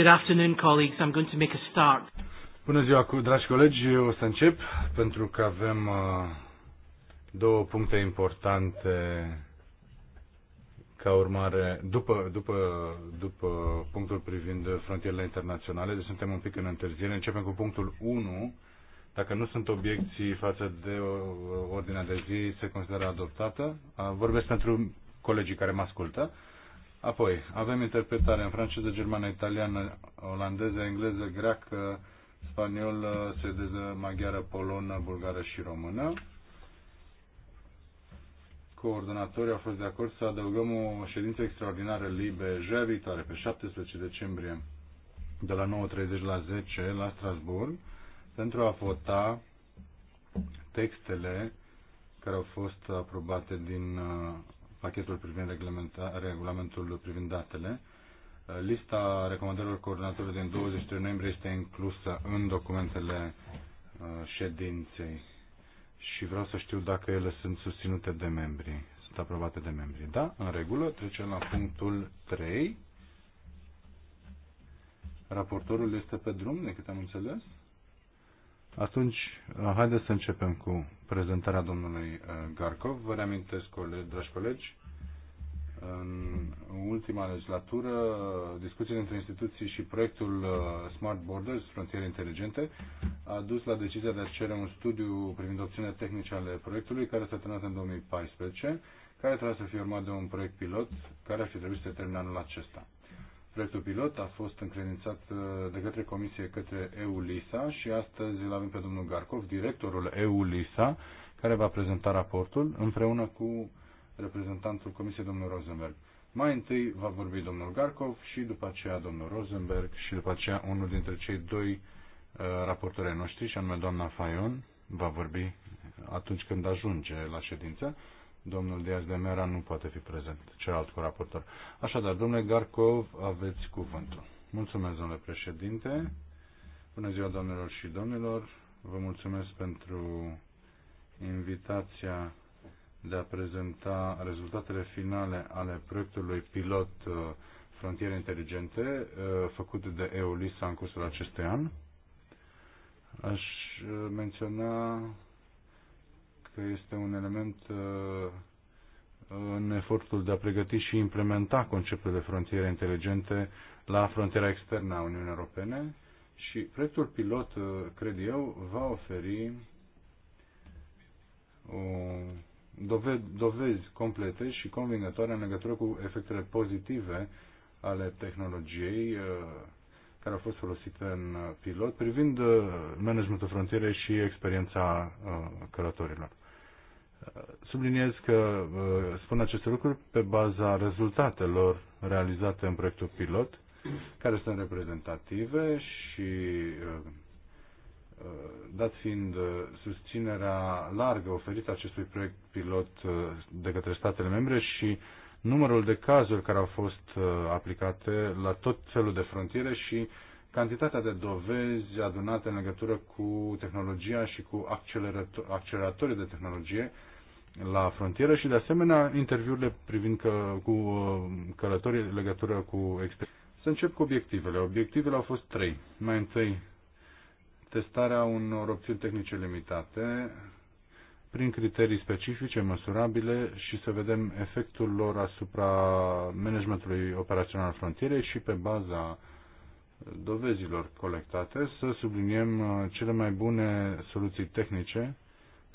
Good afternoon, colleagues. I'm going to make a start. Bună ziua, dragi colegi. Eu o să încep pentru că avem uh, două puncte importante ca urmare, după, după, după punctul privind frontierele internaționale, deci suntem un pic în întârziere. Începem cu punctul 1. Dacă nu sunt obiecții față de uh, ordinea de zi, se consideră adoptată. Uh, vorbesc pentru colegii care mă ascultă. Apoi, avem interpretare în franceză, germană, italiană, olandeză, engleză, greacă, spaniolă, suedeză, maghiară, polonă, bulgară și română. Coordonatorii au fost de acord să adăugăm o ședință extraordinară libe joia viitoare, pe 17 decembrie, de la 9.30 la 10 la Strasburg, pentru a vota textele care au fost aprobate din uh, pachetul privind regulamentul privind datele. Lista recomandărilor coordonatorului din 23 noiembrie este inclusă în documentele uh, ședinței și vreau să știu dacă ele sunt susținute de membri, sunt aprobate de membri. Da, în regulă, trecem la punctul 3. Raportorul este pe drum, de cât am înțeles. Atunci, uh, haideți să începem cu prezentarea domnului uh, Garkov. Vă reamintesc, dragi colegi, în ultima legislatură, discuțiile între instituții și proiectul uh, Smart Borders, Frontiere Inteligente, a dus la decizia de a cere un studiu privind opțiunile tehnice ale proiectului, care s-a terminat în 2014, care trebuie să fie urmat de un proiect pilot, care ar fi trebuit să termine anul acesta. Proiectul pilot a fost încredințat uh, de către Comisie către EULISA și astăzi îl avem pe domnul Garcov, directorul EULISA, care va prezenta raportul împreună cu reprezentantul Comisiei, domnul Rosenberg. Mai întâi va vorbi domnul Garcov și după aceea domnul Rosenberg și după aceea unul dintre cei doi uh, raportori noștri, și anume doamna Fayon, va vorbi atunci când ajunge la ședință domnul Diaz de Mera nu poate fi prezent, celălalt cu raportor. Așadar, domnule Garcov, aveți cuvântul. Mulțumesc, domnule președinte. Bună ziua, domnilor și domnilor. Vă mulțumesc pentru invitația de a prezenta rezultatele finale ale proiectului pilot uh, Frontiere Inteligente, uh, făcut de EULISA în cursul acestui an. Aș uh, menționa că este un element uh, în efortul de a pregăti și implementa conceptul de frontiere inteligente la frontiera externă a Uniunii Europene și proiectul pilot, uh, cred eu, va oferi o dovezi complete și convingătoare în legătură cu efectele pozitive ale tehnologiei uh, care au fost folosite în pilot privind managementul frontierei și experiența călătorilor. Subliniez că uh, spun aceste lucruri pe baza rezultatelor realizate în proiectul pilot, care sunt reprezentative și uh, uh, dat fiind susținerea largă oferită acestui proiect pilot de către statele membre și numărul de cazuri care au fost aplicate la tot felul de frontiere și cantitatea de dovezi adunate în legătură cu tehnologia și cu acceleratorii de tehnologie, la frontieră și de asemenea interviurile privind că, cu uh, călătorii în legătură cu experiența. Să încep cu obiectivele. Obiectivele au fost trei. Mai întâi, testarea unor opțiuni tehnice limitate prin criterii specifice, măsurabile și să vedem efectul lor asupra managementului operațional frontierei și pe baza dovezilor colectate să subliniem uh, cele mai bune soluții tehnice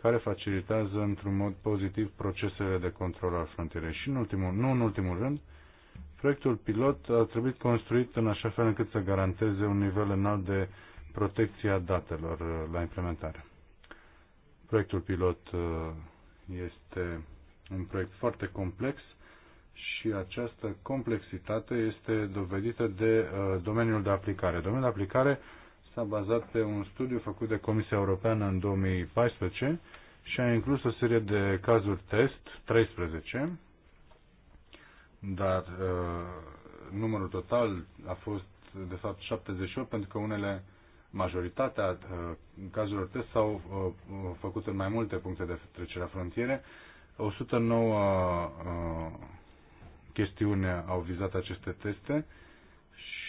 care facilitează într-un mod pozitiv procesele de control al frontierei. Și în ultimul, nu în ultimul rând, proiectul pilot a trebuit construit în așa fel încât să garanteze un nivel înalt de protecție a datelor uh, la implementare. Proiectul pilot uh, este un proiect foarte complex și această complexitate este dovedită de uh, domeniul de aplicare. Domeniul de aplicare s-a bazat pe un studiu făcut de Comisia Europeană în 2014 și a inclus o serie de cazuri test, 13, dar uh, numărul total a fost de fapt 78 pentru că unele majoritatea uh, cazurilor test s-au uh, uh făcut în mai multe puncte de trecere a frontiere. 109 uh, chestiune au vizat aceste teste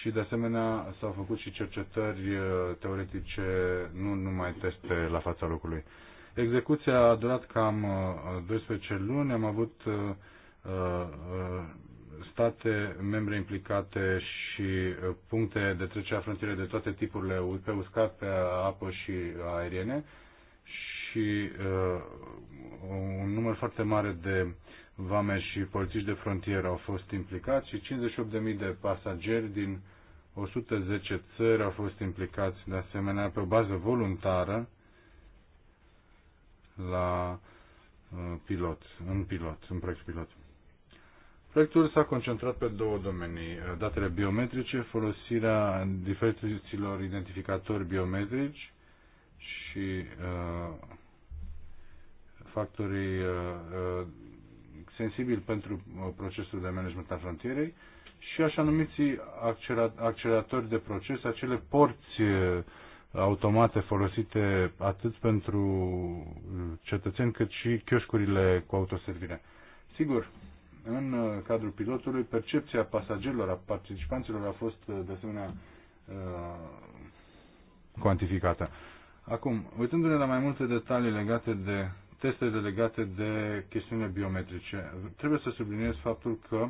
și de asemenea s-au făcut și cercetări uh, teoretice, nu numai teste la fața locului. Execuția a durat cam 12 uh, luni, am avut uh, state membre implicate și puncte de trecere a frontierei de toate tipurile, pe uscat, pe apă și aeriene și uh, un număr foarte mare de vame și polițiști de frontieră au fost implicați și 58.000 de pasageri din 110 țări au fost implicați de asemenea pe o bază voluntară la uh, pilot, în pilot, în proiect pilot. Proiectul s-a concentrat pe două domenii, uh, datele biometrice, folosirea diferiților identificatori biometrici și uh, factorii uh, uh sensibili pentru procesul de management al frontierei și așa numiții acceleratori de proces, acele porți eh, automate folosite atât pentru cetățeni cât și chioșcurile cu autoservire. Sigur, în eh, cadrul pilotului, percepția pasagerilor, a participanților a fost eh, de asemenea cuantificată. Acum, uitându-ne la mai multe detalii legate de testele legate de chestiunile biometrice, trebuie să subliniez faptul că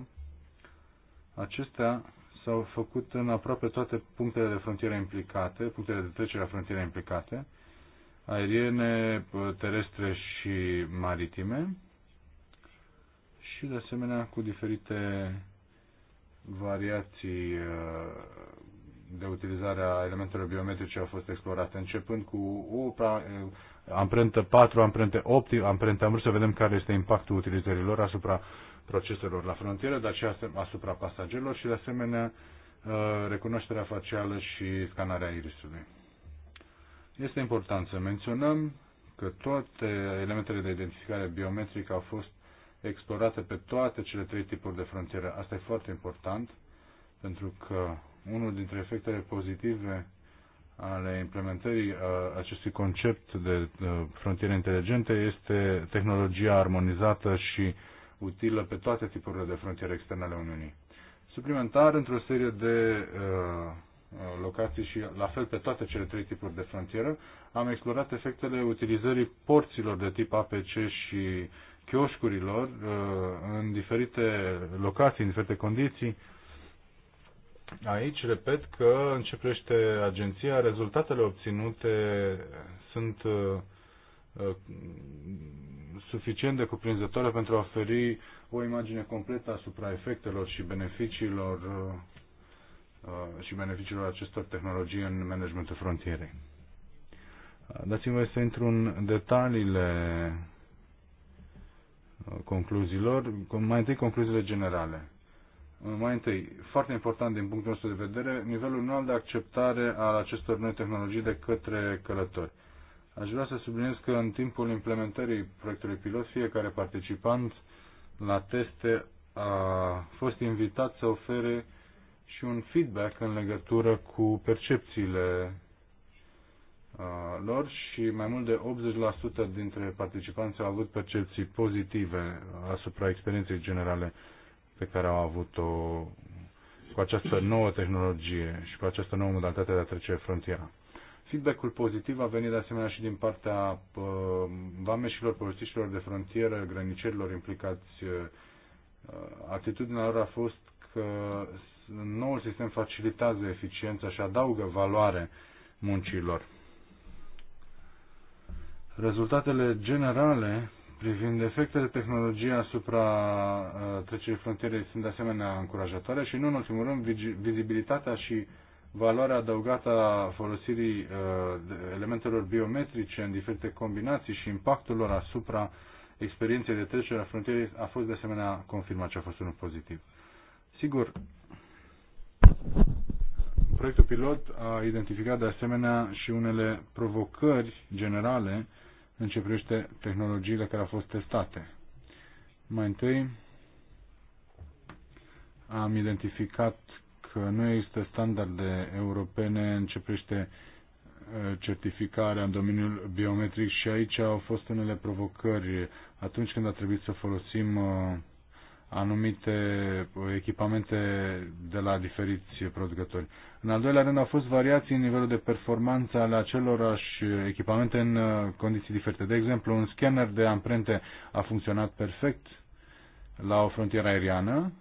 Acestea s-au făcut în aproape toate punctele de frontieră implicate, punctele de trecere a frontierei implicate, aeriene, terestre și maritime și de asemenea cu diferite variații ă, de utilizare a elementelor biometrice au fost explorate, începând cu UPA, ă, amprentă 4, amprente 8, amprente am să vedem care este impactul utilizărilor asupra proceselor la frontieră, dar și asupra pasagerilor și, de asemenea, uh, recunoașterea facială și scanarea irisului. Este important să menționăm că toate elementele de identificare biometrică au fost explorate pe toate cele trei tipuri de frontieră. Asta e foarte important, pentru că unul dintre efectele pozitive ale implementării uh, acestui concept de uh, frontiere inteligente este tehnologia armonizată și utilă pe toate tipurile de frontiere externe ale Uniunii. Suplimentar, într-o serie de uh, uh, locații și la fel pe toate cele trei tipuri de frontieră, am explorat efectele utilizării porților de tip APC și chioșcurilor uh, în diferite locații, în diferite condiții. Aici, repet că începește agenția, rezultatele obținute sunt uh, Uh, suficient de cuprinzătoare pentru a oferi o imagine completă asupra efectelor și beneficiilor uh, uh, și beneficiilor acestor tehnologii în managementul frontierei. Dați-mi voi să intru în detaliile concluziilor, mai întâi concluziile generale. Mai întâi, foarte important din punctul nostru de vedere, nivelul înalt de acceptare al acestor noi tehnologii de către călători. Aș vrea să subliniez că în timpul implementării proiectului pilot, fiecare participant la teste a fost invitat să ofere și un feedback în legătură cu percepțiile lor și mai mult de 80% dintre participanți au avut percepții pozitive asupra experienței generale pe care au avut-o cu această nouă tehnologie și cu această nouă modalitate de a trece frontiera. Feedback-ul pozitiv a venit de asemenea și din partea uh, vameșilor, polițiștilor de frontieră, grănicerilor implicați. Uh, atitudinea lor a fost că noul sistem facilitează eficiența și adaugă valoare muncilor. Rezultatele generale privind efectele tehnologiei asupra uh, trecerii frontierei sunt de asemenea încurajatoare și nu în ultimul rând vizibilitatea și valoarea adăugată a folosirii uh, elementelor biometrice în diferite combinații și impactul lor asupra experienței de trecere a frontierei a fost de asemenea confirmat și a fost unul pozitiv. Sigur, proiectul pilot a identificat de asemenea și unele provocări generale în ce privește tehnologiile care au fost testate. Mai întâi am identificat că nu există standarde europene în ce privește uh, certificarea în domeniul biometric și aici au fost unele provocări atunci când a trebuit să folosim uh, anumite uh, echipamente de la diferiți producători. În al doilea rând au fost variații în nivelul de performanță ale acelorași echipamente în condiții diferite. De exemplu, un scanner de amprente a funcționat perfect la o frontieră aeriană,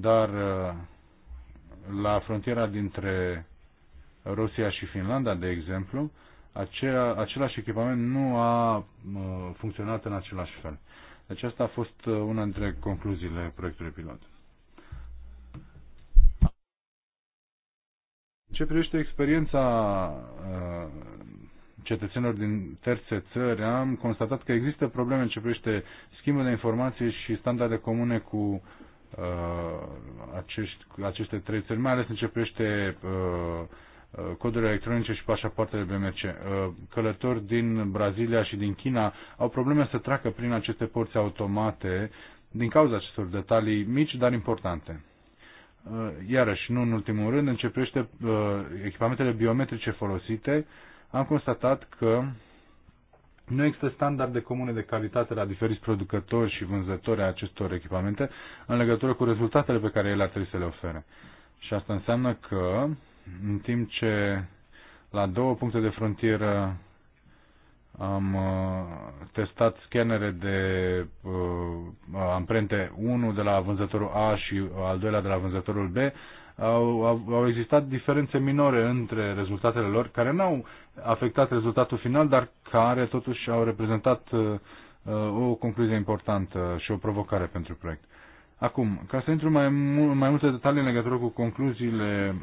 dar la frontiera dintre Rusia și Finlanda, de exemplu, acea, același echipament nu a uh, funcționat în același fel. Deci asta a fost uh, una dintre concluziile proiectului pilot. ce privește experiența uh, cetățenilor din terțe țări, am constatat că există probleme în ce privește schimbul de informații și standarde comune cu Uh, acești, aceste trei țări, mai ales începește uh, uh, codurile electronice și pașapoartele BMC. Călători din Brazilia și din China au probleme să treacă prin aceste porți automate din cauza acestor detalii mici, dar importante. Iarăși, nu în ultimul rând, începește echipamentele biometrice folosite. Am constatat că nu există standarde comune de calitate la diferiți producători și vânzători a acestor echipamente în legătură cu rezultatele pe care ele ar trebui să le ofere. Și asta înseamnă că, în timp ce la două puncte de frontieră am uh, testat scanere de uh, amprente, unul de la vânzătorul A și al doilea de la vânzătorul B, au, au existat diferențe minore între rezultatele lor, care n-au afectat rezultatul final, dar care totuși au reprezentat uh, uh, o concluzie importantă și o provocare pentru proiect. Acum, ca să intru mai, mu- mai multe detalii în legătură cu concluziile,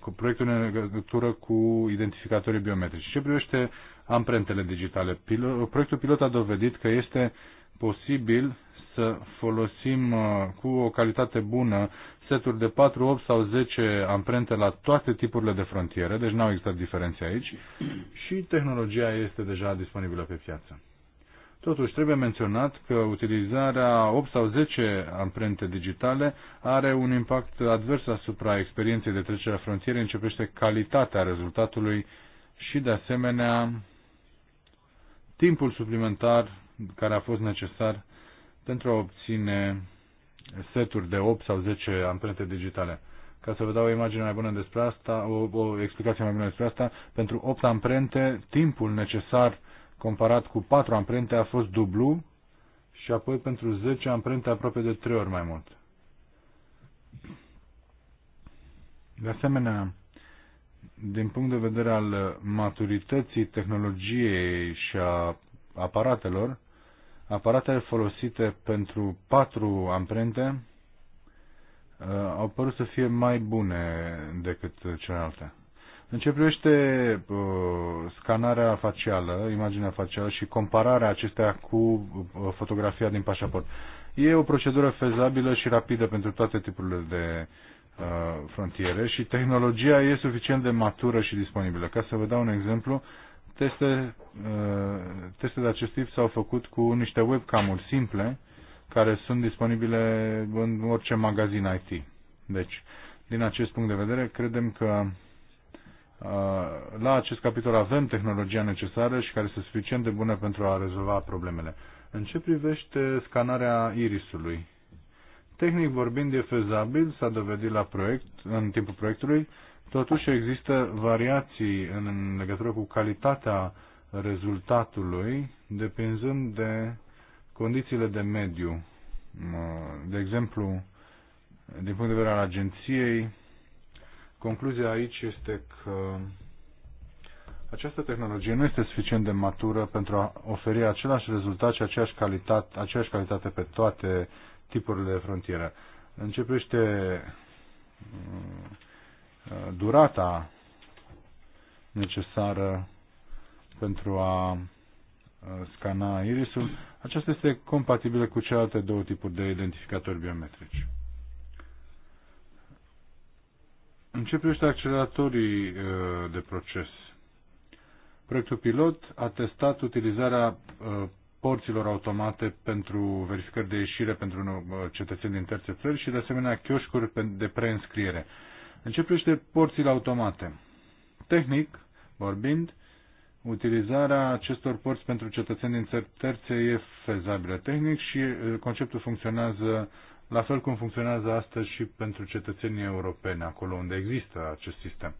cu proiectul în legătură cu identificatorii biometrici. Ce privește amprentele digitale? Pilo- proiectul pilot a dovedit că este posibil să folosim uh, cu o calitate bună seturi de 4, 8 sau 10 amprente la toate tipurile de frontiere, deci n-au existat diferențe aici și tehnologia este deja disponibilă pe piață. Totuși, trebuie menționat că utilizarea 8 sau 10 amprente digitale are un impact advers asupra experienței de trecere a frontierei, începește calitatea rezultatului și, de asemenea, timpul suplimentar care a fost necesar pentru a obține seturi de 8 sau 10 amprente digitale. Ca să vă dau o imagine mai bună despre asta, o, o explicație mai bună despre asta, pentru 8 amprente, timpul necesar comparat cu 4 amprente a fost dublu și apoi pentru 10 amprente aproape de 3 ori mai mult. De asemenea, din punct de vedere al maturității tehnologiei și a aparatelor, aparatele folosite pentru patru amprente uh, au părut să fie mai bune decât celelalte. În ce privește uh, scanarea facială, imaginea facială și compararea acestea cu uh, fotografia din pașaport, e o procedură fezabilă și rapidă pentru toate tipurile de uh, frontiere și tehnologia e suficient de matură și disponibilă. Ca să vă dau un exemplu, Teste, uh, teste de acest tip s-au făcut cu niște webcam-uri simple care sunt disponibile în orice magazin IT. Deci, din acest punct de vedere, credem că uh, la acest capitol avem tehnologia necesară și care este suficient de bună pentru a rezolva problemele. În ce privește scanarea irisului? Tehnic vorbind, e fezabil, s-a dovedit la proiect, în timpul proiectului, Totuși există variații în legătură cu calitatea rezultatului, depinzând de condițiile de mediu. De exemplu, din punct de vedere al agenției, concluzia aici este că această tehnologie nu este suficient de matură pentru a oferi același rezultat și aceeași calitate, aceeași calitate pe toate tipurile de frontieră. Începește Uh, durata necesară pentru a uh, scana irisul, aceasta este compatibilă cu celelalte două tipuri de identificatori biometrici. În ce privește acceleratorii uh, de proces? Proiectul pilot a testat utilizarea porților automate pentru verificări de ieșire pentru cetățeni din terțe țări și de asemenea chioșcuri de preînscriere. În ce privește porțile automate? Tehnic, vorbind, utilizarea acestor porți pentru cetățeni din țări terțe e fezabilă tehnic și conceptul funcționează la fel cum funcționează astăzi și pentru cetățenii europeni, acolo unde există acest sistem.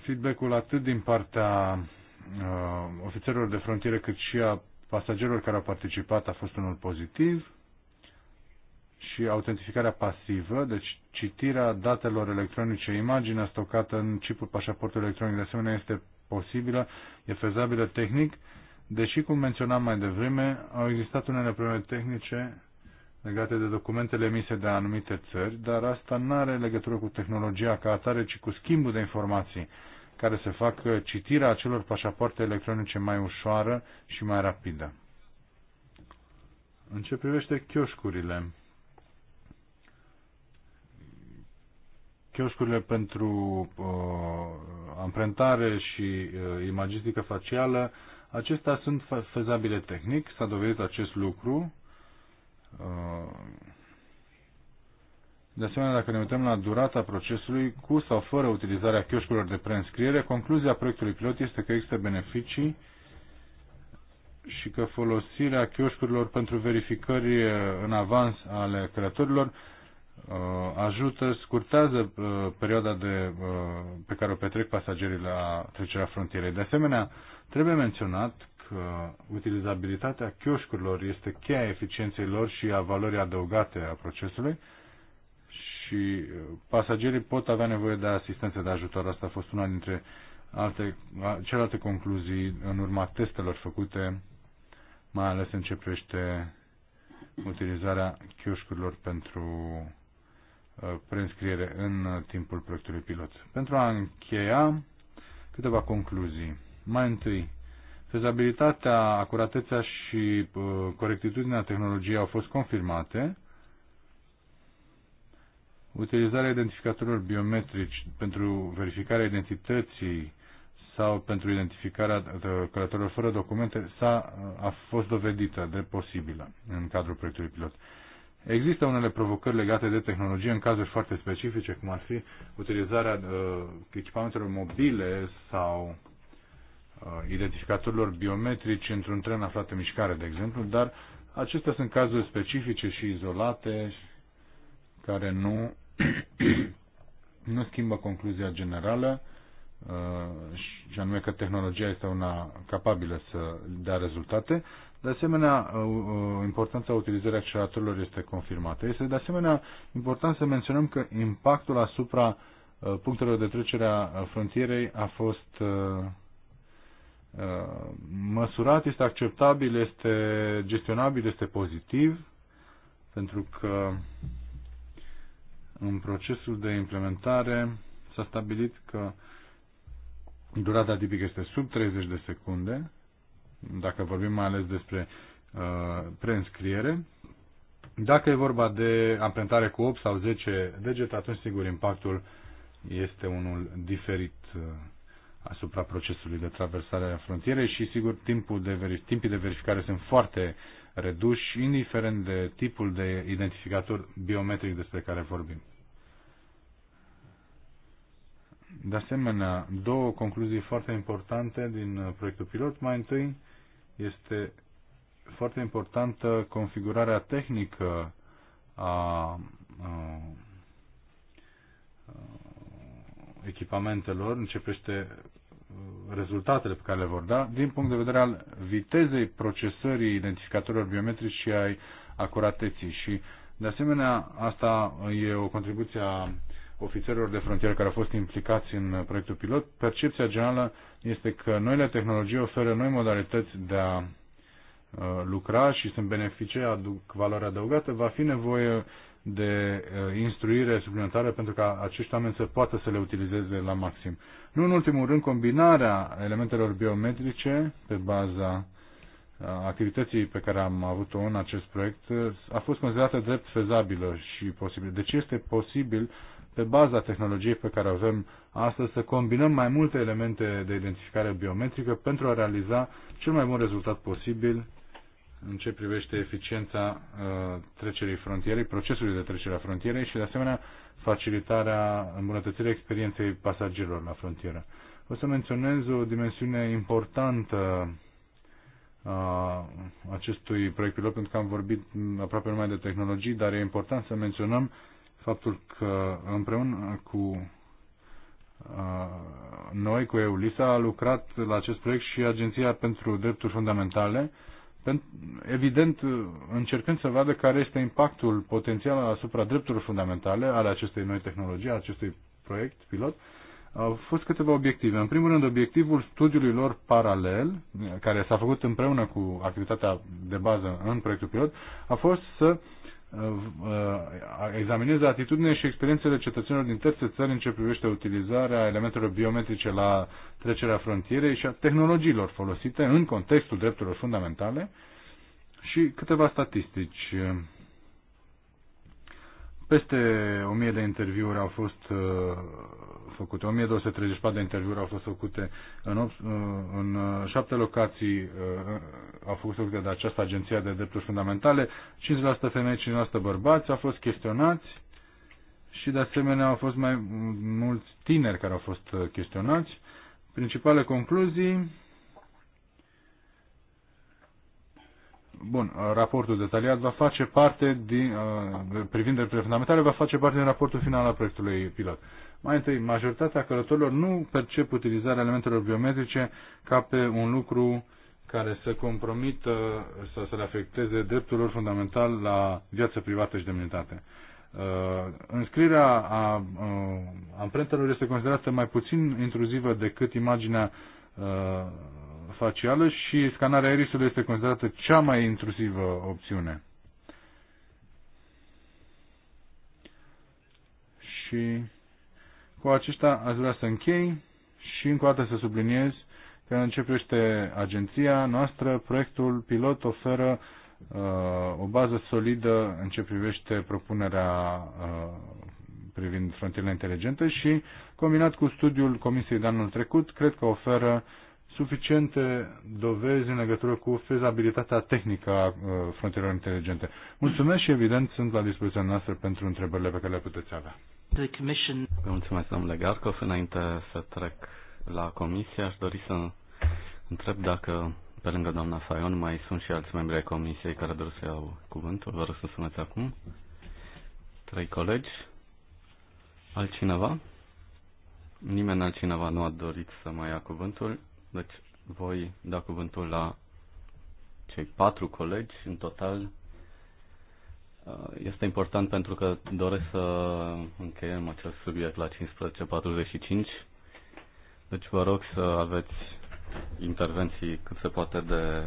Feedback-ul atât din partea uh, ofițerilor de frontieră cât și a pasagerilor care au participat a fost unul pozitiv și autentificarea pasivă, deci citirea datelor electronice, imaginea stocată în chipul pașaportului electronic, de asemenea este posibilă, e fezabilă tehnic, deși, cum menționam mai devreme, au existat unele probleme tehnice legate de documentele emise de anumite țări, dar asta nu are legătură cu tehnologia ca atare, ci cu schimbul de informații care se fac uh, citirea acelor pașapoarte electronice mai ușoară și mai rapidă. În ce privește chioșcurile, chioșcurile pentru uh, amprentare și uh, imagistică facială, acestea sunt fezabile tehnic, s-a dovedit acest lucru. Uh, de asemenea, dacă ne uităm la durata procesului, cu sau fără utilizarea chioșcurilor de preînscriere, concluzia proiectului pilot este că există beneficii și că folosirea chioșcurilor pentru verificări în avans ale creatorilor Uh, ajută, scurtează uh, perioada de, uh, pe care o petrec pasagerii la trecerea frontierei. De asemenea, trebuie menționat că utilizabilitatea chioșcurilor este cheia eficienței lor și a valorii adăugate a procesului și pasagerii pot avea nevoie de asistență de ajutor. Asta a fost una dintre alte, celelalte concluzii în urma testelor făcute, mai ales în ce privește utilizarea chioșcurilor pentru Uh, preînscriere în uh, timpul proiectului pilot. Pentru a încheia câteva concluzii. Mai întâi, fezabilitatea, acuratețea și uh, corectitudinea tehnologiei au fost confirmate. Utilizarea identificatorilor biometrici pentru verificarea identității sau pentru identificarea călătorilor fără documente a a fost dovedită de posibilă în cadrul proiectului pilot. Există unele provocări legate de tehnologie în cazuri foarte specifice, cum ar fi utilizarea uh, echipamentelor mobile sau uh, identificatorilor biometrici într-un tren aflat în mișcare, de exemplu, dar acestea sunt cazuri specifice și izolate care nu, nu schimbă concluzia generală uh, și anume că tehnologia este una capabilă să dea rezultate. De asemenea, uh, uh, importanța utilizării acceleratorilor este confirmată. Este de asemenea important să menționăm că impactul asupra uh, punctelor de trecere a frontierei a fost măsurat, este acceptabil, este gestionabil, este pozitiv, pentru că în procesul de implementare s-a stabilit că durata tipică este sub 30 de secunde, dacă vorbim mai ales despre uh, preînscriere. Dacă e vorba de amprentare cu 8 sau 10 degete, atunci sigur impactul este unul diferit uh, asupra procesului de traversare a frontierei și sigur timpul de timpii de verificare sunt foarte reduși, indiferent de tipul de identificator biometric despre care vorbim. De asemenea, două concluzii foarte importante din uh, proiectul pilot. Mai întâi, este foarte importantă configurarea tehnică a, a, a echipamentelor, începește rezultatele pe care le vor da, din punct de vedere al vitezei procesării identificatorilor biometrici și ai acurateții. Și, de asemenea, asta e o contribuție a ofițerilor de frontieră care au fost implicați în proiectul pilot, percepția generală este că noile tehnologii oferă noi modalități de a uh, lucra și sunt beneficii, aduc valoare adăugată, va fi nevoie de uh, instruire suplimentară pentru ca acești oameni să poată să le utilizeze la maxim. Nu în ultimul rând, combinarea elementelor biometrice pe baza uh, activității pe care am avut-o în acest proiect a fost considerată drept fezabilă și posibil. Deci este posibil pe baza tehnologiei pe care avem astăzi, să combinăm mai multe elemente de identificare biometrică pentru a realiza cel mai bun rezultat posibil în ce privește eficiența uh, trecerii frontierei, procesului de trecere a frontierei și, de asemenea, facilitarea, îmbunătățirea experienței pasagerilor la frontieră. O să menționez o dimensiune importantă a acestui proiect pilot, pentru că am vorbit aproape numai de tehnologii, dar e important să menționăm uh, faptul că împreună cu noi, cu EULISA, a lucrat la acest proiect și Agenția pentru Drepturi Fundamentale, evident încercând să vadă care este impactul potențial asupra drepturilor fundamentale ale acestei noi tehnologii, al acestui proiect pilot, au fost câteva obiective. În primul rând, obiectivul studiului lor paralel, care s-a făcut împreună cu activitatea de bază în proiectul pilot, a fost să uh, Uh, uh, examineze atitudine și experiențele cetățenilor din terțe țări în ce privește utilizarea elementelor biometrice la trecerea frontierei și a tehnologiilor folosite în contextul drepturilor fundamentale și câteva statistici peste 1000 de interviuri au fost uh, făcute, 1234 de interviuri au fost făcute în, 8, uh, în uh, șapte locații uh, au fost făcute de această agenție de drepturi fundamentale, 5% femei, 5% bărbați au fost chestionați și de asemenea au fost mai mulți tineri care au fost uh, chestionați. Principale concluzii Bun, uh, raportul detaliat va face parte din, uh, privind drepturile fundamentale, va face parte din raportul final al proiectului pilot. Mai întâi, majoritatea călătorilor nu percep utilizarea elementelor biometrice ca pe un lucru care să compromită sau să le afecteze dreptul lor fundamental la viață privată și demnitate. Uh, înscrierea a amprentelor este considerată mai puțin intruzivă decât imaginea facială și scanarea irisului este considerată cea mai intrusivă opțiune. Și cu aceasta aș vrea să închei și încă o dată să subliniez că începește agenția noastră, proiectul pilot oferă uh, o bază solidă în ce privește propunerea uh, privind frontierele inteligente și, combinat cu studiul Comisiei de anul trecut, cred că oferă uh, suficiente dovezi în legătură cu fezabilitatea tehnică a uh, frontierelor inteligente. Mulțumesc și, evident, sunt la dispoziția noastră pentru întrebările pe care le puteți avea. Vă mulțumesc, domnule Garkov. Înainte să trec la comisie, aș dori să întreb dacă, pe lângă doamna Faion, mai sunt și alți membri ai comisiei care doresc să iau cuvântul. Vă rog să sunați acum. Trei colegi. Altcineva? Nimeni altcineva nu a dorit să mai ia cuvântul. Deci voi da cuvântul la cei patru colegi în total. Este important pentru că doresc să încheiem acest subiect la 15.45. Deci vă rog să aveți intervenții cât se poate de,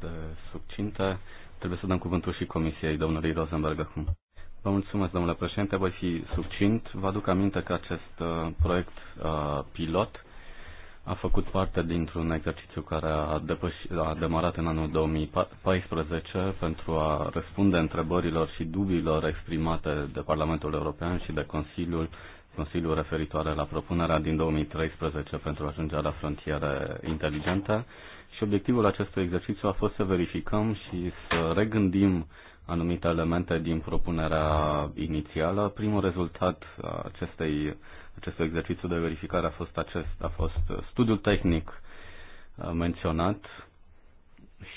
de subcinte. Trebuie să dăm cuvântul și Comisiei domnului Rosenberg acum. Vă mulțumesc, domnule președinte. Voi fi subcint. Vă aduc aminte că acest uh, proiect uh, pilot a făcut parte dintr-un exercițiu care a, depăș- a demarat în anul 2014 pentru a răspunde întrebărilor și dubiilor exprimate de Parlamentul European și de Consiliul, Consiliul referitoare la propunerea din 2013 pentru ajungerea la frontiere inteligente. Și obiectivul acestui exercițiu a fost să verificăm și să regândim anumite elemente din propunerea inițială. Primul rezultat acestei acest exercițiu de verificare a fost, acest, a fost uh, studiul tehnic uh, menționat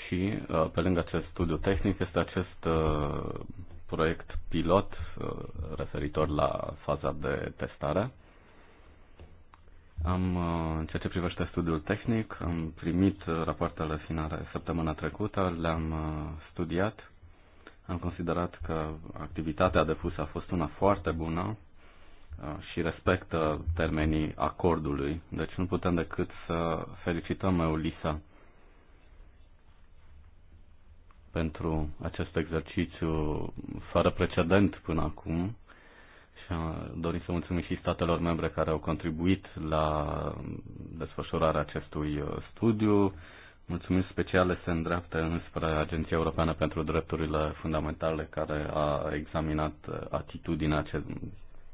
și uh, pe lângă acest studiu tehnic este acest proiect pilot referitor la faza de testare. Am, în ceea ce privește studiul tehnic, am primit rapoartele finale săptămâna trecută, le-am studiat. Am considerat că activitatea depusă a fost una foarte bună Uh, și respectă termenii acordului. Deci nu putem decât să felicităm Eulisa pentru acest exercițiu fără precedent până acum și uh, dorim să mulțumim și statelor membre care au contribuit la desfășurarea acestui uh, studiu. Mulțumiri speciale se îndreaptă înspre Agenția Europeană pentru Drepturile Fundamentale care a examinat atitudinea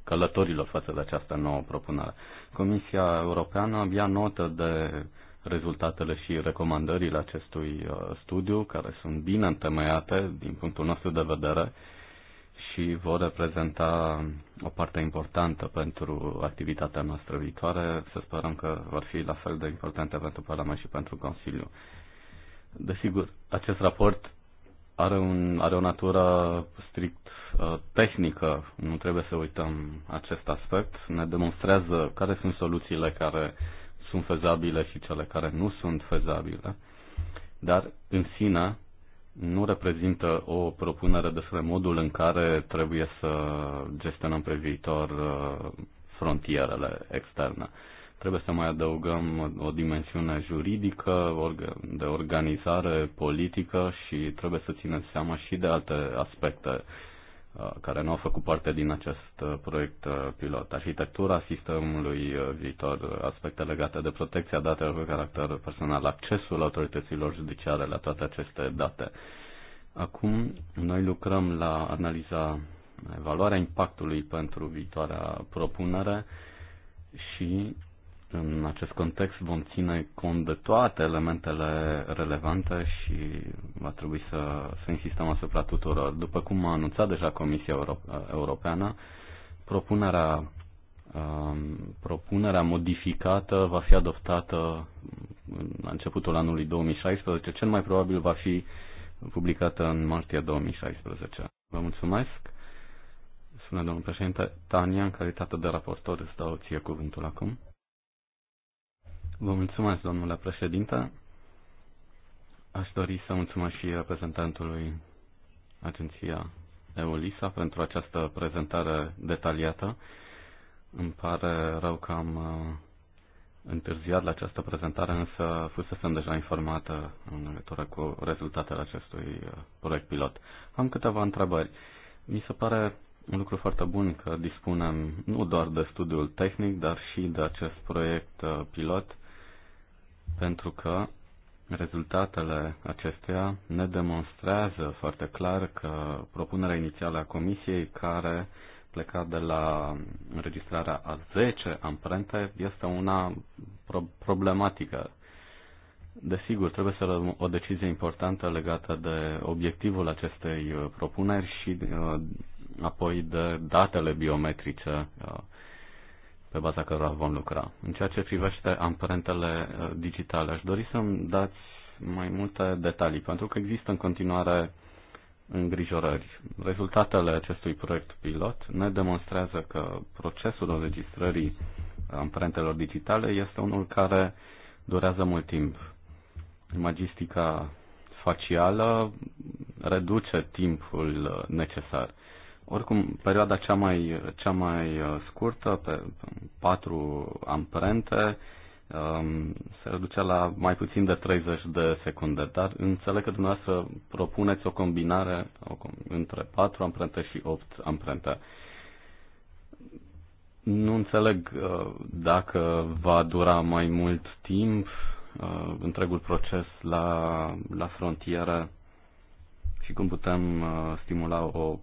călătorilor față de această nouă propunere. Comisia Europeană abia notă de rezultatele și recomandările acestui uh, studiu, care sunt bine întemeiate din punctul nostru de vedere și vor reprezenta o parte importantă pentru activitatea noastră viitoare. Să sperăm că vor fi la fel de importante pentru Parlament și pentru Consiliu. Desigur, acest raport are, un, are o natură strict Uh, tehnică, nu trebuie să uităm acest aspect, ne demonstrează care sunt soluțiile care sunt fezabile și cele care nu sunt fezabile, dar în sine nu reprezintă o propunere despre modul în care trebuie să gestionăm pe viitor uh, frontierele externe. Trebuie să mai adăugăm o dimensiune juridică, de organizare politică și trebuie să ținem seama și de alte aspecte Uh, care nu au făcut parte din acest uh, proiect uh, pilot. Arhitectura sistemului viitor, aspecte legate de protecția datelor cu caracter personal, accesul autorităților judiciare la toate aceste date. Acum noi lucrăm la analiza evaluarea impactului pentru viitoarea propunere și în acest context vom ține cont de toate elementele relevante și va trebui să, să insistăm asupra tuturor. După cum a anunțat deja Comisia Europeană, propunerea, um, propunerea modificată va fi adoptată în începutul anului 2016, cel mai probabil va fi publicată în martie 2016. Vă mulțumesc! Spune domnul președinte, Tania, în calitate de raportor, îți dau ție cuvântul acum. Vă mulțumesc, domnule președinte. Aș dori să mulțumesc și reprezentantului Agenția EULISA pentru această prezentare detaliată. Îmi pare rău că am uh, întârziat la această prezentare, însă fusesem deja informată în legătură cu rezultatele acestui uh, proiect pilot. Am câteva întrebări. Mi se pare un lucru foarte bun că dispunem nu doar de studiul tehnic, dar și de acest proiect uh, pilot pentru că rezultatele acestea ne demonstrează foarte clar că propunerea inițială a Comisiei, care pleca de la înregistrarea a 10 amprente, este una pro- problematică. Desigur, trebuie să luăm o decizie importantă legată de obiectivul acestei uh, propuneri și uh, apoi de datele biometrice uh, pe baza cărora vom lucra. În ceea ce privește amprentele eh, digitale, aș dori să-mi dați mai multe detalii, pentru că există în continuare îngrijorări. Rezultatele acestui proiect pilot ne demonstrează că procesul înregistrării amprentelor digitale este unul care durează mult timp. Magistica facială reduce timpul necesar. Oricum, perioada cea mai, cea mai uh, scurtă, pe patru amprente, um, se reducea la mai puțin de 30 de secunde, dar înțeleg că dumneavoastră propuneți o combinare între 4 amprente și 8 amprente. Nu înțeleg uh, dacă va dura mai mult timp uh, întregul proces la, la frontieră și cum putem stimula o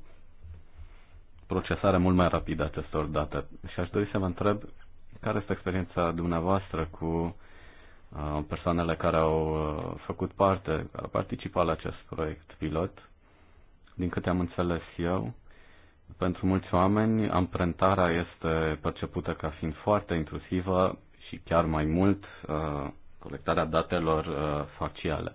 procesare mult mai rapidă acestor date. Și aș dori să vă întreb care este experiența dumneavoastră cu uh, persoanele care au uh, făcut parte, care au participat la acest proiect pilot. Din câte am înțeles eu, pentru mulți oameni, amprentarea este percepută ca fiind foarte intrusivă și chiar mai mult uh, colectarea datelor faciale.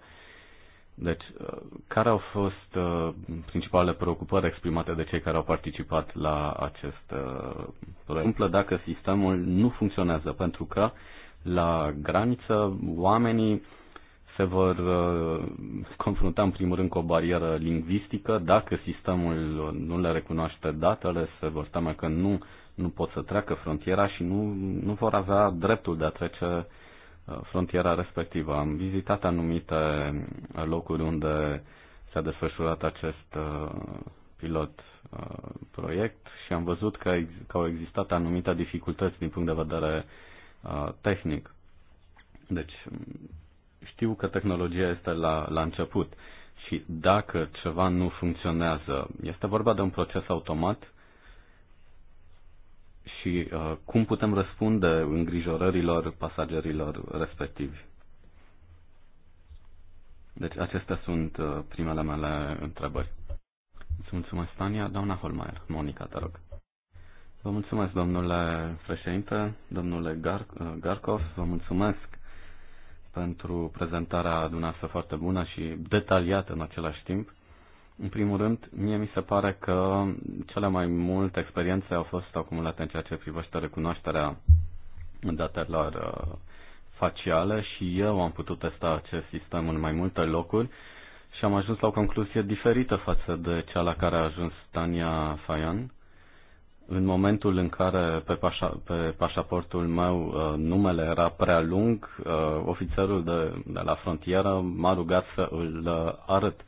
Deci, uh, care au fost uh, principalele preocupări exprimate de cei care au participat la acest uh, proiect? Întâmplă dacă sistemul nu funcționează, pentru că la graniță oamenii se vor confrunta în primul rând cu o barieră lingvistică, dacă sistemul nu le recunoaște datele, se vor teme că nu, nu pot să treacă frontiera și nu, nu vor avea dreptul de a trece uh, Uh, frontiera respectivă. Am vizitat anumite locuri unde s-a desfășurat acest uh, pilot uh, proiect și am văzut că, că au existat anumite dificultăți din punct de vedere tehnic. Deci știu că tehnologia este la, la început și dacă ceva nu funcționează, este vorba de un proces automat și uh, cum putem răspunde îngrijorărilor pasagerilor respectivi. Deci acestea sunt uh, primele mele întrebări. Îți mulțumesc, Tania. Doamna Holmeier, Monica, te rog. Vă mulțumesc, domnule președinte, domnule Gar- uh, Garkov, vă mulțumesc pentru prezentarea dumneavoastră foarte bună și detaliată în același timp. În primul rând, mie mi se pare că cele mai multe experiențe au fost acumulate în ceea ce privește recunoașterea datelor uh, faciale și eu am putut testa acest sistem în mai multe locuri și am ajuns la o concluzie diferită față de cea la care a ajuns Tania Fayan. În momentul în care pe, pașa, pe pașaportul meu uh, numele era prea lung, uh, ofițerul de, de la frontieră m-a rugat să îl arăt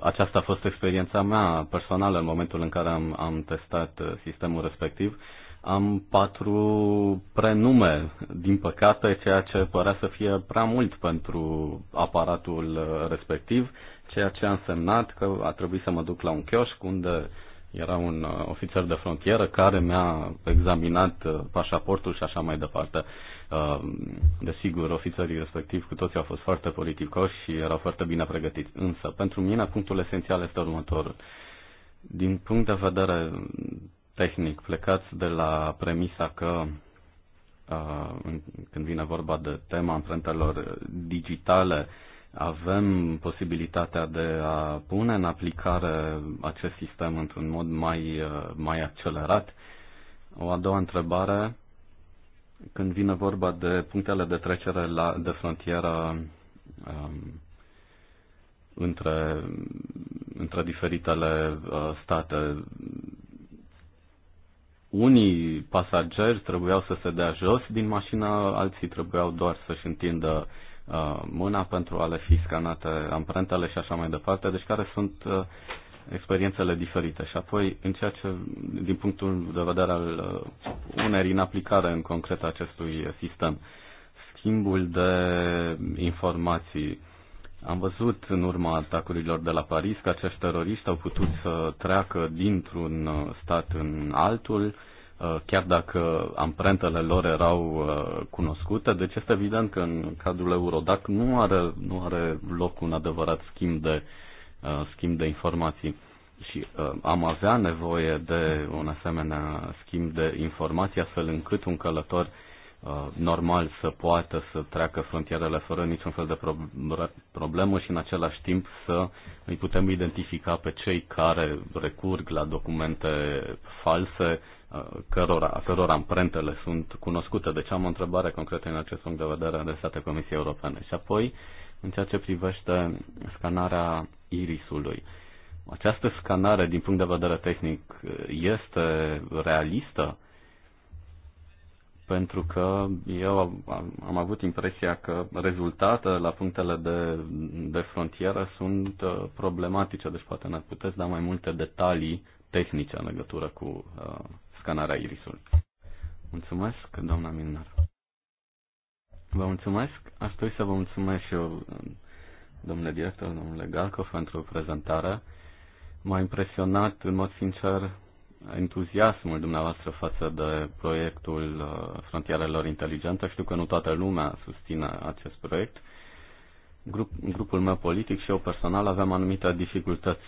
aceasta a fost experiența mea personală în momentul în care am, am testat uh, sistemul respectiv. Am patru prenume, din păcate, ceea ce părea să fie prea mult pentru aparatul uh, respectiv, ceea ce a însemnat că a trebuit să mă duc la un chioșc unde era un uh, ofițer de frontieră care mi-a examinat pașaportul și așa mai departe. Um, desigur, ofițerii respectivi cu toții au fost foarte politicoși și erau foarte bine pregătiți. Însă, pentru mine, punctul esențial este următorul. Din punct de vedere tehnic, plecați de la premisa că uh, când vine vorba de tema amprentelor digitale, avem posibilitatea de a pune în aplicare acest sistem într-un mod mai, uh, mai accelerat. O a doua întrebare când vine vorba de punctele de trecere la, de frontieră um, între, între diferitele uh, state. Unii pasageri trebuiau să se dea jos din mașină, alții trebuiau doar să-și întindă uh, mâna pentru a le fi scanate amprentele și așa mai departe. Deci care sunt uh, experiențele diferite și apoi în ceea ce, din punctul de vedere al uh, unei în aplicare în concret a acestui sistem, schimbul de informații. Am văzut în urma atacurilor de la Paris că acești teroriști au putut să treacă dintr-un uh, stat în altul, uh, chiar dacă amprentele lor erau cunoscute. Deci este evident că în cadrul Eurodac nu are, nu are loc un adevărat schimb de Uh, schimb de informații și uh, am avea nevoie de un asemenea schimb de informații astfel încât un călător uh, normal să poată să treacă frontierele fără niciun fel de pro- problemă și în același timp să îi putem identifica pe cei care recurg la documente false uh, cărora, cărora amprentele sunt cunoscute. Deci am o întrebare concretă în acest punct de vedere adresată Comisiei Europene. Și apoi, în ceea ce privește scanarea irisului. Această scanare, din punct de vedere tehnic, este realistă? Pentru că eu am, am avut impresia că rezultatele la punctele de, de frontieră sunt uh, problematice, deci poate ne puteți da mai multe detalii tehnice în legătură cu uh, scanarea irisului. Mulțumesc, doamna Milnar. Vă mulțumesc. Aș dori să vă mulțumesc și eu domnule director, domnule Galco, pentru prezentare. M-a impresionat, în mod sincer, entuziasmul dumneavoastră față de proiectul uh, Frontierelor Inteligente. Știu că nu toată lumea susține acest proiect. Grup, grupul meu politic și eu personal aveam anumite dificultăți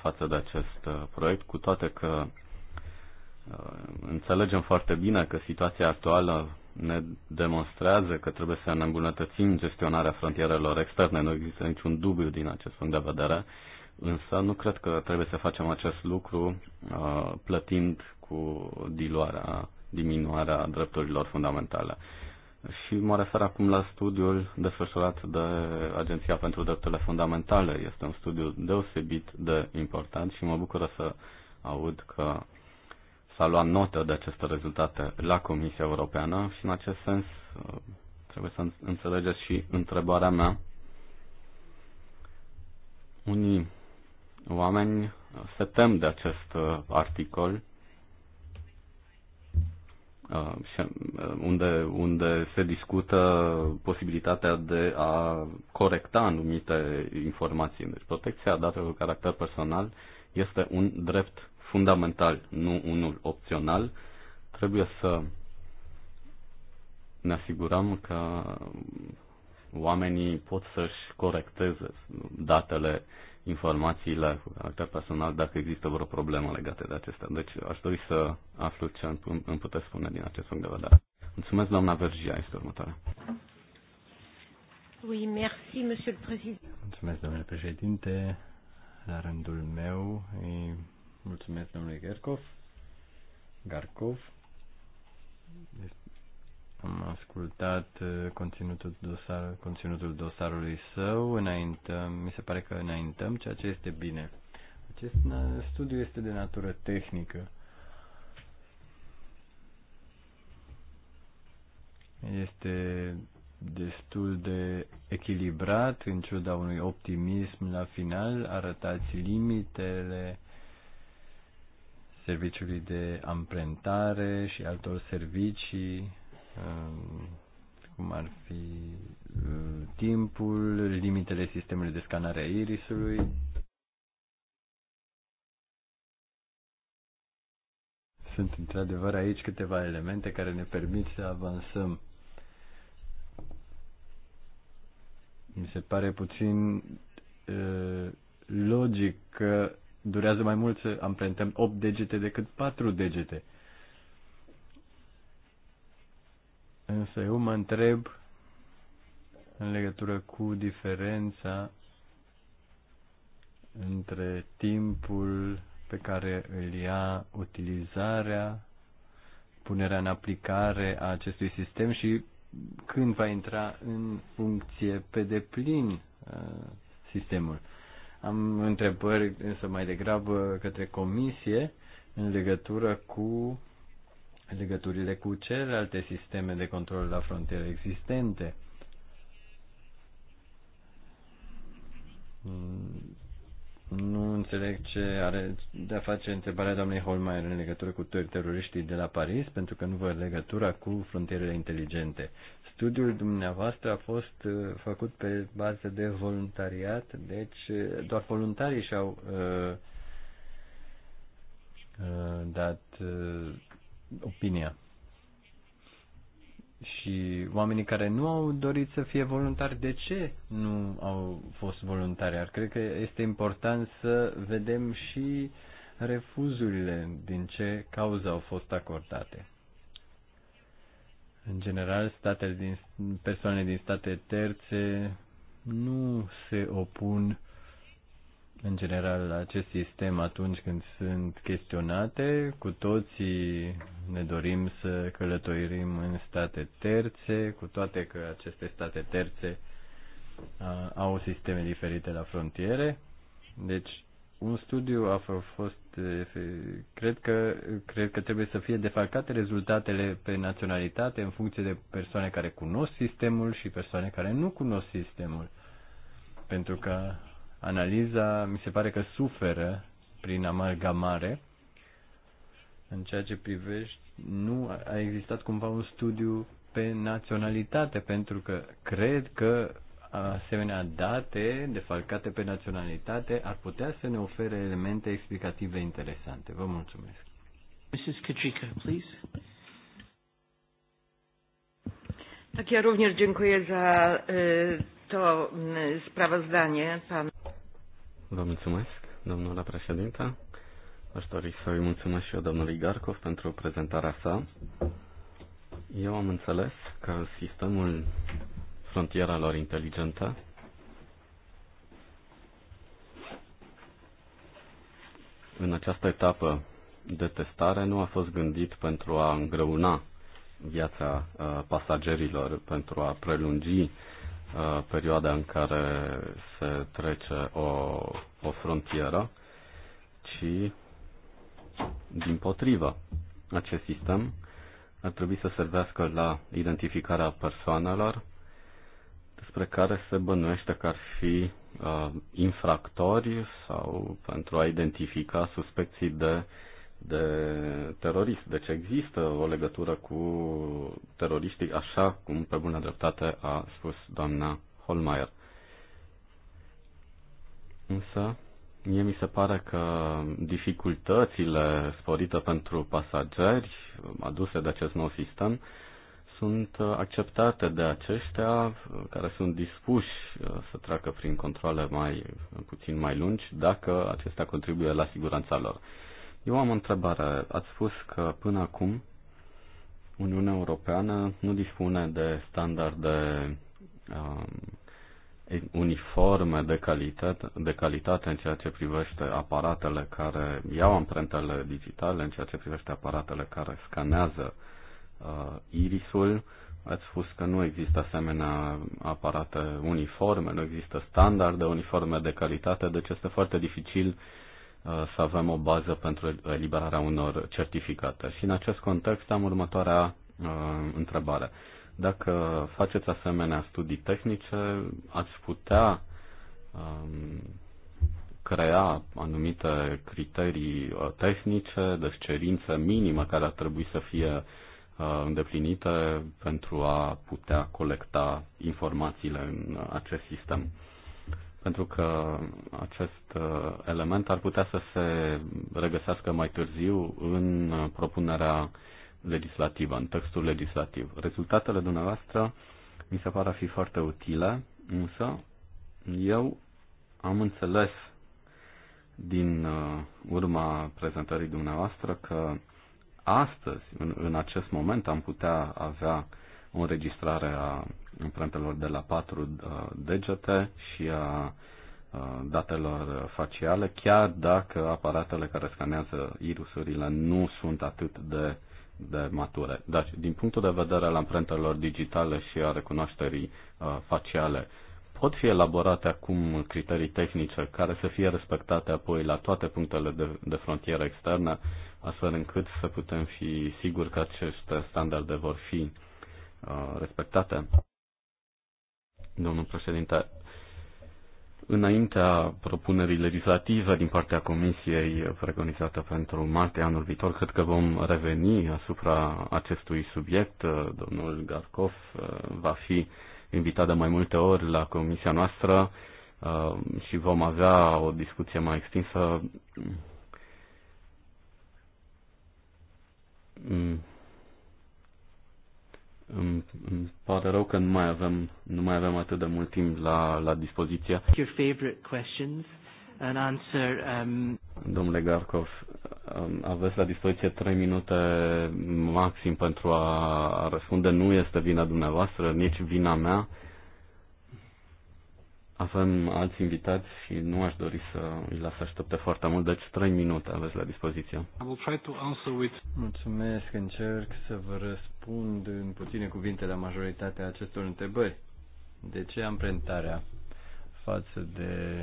față de acest uh, proiect, cu toate că uh, înțelegem foarte bine că situația actuală ne demonstrează că trebuie să ne îmbunătățim gestionarea frontierelor externe. Nu există niciun dubiu din acest punct de vedere, însă nu cred că trebuie să facem acest lucru uh, plătind cu diluarea, diminuarea drepturilor fundamentale. Și mă refer acum la studiul desfășurat de Agenția pentru Drepturile Fundamentale. Este un studiu deosebit de important și mă bucură să aud că s-a luat notă de aceste rezultate la Comisia Europeană și în acest sens uh, trebuie să înțelegeți și întrebarea mea. Unii oameni se tem de acest uh, articol uh, unde, unde se discută posibilitatea de a corecta anumite informații. Deci protecția datelor cu caracter personal este un drept fundamental, nu unul opțional. Trebuie să ne asigurăm că oamenii pot să-și corecteze datele, informațiile cu caracter personal dacă există vreo problemă legată de acestea. Deci aș dori să aflu ce îmi puteți spune din acest punct de vedere. Mulțumesc, doamna Vergia, este următoarea. Oui, merci, monsieur le président. Mulțumesc, domnule președinte. La rândul meu îi Mulțumesc domnule Gherkov. Garkov. Am ascultat uh, conținutul, dosar, conținutul dosarului său, înaintăm, mi se pare că înaintăm, ceea ce este bine. Acest studiu este de natură tehnică. Este destul de echilibrat, în ciuda unui optimism la final, arătați limitele serviciului de amprentare și altor servicii, um, cum ar fi uh, timpul, limitele sistemului de scanare a irisului, sunt într-adevăr aici câteva elemente care ne permit să avansăm. Mi se pare puțin uh, logic că durează mai mult să amprentăm 8 degete decât 4 degete. Însă eu mă întreb în legătură cu diferența între timpul pe care îl ia utilizarea, punerea în aplicare a acestui sistem și când va intra în funcție pe deplin uh, sistemul. Am întrebări însă mai degrabă către comisie în legătură cu legăturile cu celelalte sisteme de control la frontieră existente. Nu înțeleg ce are de a face întrebarea doamnei Holmeier în legătură cu teroriștii de la Paris, pentru că nu văd legătura cu frontierele inteligente. Studiul dumneavoastră a fost uh, făcut pe bază de voluntariat, deci uh, doar voluntarii și-au uh, uh, dat uh, opinia. Și oamenii care nu au dorit să fie voluntari, de ce nu au fost voluntari? Ar cred că este important să vedem și refuzurile din ce cauză au fost acordate. În general, statele din, persoane din state terțe nu se opun în general la acest sistem atunci când sunt chestionate. Cu toții ne dorim să călătorim în state terțe, cu toate că aceste state terțe au sisteme diferite la frontiere. Deci un studiu a fost, cred că, cred că trebuie să fie defalcate rezultatele pe naționalitate în funcție de persoane care cunosc sistemul și persoane care nu cunosc sistemul. Pentru că analiza mi se pare că suferă prin amalgamare în ceea ce privește nu a existat cumva un studiu pe naționalitate, pentru că cred că asemenea date defalcate pe naționalitate ar putea să ne ofere elemente explicative interesante. Vă mulțumesc. Mrs. Kachika, please. Tak, ja również dziękuję za to sprawozdanie. Pan... Vă mulțumesc, domnule președinte. Aș dori să îi mulțumesc și eu domnului Garcov pentru prezentarea sa. Eu am înțeles că sistemul Frontiera lor inteligentă. În această etapă de testare nu a fost gândit pentru a îngreuna viața uh, pasagerilor, pentru a prelungi uh, perioada în care se trece o, o frontieră, ci din potrivă. Acest sistem ar trebui să servească la identificarea persoanelor despre care se bănuiește că ar fi uh, infractori sau pentru a identifica suspecții de, de terorist. Deci există o legătură cu teroriștii, așa cum pe bună dreptate a spus doamna Holmeier. Însă, mie mi se pare că dificultățile sporite pentru pasageri aduse de acest nou sistem uh, sunt acceptate de aceștia care sunt dispuși uh, să treacă prin controle mai puțin mai lungi dacă acestea contribuie la siguranța lor. Eu am o întrebare. Ați spus că până acum Uniunea Europeană nu dispune de standarde um, uniforme de calitate, de calitate în ceea ce privește aparatele care iau amprentele digitale, în ceea ce privește aparatele care scanează uh, uh, irisul. Ați spus că nu există asemenea aparate uniforme, nu există standarde uniforme de calitate, deci este foarte dificil uh, să avem o bază pentru eliberarea unor certificate. Și în acest context am următoarea uh, întrebare. Dacă faceți asemenea studii tehnice, ați putea um, crea anumite criterii uh, tehnice, deci cerințe minime care ar trebui să fie Uh, îndeplinite pentru a putea colecta informațiile în acest sistem. Pentru că acest uh, element ar putea să se regăsească mai târziu în propunerea legislativă, în textul legislativ. Rezultatele dumneavoastră mi se par a fi foarte utile, însă eu am înțeles din uh, urma prezentării dumneavoastră că astăzi, în, în acest moment, am putea avea o înregistrare a imprentelor de la patru uh, degete și a uh, datelor faciale, chiar dacă aparatele care scanează irusurile nu sunt atât de, de mature. Deci, din punctul de vedere al amprentelor digitale și a recunoașterii uh, faciale, pot fi elaborate acum criterii tehnice care să fie respectate apoi la toate punctele de, de frontieră externă, astfel încât să putem fi siguri că aceste standarde vor fi uh, respectate? Domnul președinte, înaintea propunerii legislative din partea Comisiei preconizată pentru martie anul viitor, cred că vom reveni asupra acestui subiect. Domnul Garcov uh, va fi invitat de mai multe ori la comisia noastră uh, și vom avea o discuție mai extinsă. Mm. Îmi, îmi pare rău că nu mai avem, nu mai avem atât de mult timp la, la dispoziție. Your favorite questions? an answer. Um... Domnule Garkov, um, aveți la dispoziție trei minute maxim pentru a răspunde. Nu este vina dumneavoastră, nici vina mea. Avem alți invitați și nu aș dori să îi las aștepte foarte mult, deci trei minute aveți la dispoziție. Mulțumesc, încerc să vă răspund în puține cuvinte la majoritatea acestor întrebări. De ce amprentarea față de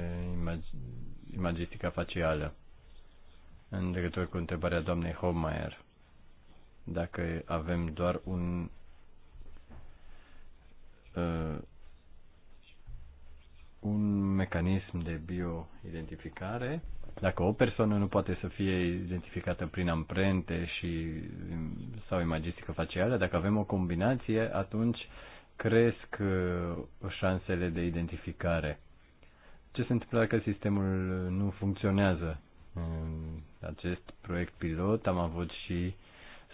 imagistica facială. În legătură cu întrebarea doamnei Hohmeier dacă avem doar un uh, un mecanism de bioidentificare, dacă o persoană nu poate să fie identificată prin amprente și um, sau imagistică facială, dacă avem o combinație, atunci cresc uh, șansele de identificare ce se întâmplă dacă sistemul nu funcționează. În acest proiect pilot am avut și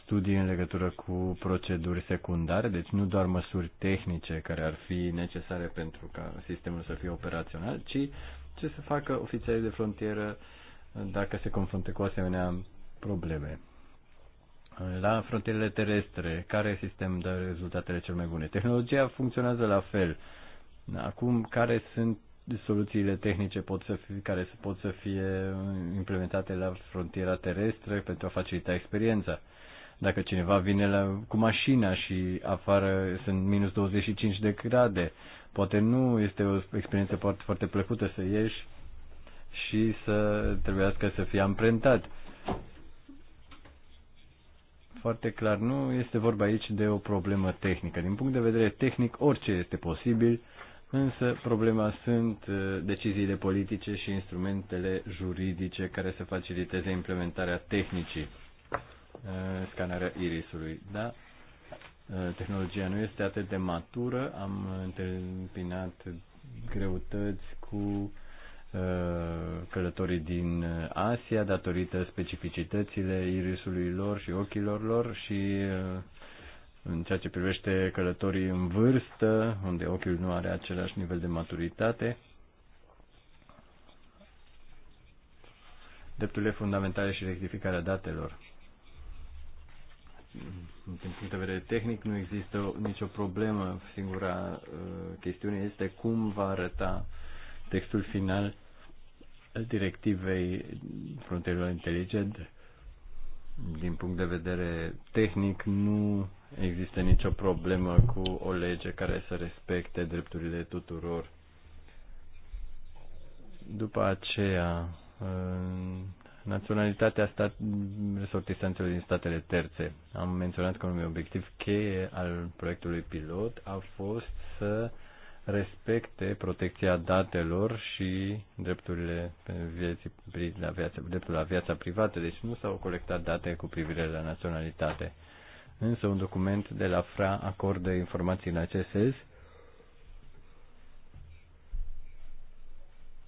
studii în legătură cu proceduri secundare, deci nu doar măsuri tehnice care ar fi necesare pentru ca sistemul să fie operațional, ci ce să facă ofițerii de frontieră dacă se confruntă cu asemenea probleme. La frontierele terestre, care sistem dă rezultatele cel mai bune? Tehnologia funcționează la fel. Acum, care sunt soluțiile tehnice pot să fie, care pot să fie implementate la frontiera terestră pentru a facilita experiența. Dacă cineva vine la, cu mașina și afară sunt minus 25 de grade, poate nu este o experiență foarte, foarte plăcută să ieși și să trebuiască să fie amprentat. Foarte clar, nu este vorba aici de o problemă tehnică. Din punct de vedere tehnic, orice este posibil Însă problema sunt uh, deciziile politice și instrumentele juridice care să faciliteze implementarea tehnicii uh, scanarea irisului. Da? Uh, tehnologia nu este atât de matură, am întâmpinat greutăți cu călătorii din Asia datorită specificitățile irisului lor și ochilor lor și în ceea ce privește călătorii în vârstă, unde ochiul nu are același nivel de maturitate. Drepturile fundamentale și rectificarea datelor. Din punct de vedere tehnic nu există nicio problemă. Singura uh, chestiune este cum va arăta textul final al directivei frontierelor inteligente. Din punct de vedere tehnic nu există nicio problemă cu o lege care să respecte drepturile tuturor. După aceea, naționalitatea stat, resortistanțelor din statele terțe. Am menționat că un obiectiv cheie al proiectului pilot a fost să respecte protecția datelor și drepturile vieții, la viața, dreptul la viața privată, deci nu s-au colectat date cu privire la naționalitate însă un document de la FRA acordă informații în acest sens.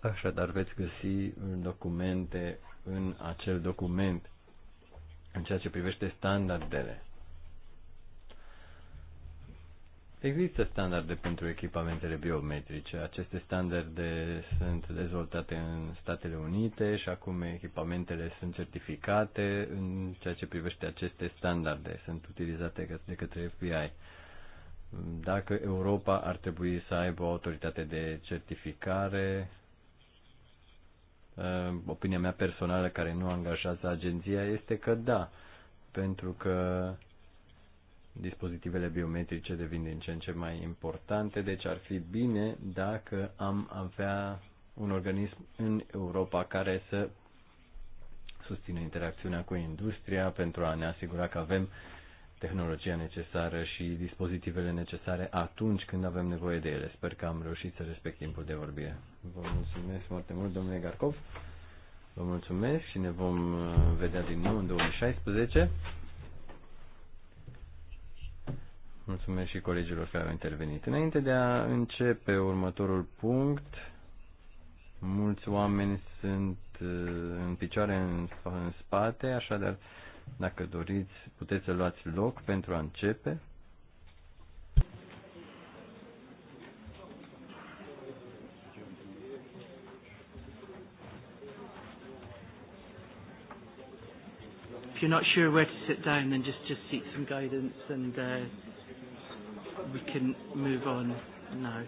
Așadar veți găsi documente în acel document în ceea ce privește standardele. Există standarde pentru echipamentele biometrice. Aceste standarde sunt dezvoltate în Statele Unite și acum echipamentele sunt certificate în ceea ce privește aceste standarde. Sunt utilizate de către FBI. Dacă Europa ar trebui să aibă o autoritate de certificare, ă, opinia mea personală care nu angajează agenția este că da, pentru că dispozitivele biometrice devin din ce în ce mai importante, deci ar fi bine dacă am avea un organism în Europa care să susțină interacțiunea cu industria pentru a ne asigura că avem tehnologia necesară și dispozitivele necesare atunci când avem nevoie de ele. Sper că am reușit să respect timpul de vorbire. Vă mulțumesc foarte mult, domnule Garcov. Vă mulțumesc și ne vom uh, vedea din nou în 2016. Mulțumesc și colegilor care au intervenit. Înainte de a începe următorul punct, mulți oameni sunt uh, în picioare în, în spate, așadar, dacă doriți, puteți să luați loc pentru a începe. If you're not sure where to sit down, then just just seek some guidance and uh, we can move on now.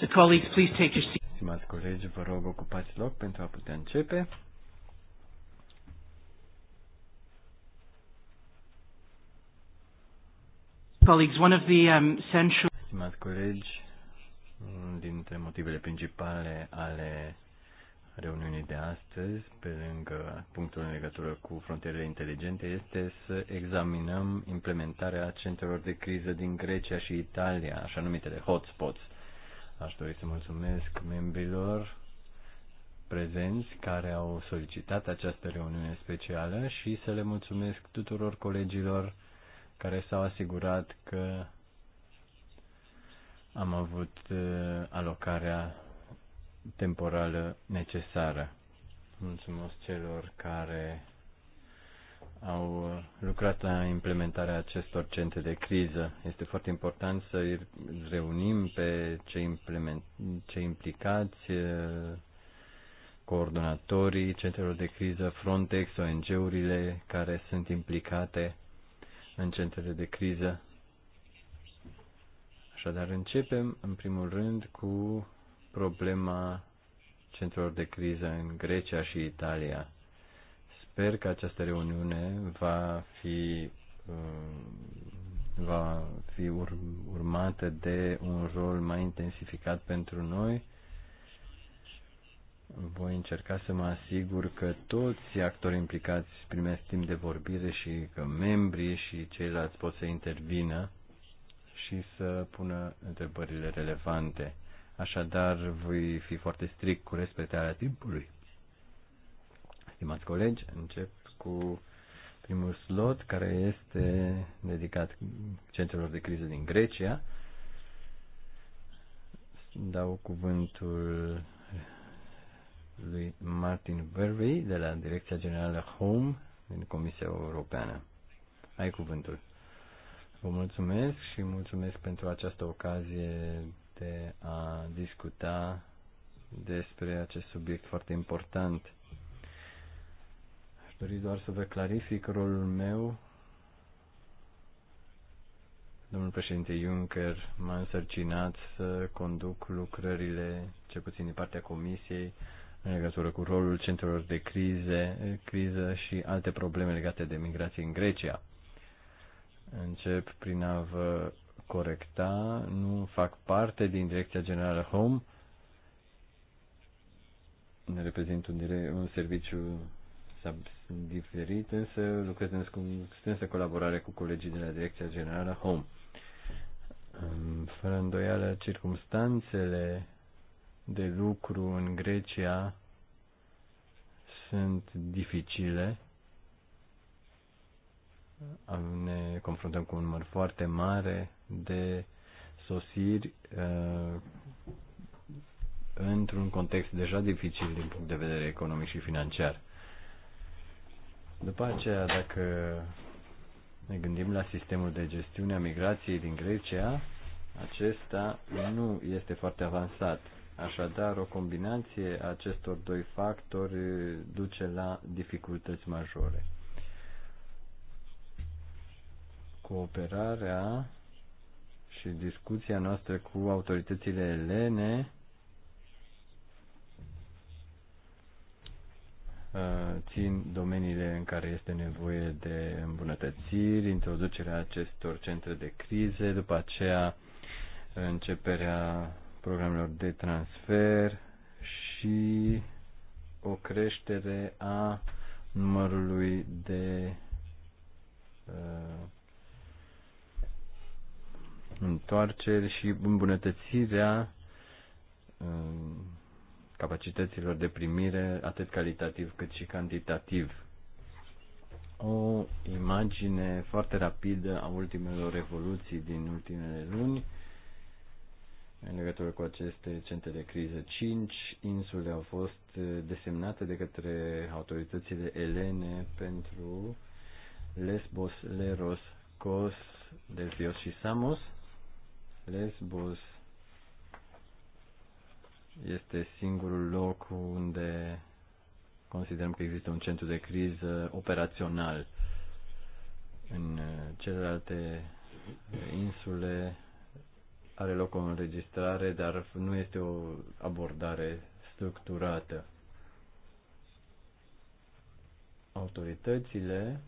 The colleagues, please take your seats. Stimați colegi, vă rog ocupați loc pentru a putea începe. Colleagues, one of the um, central Stimați colegi, unul dintre motivele principale ale reuniunii de astăzi, pe lângă punctul în legătură cu frontierele inteligente, este să examinăm implementarea centrelor de criză din Grecia și Italia, așa numitele hotspots. Aș dori să mulțumesc membrilor prezenți care au solicitat această reuniune specială și să le mulțumesc tuturor colegilor care s-au asigurat că am avut uh, alocarea temporală necesară. Mulțumesc celor care au lucrat la implementarea acestor centre de criză. Este foarte important să îi reunim pe cei, implement, cei implicați, eh, coordonatorii centrelor de criză, Frontex, ONG-urile care sunt implicate în centrele de criză. Așadar, începem în primul rând cu problema centrelor de criză în Grecia și Italia Sper că această reuniune va fi, uh, va fi urmată de un rol mai intensificat pentru noi voi încerca să mă asigur că toți actorii implicați primesc timp de vorbire și că membrii și ceilalți pot să intervină și să pună întrebările relevante. Așadar, voi fi foarte strict cu respectarea timpului. Stimați colegi, încep cu primul slot care este dedicat centrelor de criză din Grecia. Dau cuvântul lui Martin Vervey de la Direcția Generală Home din Comisia Europeană. Ai cuvântul. Vă mulțumesc și mulțumesc pentru această ocazie de a discuta despre acest subiect foarte important dori doar să vă clarific rolul meu. Domnul președinte Juncker m-a însărcinat să conduc lucrările, cel puțin din partea Comisiei, în legătură cu rolul centrelor de crize, criză și alte probleme legate de migrație în Grecia. Încep prin a vă corecta, nu fac parte din Direcția Generală Home, ne reprezint un, un serviciu diferit, însă lucrez în strânsă colaborare cu colegii de la Direcția Generală Home. Fără îndoială, circumstanțele de lucru în Grecia sunt dificile. Ne confruntăm cu un număr foarte mare de sosiri uh, într-un context deja dificil din punct de vedere economic și financiar. După aceea, dacă ne gândim la sistemul de gestiune a migrației din Grecia, acesta nu este foarte avansat. Așadar, o combinație a acestor doi factori duce la dificultăți majore. Cooperarea și discuția noastră cu autoritățile elene Uh, țin domeniile în care este nevoie de îmbunătățiri, introducerea acestor centre de crize, după aceea începerea programelor de transfer și o creștere a numărului de uh, întoarceri și îmbunătățirea uh, capacităților de primire, atât calitativ cât și cantitativ. O imagine foarte rapidă a ultimelor evoluții din ultimele luni în legătură cu aceste centre de criză. Cinci insule au fost eh, desemnate de către autoritățile elene pentru Lesbos, Leros, Kos, Delfios și Samos. Lesbos este singurul loc unde considerăm că există un centru de criză operațional. În uh, celelalte insule are loc o înregistrare, dar nu este o abordare structurată. Autoritățile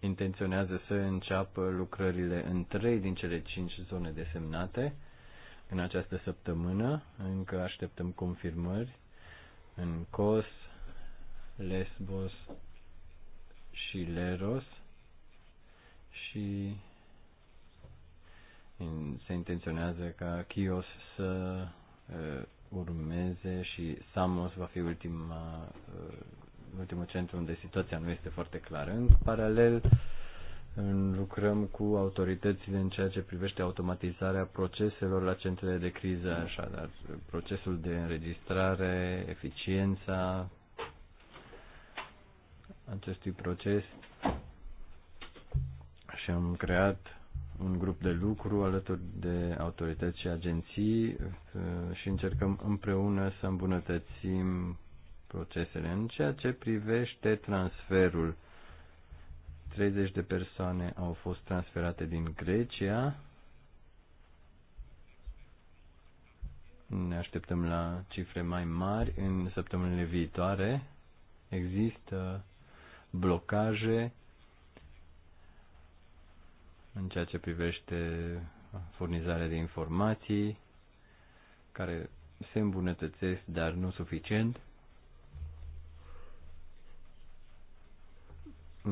intenționează să înceapă lucrările în trei din cele cinci zone desemnate în această săptămână. Încă așteptăm confirmări în Kos, Lesbos și Leros și se intenționează ca Chios să uh, urmeze și Samos va fi ultima uh, ultimul centru unde situația nu este foarte clară. În paralel, lucrăm cu autoritățile în ceea ce privește automatizarea proceselor la centrele de criză, așadar, procesul de înregistrare, eficiența acestui proces și am creat un grup de lucru alături de autorități și agenții și încercăm împreună să îmbunătățim procesele. În ceea ce privește transferul, 30 de persoane au fost transferate din Grecia. Ne așteptăm la cifre mai mari în săptămânile viitoare. Există blocaje în ceea ce privește furnizarea de informații care se îmbunătățesc, dar nu suficient.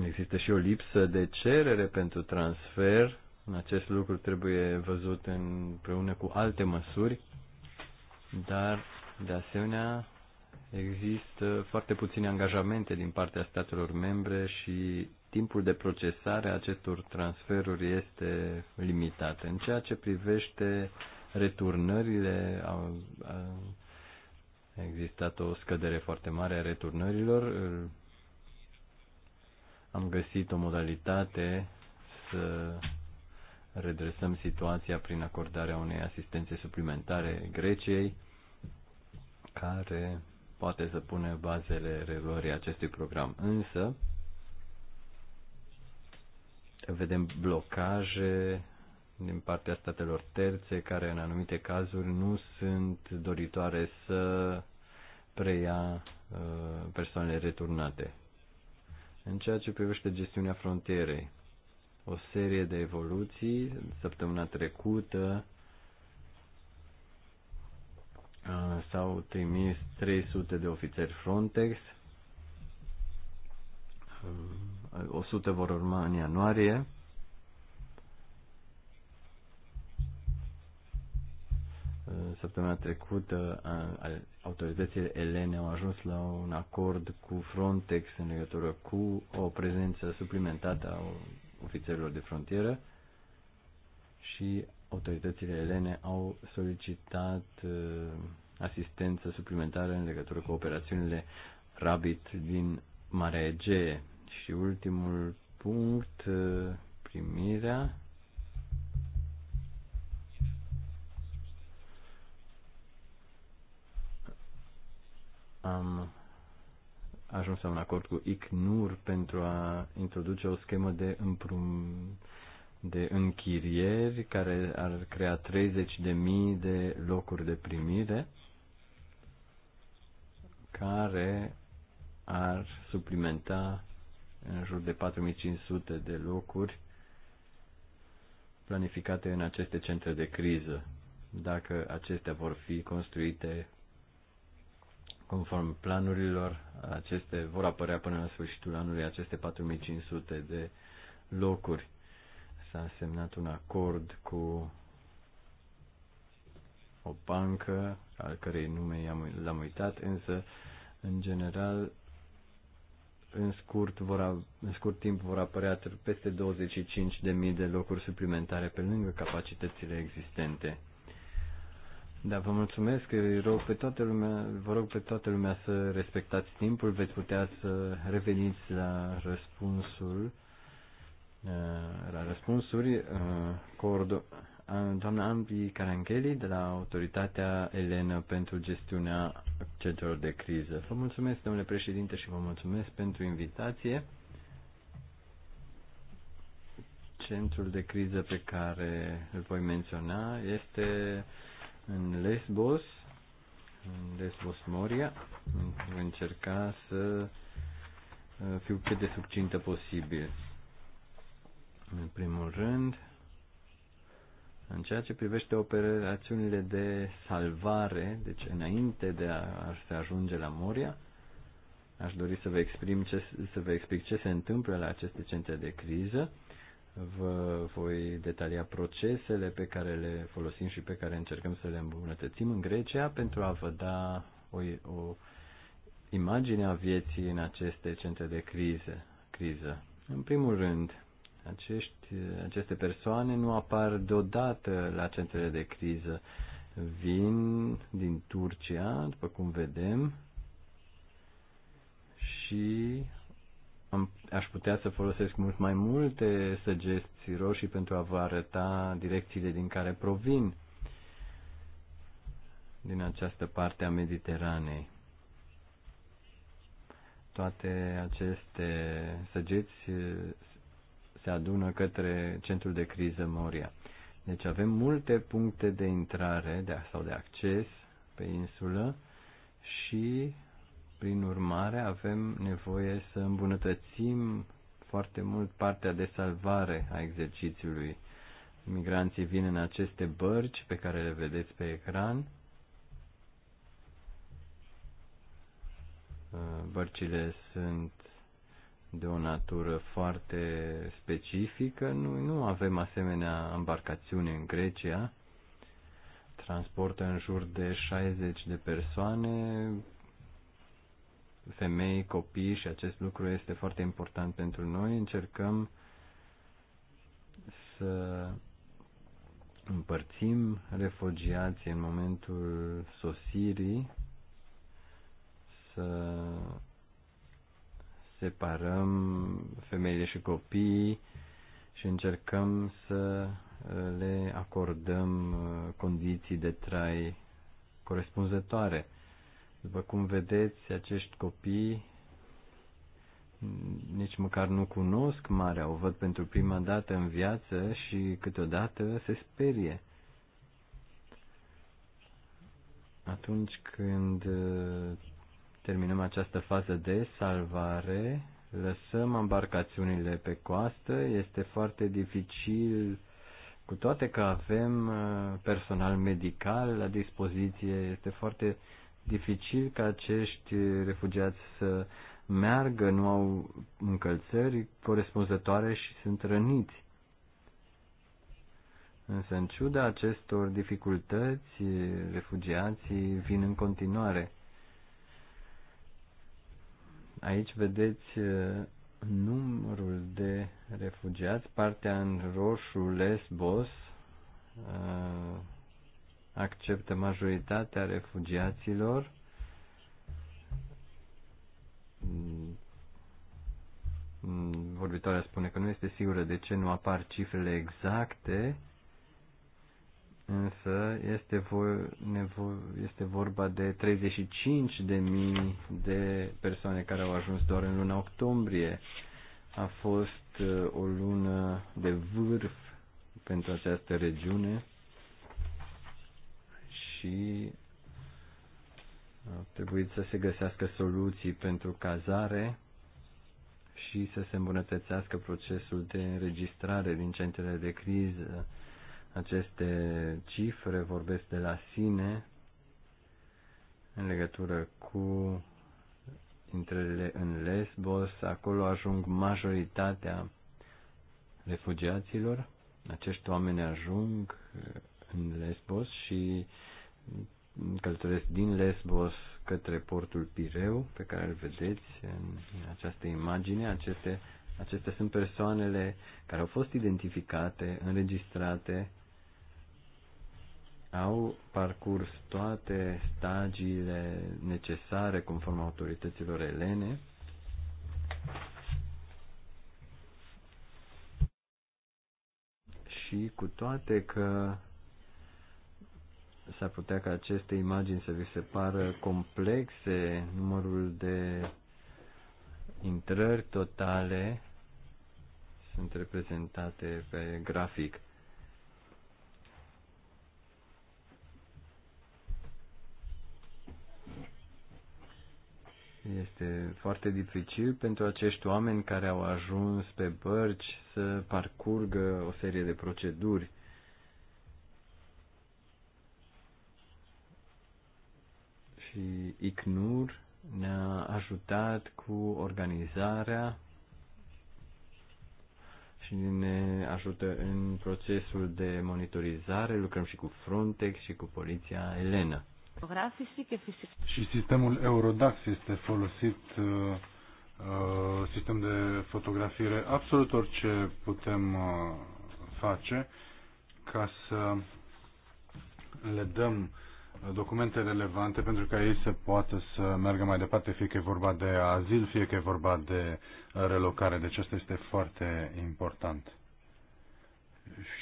Există și o lipsă de cerere pentru transfer. Acest lucru trebuie văzut împreună cu alte măsuri, dar de asemenea există foarte puține angajamente din partea statelor membre și timpul de procesare a acestor transferuri este limitat. În ceea ce privește returnările, a, a existat o scădere foarte mare a returnărilor am găsit o modalitate să redresăm situația prin acordarea unei asistențe suplimentare Greciei, care poate să pune bazele reluării acestui program. Însă, vedem blocaje din partea statelor terțe care în anumite cazuri nu sunt doritoare să preia uh, persoanele returnate. În ceea ce privește gestiunea frontierei, o serie de evoluții. Săptămâna trecută uh, s-au trimis 300 de ofițeri Frontex, 100 uh, vor urma în ianuarie. Uh, săptămâna trecută autoritățile elene au ajuns la un acord cu Frontex în legătură cu o prezență suplimentată a ofițerilor de frontieră și autoritățile elene au solicitat uh, asistență suplimentară în legătură cu operațiunile Rabbit din Marea Egee. Și ultimul punct, uh, primirea am ajuns la un acord cu ICNUR pentru a introduce o schemă de împrum de închirieri care ar crea 30.000 de de locuri de primire care ar suplimenta în jur de 4500 de locuri planificate în aceste centre de criză. Dacă acestea vor fi construite Conform planurilor, aceste vor apărea până la sfârșitul anului aceste 4500 de locuri. S-a semnat un acord cu o bancă, al cărei nume l-am uitat, însă, în general, în scurt, vor, în scurt timp vor apărea peste 25.000 de locuri suplimentare pe lângă capacitățile existente. Da, vă mulțumesc. Îi rog pe toată lumea, vă rog pe toată lumea să respectați timpul. Veți putea să reveniți la răspunsul uh, la răspunsuri. Uh, cordo, uh, Doamna Ambi Carancheli de la Autoritatea Elenă pentru gestiunea centrelor de criză. Vă mulțumesc, domnule președinte, și vă mulțumesc pentru invitație. Centrul de criză pe care îl voi menționa este în Lesbos, în Lesbos Moria. Voi încerca să uh, fiu cât de succintă posibil. În primul rând, în ceea ce privește operațiunile de salvare, deci înainte de a se ajunge la Moria, aș dori să vă, exprim ce, să vă explic ce se întâmplă la aceste centre de criză vă voi detalia procesele pe care le folosim și pe care încercăm să le îmbunătățim în Grecia pentru a vă da o, o imagine a vieții în aceste centre de crize, criză. În primul rând, acești, aceste persoane nu apar deodată la centrele de criză. Vin din Turcia, după cum vedem, și am, aș putea să folosesc mult mai multe săgeți roșii pentru a vă arăta direcțiile din care provin din această parte a Mediteranei. Toate aceste săgeți se adună către centrul de criză Moria. Deci avem multe puncte de intrare de, sau de acces pe insulă și prin urmare, avem nevoie să îmbunătățim foarte mult partea de salvare a exercițiului. Migranții vin în aceste bărci pe care le vedeți pe ecran. Uh, bărcile sunt de o natură foarte specifică. Nu, nu avem asemenea embarcațiune în Grecia. Transportă în jur de 60 de persoane femei, copii și acest lucru este foarte important pentru noi. Încercăm să împărțim refugiații în momentul sosirii, să separăm femeile și copiii și încercăm să uh, le acordăm uh, condiții de trai corespunzătoare. După cum vedeți, acești copii nici măcar nu cunosc marea, o văd pentru prima dată în viață și câteodată se sperie. Atunci când uh, terminăm această fază de salvare, lăsăm embarcațiunile pe coastă, este foarte dificil, cu toate că avem uh, personal medical la dispoziție, este foarte dificil ca acești refugiați să meargă, nu au încălțări corespunzătoare și sunt răniți. Însă, în ciuda acestor dificultăți, refugiații vin în continuare. Aici vedeți uh, numărul de refugiați, partea în roșu Lesbos, uh, acceptă majoritatea refugiaților vorbitoarea spune că nu este sigură de ce nu apar cifrele exacte, însă este, vo- nevo- este vorba de 35 de mii de persoane care au ajuns doar în luna octombrie. A fost uh, o lună de vârf pentru această regiune și au uh, trebuit să se găsească soluții pentru cazare și să se îmbunătățească procesul de înregistrare din centrele de criză. Aceste cifre vorbesc de la sine în legătură cu intrările în Lesbos. Acolo ajung majoritatea refugiaților. Acești oameni ajung uh, în Lesbos și uh, călătoresc din Lesbos către portul Pireu, pe care îl vedeți în această imagine. Aceste, acestea sunt persoanele care au fost identificate, înregistrate, au parcurs toate stagiile necesare conform autorităților elene. Și cu toate că s-ar putea ca aceste imagini să vi se pară complexe, numărul de intrări totale sunt reprezentate pe grafic. Este foarte dificil pentru acești oameni care au ajuns pe bărci să parcurgă o serie de proceduri. și ICNUR ne-a ajutat cu organizarea și ne ajută în procesul de monitorizare. Lucrăm și cu Frontex și cu poliția Elena. Și sistemul Eurodax este folosit uh, uh, sistem de fotografiere, absolut orice putem uh, face ca să le dăm documente relevante pentru ca ei să poată să meargă mai departe, fie că e vorba de azil, fie că e vorba de relocare. Deci asta este foarte important.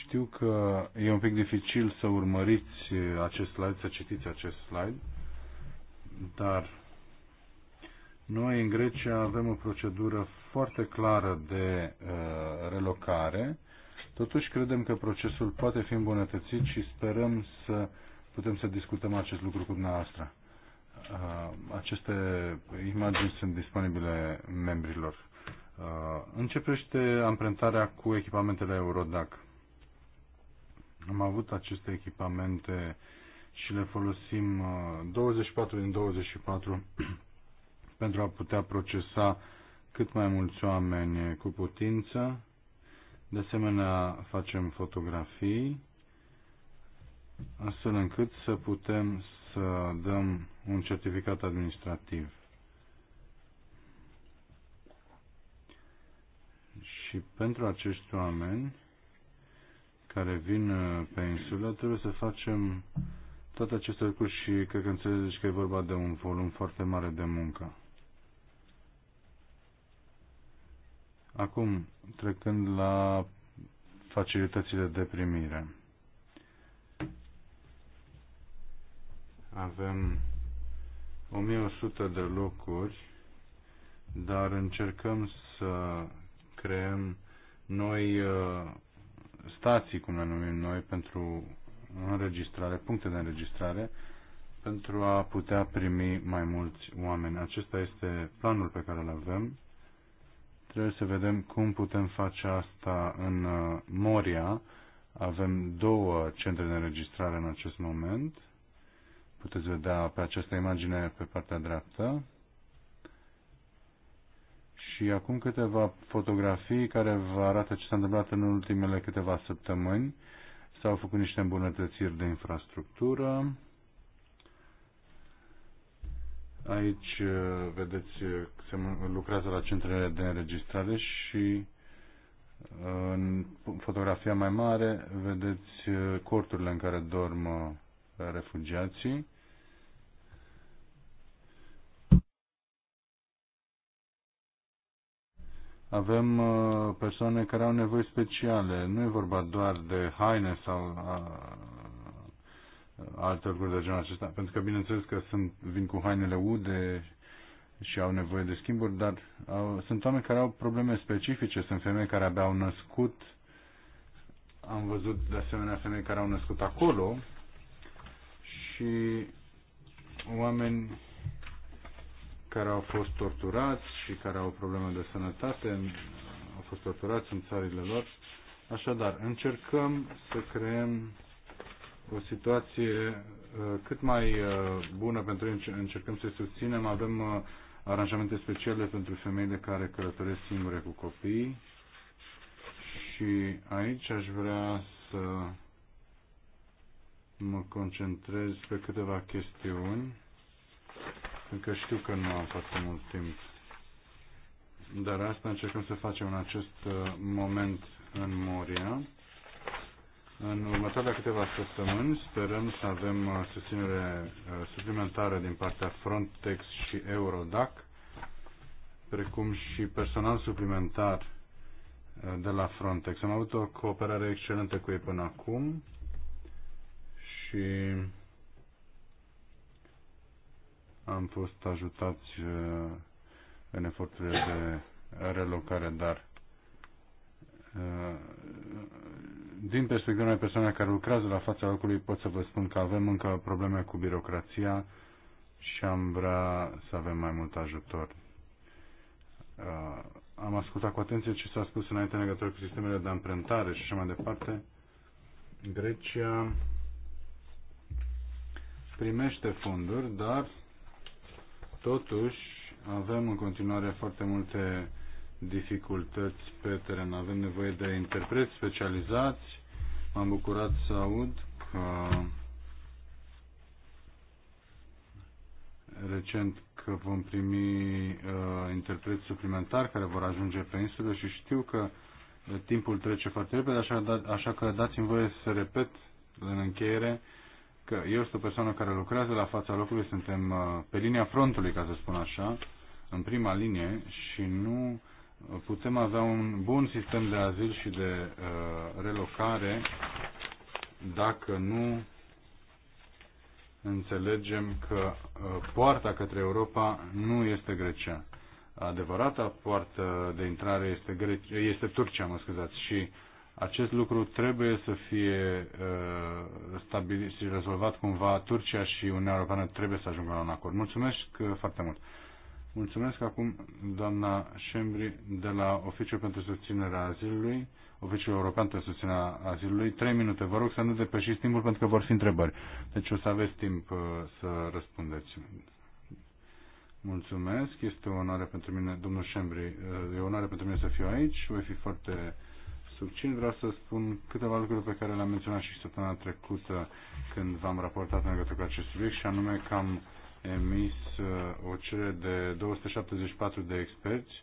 Știu că e un pic dificil să urmăriți acest slide, să citiți acest slide, dar noi în Grecia avem o procedură foarte clară de uh, relocare. Totuși credem că procesul poate fi îmbunătățit și sperăm să uh, putem să discutăm acest lucru cu dumneavoastră. Uh, aceste imagini sunt disponibile membrilor. Uh, Începește amprentarea cu echipamentele Eurodac. Am avut aceste echipamente și le folosim 24 uh, din 24 pentru a putea procesa cât mai mulți oameni cu putință. De asemenea, facem fotografii astfel încât să putem să dăm un certificat administrativ. Și pentru acești oameni care vin uh, pe insulă, trebuie să facem toate aceste lucruri și cred că înțelegeți că e vorba de un volum foarte mare de muncă. Acum, trecând la facilitățile de primire. Avem 1100 de locuri, dar încercăm să creăm noi uh, stații, cum le numim noi, pentru înregistrare, puncte de înregistrare, pentru a putea primi mai mulți oameni. Acesta este planul pe care îl avem. Trebuie să vedem cum putem face asta în uh, Moria. Avem două centre de înregistrare în acest moment puteți vedea pe această imagine pe partea dreaptă. Și acum câteva fotografii care vă arată ce s-a întâmplat în ultimele câteva săptămâni. S-au făcut niște îmbunătățiri de infrastructură. Aici, uh, vedeți, se lucrează la centrele de înregistrare și uh, în fotografia mai mare vedeți uh, corturile în care dorm refugiații. avem uh, persoane care au nevoi speciale. Nu e vorba doar de haine sau uh, alte lucruri de genul acesta, pentru că bineînțeles că sunt, vin cu hainele ude și au nevoie de schimburi, dar au, uh, sunt oameni care au probleme specifice, sunt femei care abia au născut, am văzut de asemenea femei care au născut acolo și oameni care au fost torturați și care au probleme de sănătate, au fost torturați în țările lor. Așadar, încercăm să creăm o situație uh, cât mai uh, bună pentru ei, încercăm să susținem. Avem uh, aranjamente speciale pentru femeile care călătoresc singure cu copii. Și aici aș vrea să mă concentrez pe câteva chestiuni încă știu că nu am foarte mult timp. Dar asta încercăm să facem în acest uh, moment în Moria. În următoarele câteva săptămâni sperăm să avem uh, susținere uh, suplimentară din partea Frontex și Eurodac, precum și personal suplimentar de la Frontex. Am avut o cooperare excelentă cu ei până acum și am fost ajutați uh, în eforturile de relocare, dar uh, din perspectiva unei persoane care lucrează la fața locului, pot să vă spun că avem încă probleme cu birocrația și am vrea să avem mai mult ajutor. Uh, am ascultat cu atenție ce s-a spus înainte în legătură cu sistemele de amprentare și așa mai departe. Grecia primește fonduri, dar Totuși, avem în continuare foarte multe dificultăți pe teren. Avem nevoie de interpreți specializați. M-am bucurat să aud că recent că vom primi uh, interpreți suplimentari care vor ajunge pe insulă și știu că uh, timpul trece foarte repede, așa, da, așa că dați-mi voie să repet în încheiere că eu sunt o persoană care lucrează la fața locului, suntem uh, pe linia frontului, ca să spun așa, în prima linie și nu putem avea un bun sistem de azil și de uh, relocare dacă nu înțelegem că uh, poarta către Europa nu este Grecia. Adevărata poartă de intrare este, Grecia, este Turcia, mă scuzați, și acest lucru trebuie să fie uh, stabilit și rezolvat cumva. Turcia și Uniunea Europeană trebuie să ajungă la un acord. Mulțumesc uh, foarte mult. Mulțumesc acum doamna Șembri de la Oficiul pentru Susținerea Azilului, Oficiul European pentru Susținerea Azilului. Trei minute, vă rog să nu depășiți timpul pentru că vor fi întrebări. Deci o să aveți timp uh, să răspundeți. Mulțumesc, este o onoare pentru mine, domnul Șembri, uh, e o onoare pentru mine să fiu aici, voi fi foarte succint. Vreau să spun câteva lucruri pe care le-am menționat și săptămâna trecută când v-am raportat în legătură cu acest subiect și anume că am emis uh, o cerere de 274 de experți,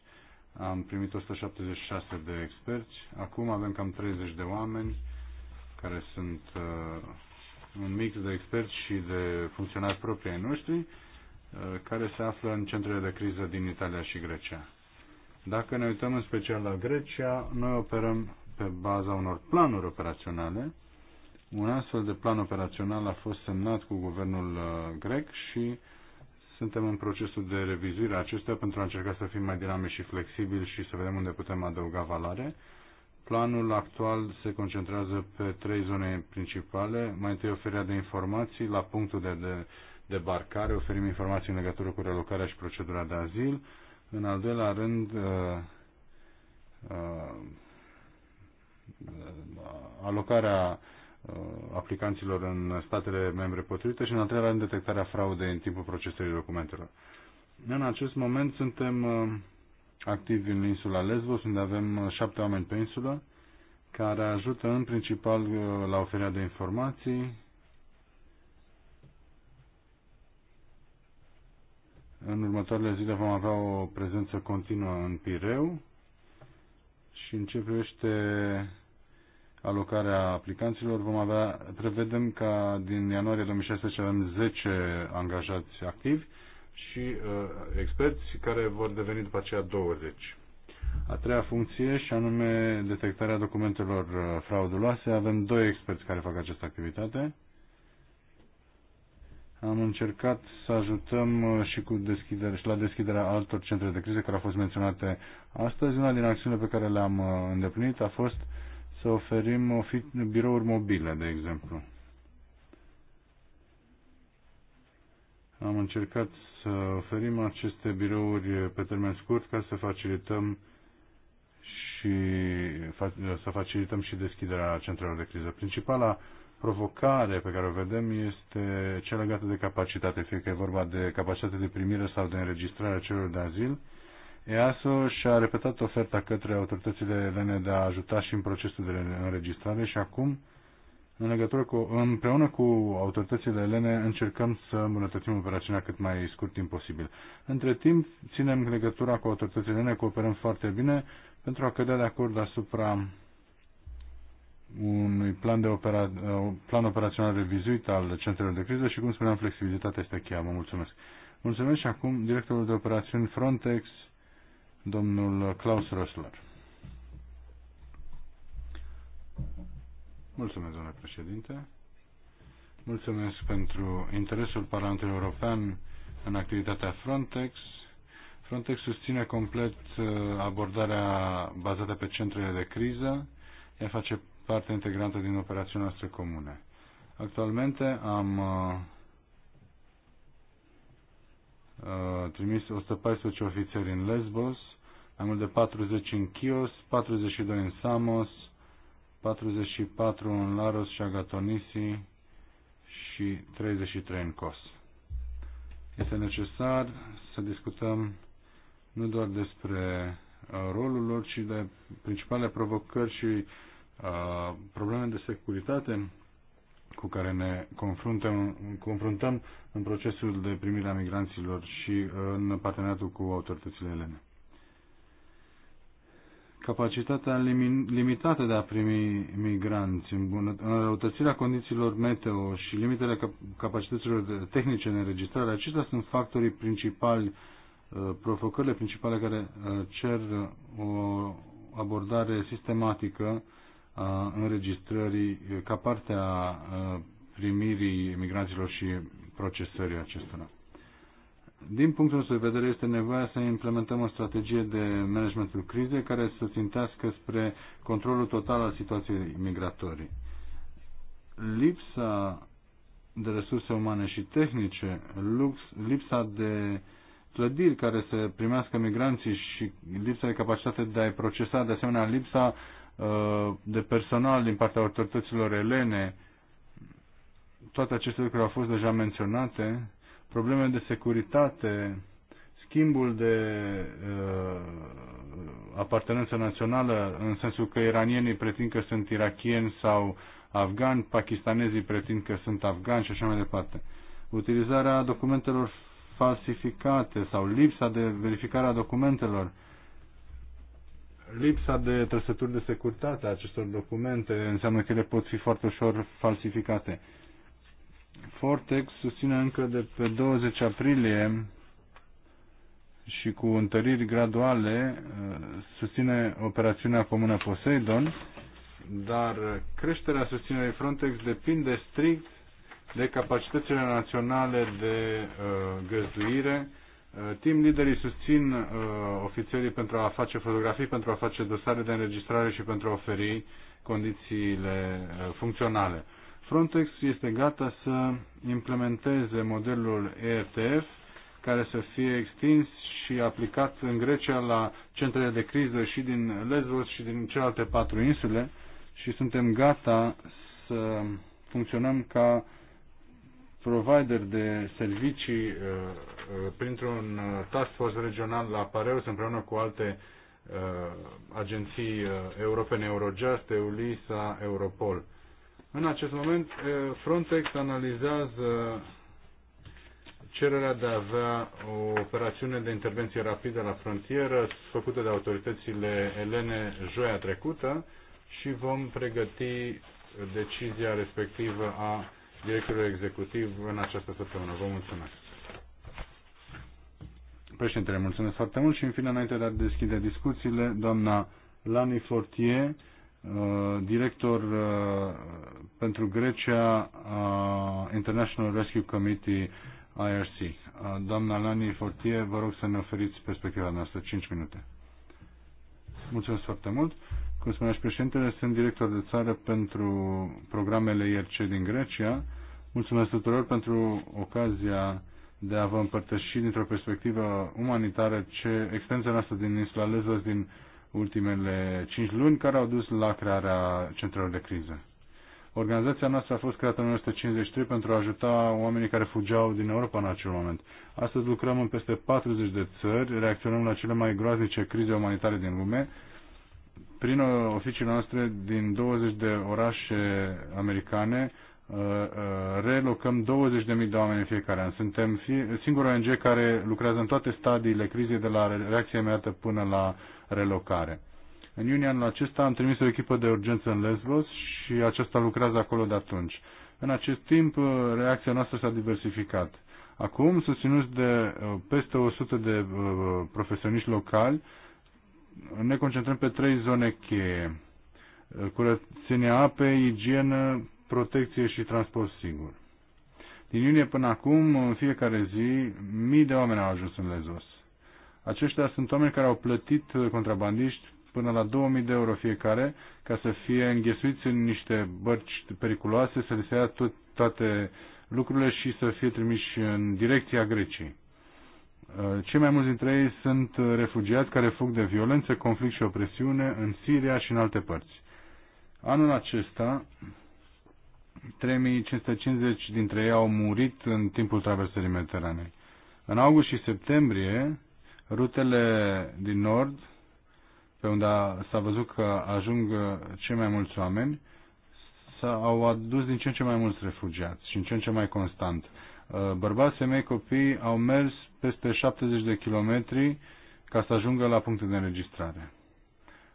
am primit 176 de experți, acum avem cam 30 de oameni care sunt uh, un mix de experți și de funcționari proprii ai noștri uh, care se află în centrele de criză din Italia și Grecia. Dacă ne uităm în special la Grecia, noi operăm pe baza unor planuri operaționale. Un astfel de plan operațional a fost semnat cu guvernul uh, grec și suntem în procesul de revizuire Acestea pentru a încerca să fim mai dinamici și flexibili și să vedem unde putem adăuga valoare. Planul actual se concentrează pe trei zone principale. Mai întâi oferirea de informații la punctul de, de debarcare, oferim informații în legătură cu relocarea și procedura de azil. În al doilea rând, uh, uh, Uh, alocarea uh, aplicanților în statele membre potrivite și, în al treilea rând, detectarea fraudei în timpul procesării documentelor. În acest moment suntem uh, activi în insula Lesbos, unde avem șapte oameni pe insulă, care ajută în principal la oferirea de informații, În următoarele zile vom avea o prezență continuă în Pireu și în ce privește alocarea aplicanților. Vom avea, prevedem ca din ianuarie 2016 avem 10 angajați activi și uh, experți care vor deveni după aceea 20. A treia funcție și anume detectarea documentelor uh, frauduloase. Avem doi experți care fac această activitate. Am încercat să ajutăm uh, și, cu deschidere, și la deschiderea altor centre de criză care au fost menționate astăzi. Una din acțiunile pe care le-am uh, îndeplinit a fost uh, să oferim birouri mobile, de exemplu. Am încercat să oferim aceste birouri pe termen scurt ca să facilităm și să facilităm și deschiderea centrelor de criză. Principala provocare pe care o vedem este cea legată de capacitate, fie că e vorba de capacitate de primire sau de înregistrare a celor de azil, EASO și-a repetat oferta către autoritățile elene de a ajuta și în procesul de înregistrare și acum, în legătură cu, împreună cu autoritățile elene, încercăm să îmbunătățim operațiunea cât mai scurt timp posibil. Între timp, ținem legătura cu autoritățile elene, cooperăm foarte bine pentru a cădea de acord asupra unui plan, de opera, uh, plan operațional revizuit al centrelor de criză și, cum spuneam, flexibilitatea este cheia. Mă mulțumesc. Mulțumesc și acum directorul de operațiuni Frontex, domnul Klaus Rössler. Mulțumesc, domnule președinte. Mulțumesc pentru interesul Parlamentului European în activitatea Frontex. Frontex susține complet uh, abordarea bazată pe centrele de criză. Ea face parte integrantă din operațiunea noastră comune. Actualmente am uh, Uh, trimis 114 ofițeri în Lesbos, mai mult de 40 în Chios, 42 în Samos, 44 în Laros și Agatonisi și 33 în Kos. Este necesar să discutăm nu doar despre uh, rolul lor, ci de principalele provocări și uh, probleme de securitate cu care ne confruntăm, confruntăm în procesul de primire a migranților și uh, în parteneriatul cu autoritățile elene. Capacitatea limitată de a primi migranți, înrăutățirea condițiilor meteo și limitele capacităților tehnice de înregistrare, acestea sunt factorii principali, uh, provocările principale care uh, cer o abordare sistematică a înregistrării ca parte a primirii migranților și procesării acestora. Din punctul nostru de vedere, este nevoie să implementăm o strategie de managementul crizei care să țintească spre controlul total al situației migratorii. Lipsa de resurse umane și tehnice, lux, lipsa de clădiri care să primească migranții și lipsa de capacitate de a-i procesa, de asemenea lipsa de personal din partea autorităților elene. Toate aceste lucruri au fost deja menționate. Probleme de securitate, schimbul de uh, apartenență națională, în sensul că iranienii pretind că sunt irachieni sau afgani, pakistanezii pretind că sunt afgani și așa mai departe. Utilizarea documentelor falsificate sau lipsa de verificare a documentelor uh, lipsa de trăsături de securitate a acestor documente înseamnă că ele pot fi foarte ușor falsificate. Fortex susține încă de pe 20 aprilie și cu întăriri graduale uh, susține operațiunea comună Poseidon, dar creșterea susținerii Frontex depinde strict de capacitățile naționale de uh, găzduire Uh, team liderii susțin uh, ofițerii pentru a face fotografii, pentru a face dosare de înregistrare și pentru a oferi condițiile uh, funcționale. Frontex este gata să implementeze modelul ERTF care să fie extins și aplicat în Grecia la centrele de criză și din Lesbos și din celelalte patru insule și suntem gata să funcționăm ca uh, provider de servicii uh, uh, printr-un uh, task force regional la Pareus împreună cu alte agenții europene, Eurojust, EULISA, Europol. În acest moment, Frontex analizează cererea de a avea o operațiune de intervenție rapidă la frontieră făcută de autoritățile elene joia trecută și vom pregăti decizia respectivă a directorul executiv în această săptămână. Vă mulțumesc. Președintele, mulțumesc foarte mult și în fine, înainte de a deschide discuțiile, doamna Lani Fortier, uh, director uh, pentru Grecia uh, International Rescue Committee IRC. Doamna Lani Fortier, vă rog să ne oferiți perspectiva noastră. 5 minute. Mulțumesc foarte mult. Cum spunea și președintele, sunt director de țară pentru programele IRC din Grecia. Mulțumesc tuturor pentru ocazia de a vă împărtăși dintr-o perspectivă umanitară ce extensia noastră din insula Lesbos din ultimele cinci luni care au dus la crearea centrelor de criză. Organizația noastră a fost creată în 1953 pentru a ajuta oamenii care fugeau din Europa în acel moment. Astăzi lucrăm în peste 40 de țări, reacționăm la cele mai groaznice crize umanitare din lume, prin oficiile noastre din 20 de orașe americane uh, uh, relocăm 20.000 de oameni în fiecare an. Suntem singurul ONG care lucrează în toate stadiile crizei de la reacție imediată până la relocare. În iunie anul acesta am trimis o echipă de urgență în Lesbos și aceasta lucrează acolo de atunci. În acest timp, uh, reacția noastră s-a diversificat. Acum, susținuți de peste 100 de profesioniști locali, ne concentrăm pe trei zone cheie. Curățenia apei, igienă, protecție și transport sigur. Din iunie până acum, în fiecare zi, mii de oameni au ajuns în Lezos. Aceștia sunt oameni care au plătit contrabandiști până la 2000 de euro fiecare ca să fie înghesuiți în niște bărci periculoase, să le se ia tot, toate lucrurile și să fie trimiși în direcția Greciei. Eh, cei mai mulți dintre ei sunt eh, refugiați care fug de violență, conflict și opresiune în Siria și în alte părți. Anul acesta, 3550 dintre ei au murit în timpul traversării Mediteranei. În august și septembrie, rutele din nord, pe unde s-a văzut că ajung eh, cei mai mulți oameni, au adus din ce în ce mai mulți refugiați și în ce în ce mai constant. Uh, bărbați, femei, copii au mers peste 70 de kilometri ca să ajungă la punctul de înregistrare.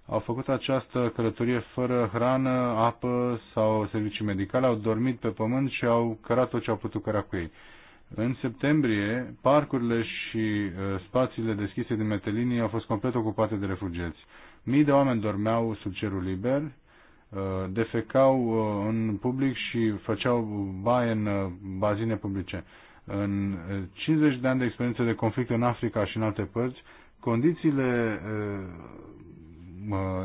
Au făcut această călătorie fără hrană, apă sau servicii medicale, au dormit pe pământ și au cărat tot ce au putut căra cu ei. În septembrie, parcurile și uh, spațiile deschise din Metelinii au fost complet ocupate de refugiați. Mii de oameni dormeau sub cerul liber, Uh, defecau uh, în public și făceau baie în uh, bazine publice. În 50 de ani de experiență de conflict în Africa și în alte părți, condițiile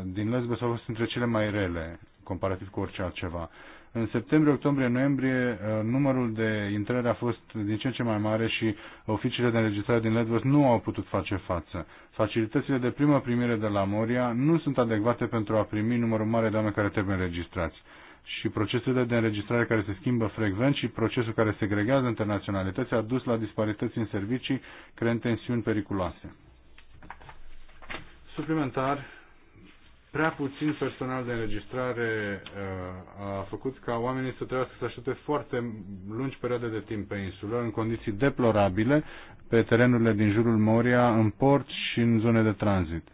din Lesbos au fost între cele mai rele, comparativ cu orice altceva. În septembrie, octombrie, noiembrie, uh, numărul de intrări a fost din ce în ce mai mare și oficiile de înregistrare din Ledworth nu au putut face față. Facilitățile de primă primire de la Moria nu sunt adecvate pentru a primi numărul mare de oameni care trebuie înregistrați și procesele de înregistrare care se schimbă frecvent și procesul care segregează internaționalități a dus la disparități în servicii, creând tensiuni periculoase. Suplimentar, prea puțin personal de înregistrare uh, a făcut ca oamenii să trebuiască să aștepte foarte lungi perioade de timp pe insulă, în condiții deplorabile, pe terenurile din jurul Moria, în port și în zone de tranzit.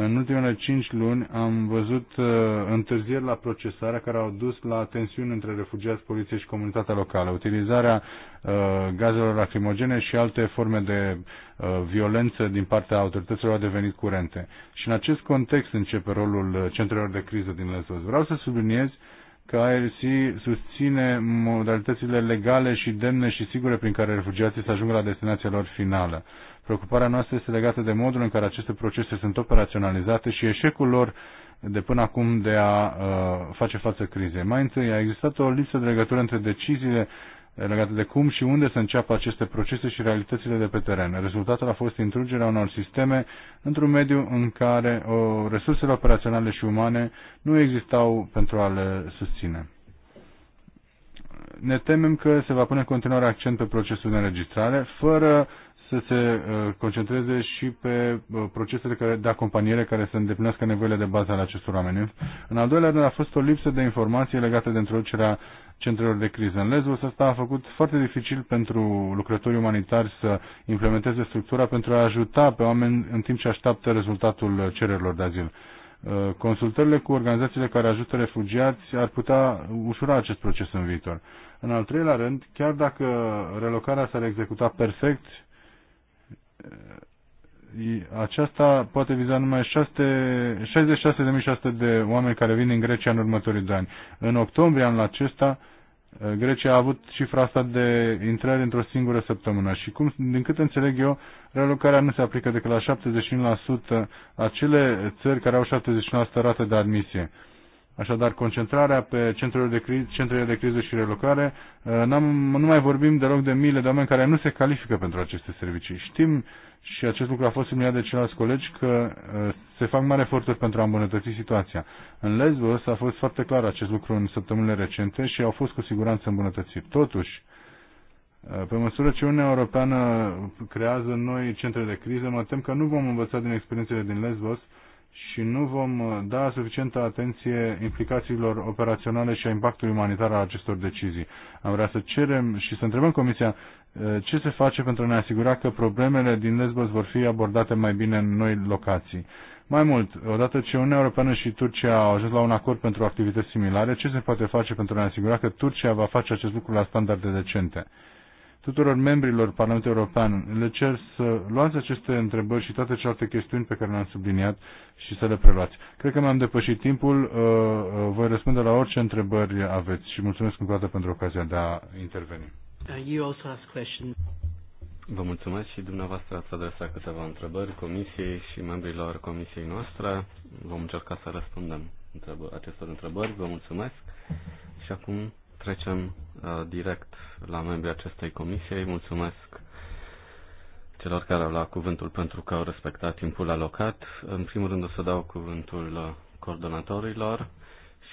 În ultimele cinci luni am văzut uh, întârzieri la procesarea care au dus la tensiuni între refugiați, poliție și comunitatea locală. Utilizarea uh, gazelor lacrimogene și alte forme de uh, violență din partea autorităților a devenit curente. Și în acest context începe rolul uh, centrelor de criză din Lesbos. Vreau să subliniez că ARC susține modalitățile legale și demne și sigure prin care refugiații să ajungă la destinația lor finală Preocuparea noastră este legată de modul în care aceste procese sunt operaționalizate și eșecul lor de până acum de a uh, face față crizei. Mai întâi, a existat o lipsă de legătură între deciziile legate de cum și unde să înceapă aceste procese și realitățile de pe teren. Rezultatul a fost introducerea unor sisteme într-un mediu în care o, resursele operaționale și umane nu existau pentru a le susține. Ne temem că se va pune în continuare accent pe procesul de înregistrare, fără să se uh, concentreze și pe uh, procesele care, de acompaniere care să îndeplinească nevoile de bază ale acestor oameni. În al doilea rând a fost o lipsă de informații legate de introducerea centrelor de criză. În Lesbos asta a făcut foarte dificil pentru lucrătorii umanitari să implementeze structura pentru a ajuta pe oameni în timp ce așteaptă rezultatul cererilor de azil. Uh, consultările cu organizațiile care ajută refugiați ar putea ușura acest proces în viitor. În al treilea rând, chiar dacă relocarea s-ar executa perfect, aceasta poate viza numai 66.600 de oameni care vin din Grecia în următorii doi ani. În octombrie anul acesta, Grecia a avut cifra asta de intrări într-o singură săptămână și cum, din cât înțeleg eu, relocarea nu se aplică decât la 75% acele țări care au 71% rată de admisie. Așadar, concentrarea pe centrele de, cri- centrele de criză și relocare, uh, nu mai vorbim deloc de miile de oameni care nu se califică pentru aceste servicii. Știm, și acest lucru a fost subliniat de ceilalți colegi, că uh, se fac mari eforturi pentru a îmbunătăți situația. În Lesbos a fost foarte clar acest lucru în săptămânile recente și au fost cu siguranță îmbunătățiri. Totuși, uh, pe măsură ce Uniunea Europeană creează noi centre de criză, mă tem că nu vom învăța din experiențele din Lesbos, și nu vom uh, da suficientă atenție implicațiilor operaționale și a impactului umanitar al acestor decizii. Am vrea să cerem și să întrebăm Comisia uh, ce se face pentru a ne asigura că problemele din Lesbos vor fi abordate mai bine în noi locații. Mai mult, odată ce Uniunea Europeană și Turcia au ajuns la un acord pentru activități similare, ce se poate face pentru a ne asigura că Turcia va face acest lucru la standarde decente? tuturor membrilor Parlamentului European. Le cer să luați aceste întrebări și toate celelalte chestiuni pe care le-am subliniat și să le preluați. Cred că mi-am depășit timpul. Uh, uh, voi răspunde la orice întrebări aveți și mulțumesc încă o dată pentru ocazia de a interveni. Uh, you also ask Vă mulțumesc și dumneavoastră ați adresat câteva întrebări comisiei și membrilor comisiei noastre. Vom încerca să răspundem acestor întrebări. Vă mulțumesc și acum trecem uh, direct la membrii acestei comisii. Îi mulțumesc celor care au luat cuvântul pentru că au respectat timpul alocat. În primul rând o să dau cuvântul uh, coordonatorilor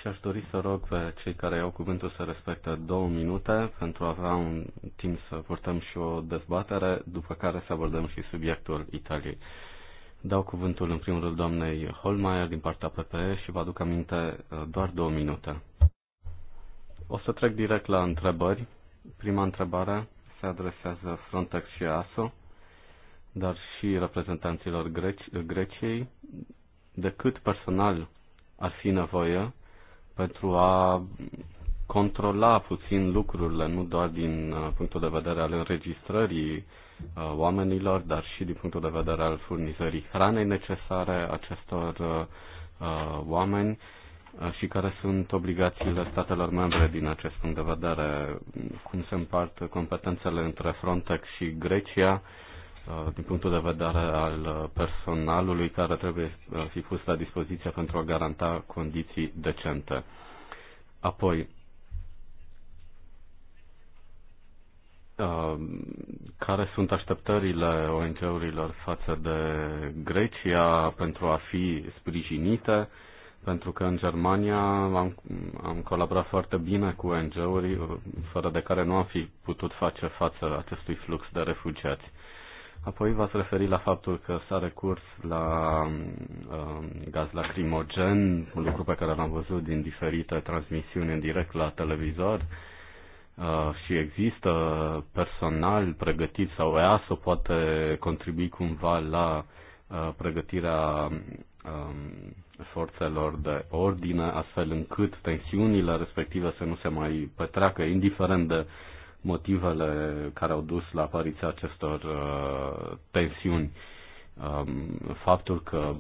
și aș dori să rog pe cei care au cuvântul să respecte două minute pentru a avea un timp să purtăm și o dezbatere, după care să abordăm și subiectul Italiei. Dau cuvântul în primul rând doamnei Holmeier din partea PPE și vă aduc aminte uh, doar două minute. O să trec direct la întrebări. Prima întrebare se adresează Frontex și ASO, dar și reprezentanților Greci- Greciei. De cât personal ar fi nevoie pentru a controla puțin lucrurile, nu doar din uh, punctul de vedere al înregistrării uh, oamenilor, dar și din punctul de vedere al furnizării hranei necesare acestor uh, oameni și care sunt obligațiile statelor membre din acest punct de vedere, cum se împart competențele între Frontex și Grecia din punctul de vedere al personalului care trebuie să fi pus la dispoziție pentru a garanta condiții decente. Apoi, care sunt așteptările ONG-urilor față de Grecia pentru a fi sprijinite pentru că în Germania am, am colaborat foarte bine cu ONG-uri, fără de care nu am fi putut face față acestui flux de refugiați. Apoi v-ați referit la faptul că s-a recurs la uh, gaz lacrimogen, un lucru pe care l-am văzut din diferite transmisiuni în direct la televizor uh, și există personal pregătit sau EASO poate contribui cumva la uh, pregătirea um, forțelor de ordine, astfel încât tensiunile respective să nu se mai petreacă, indiferent de motivele care au dus la apariția acestor uh, tensiuni. Um, faptul că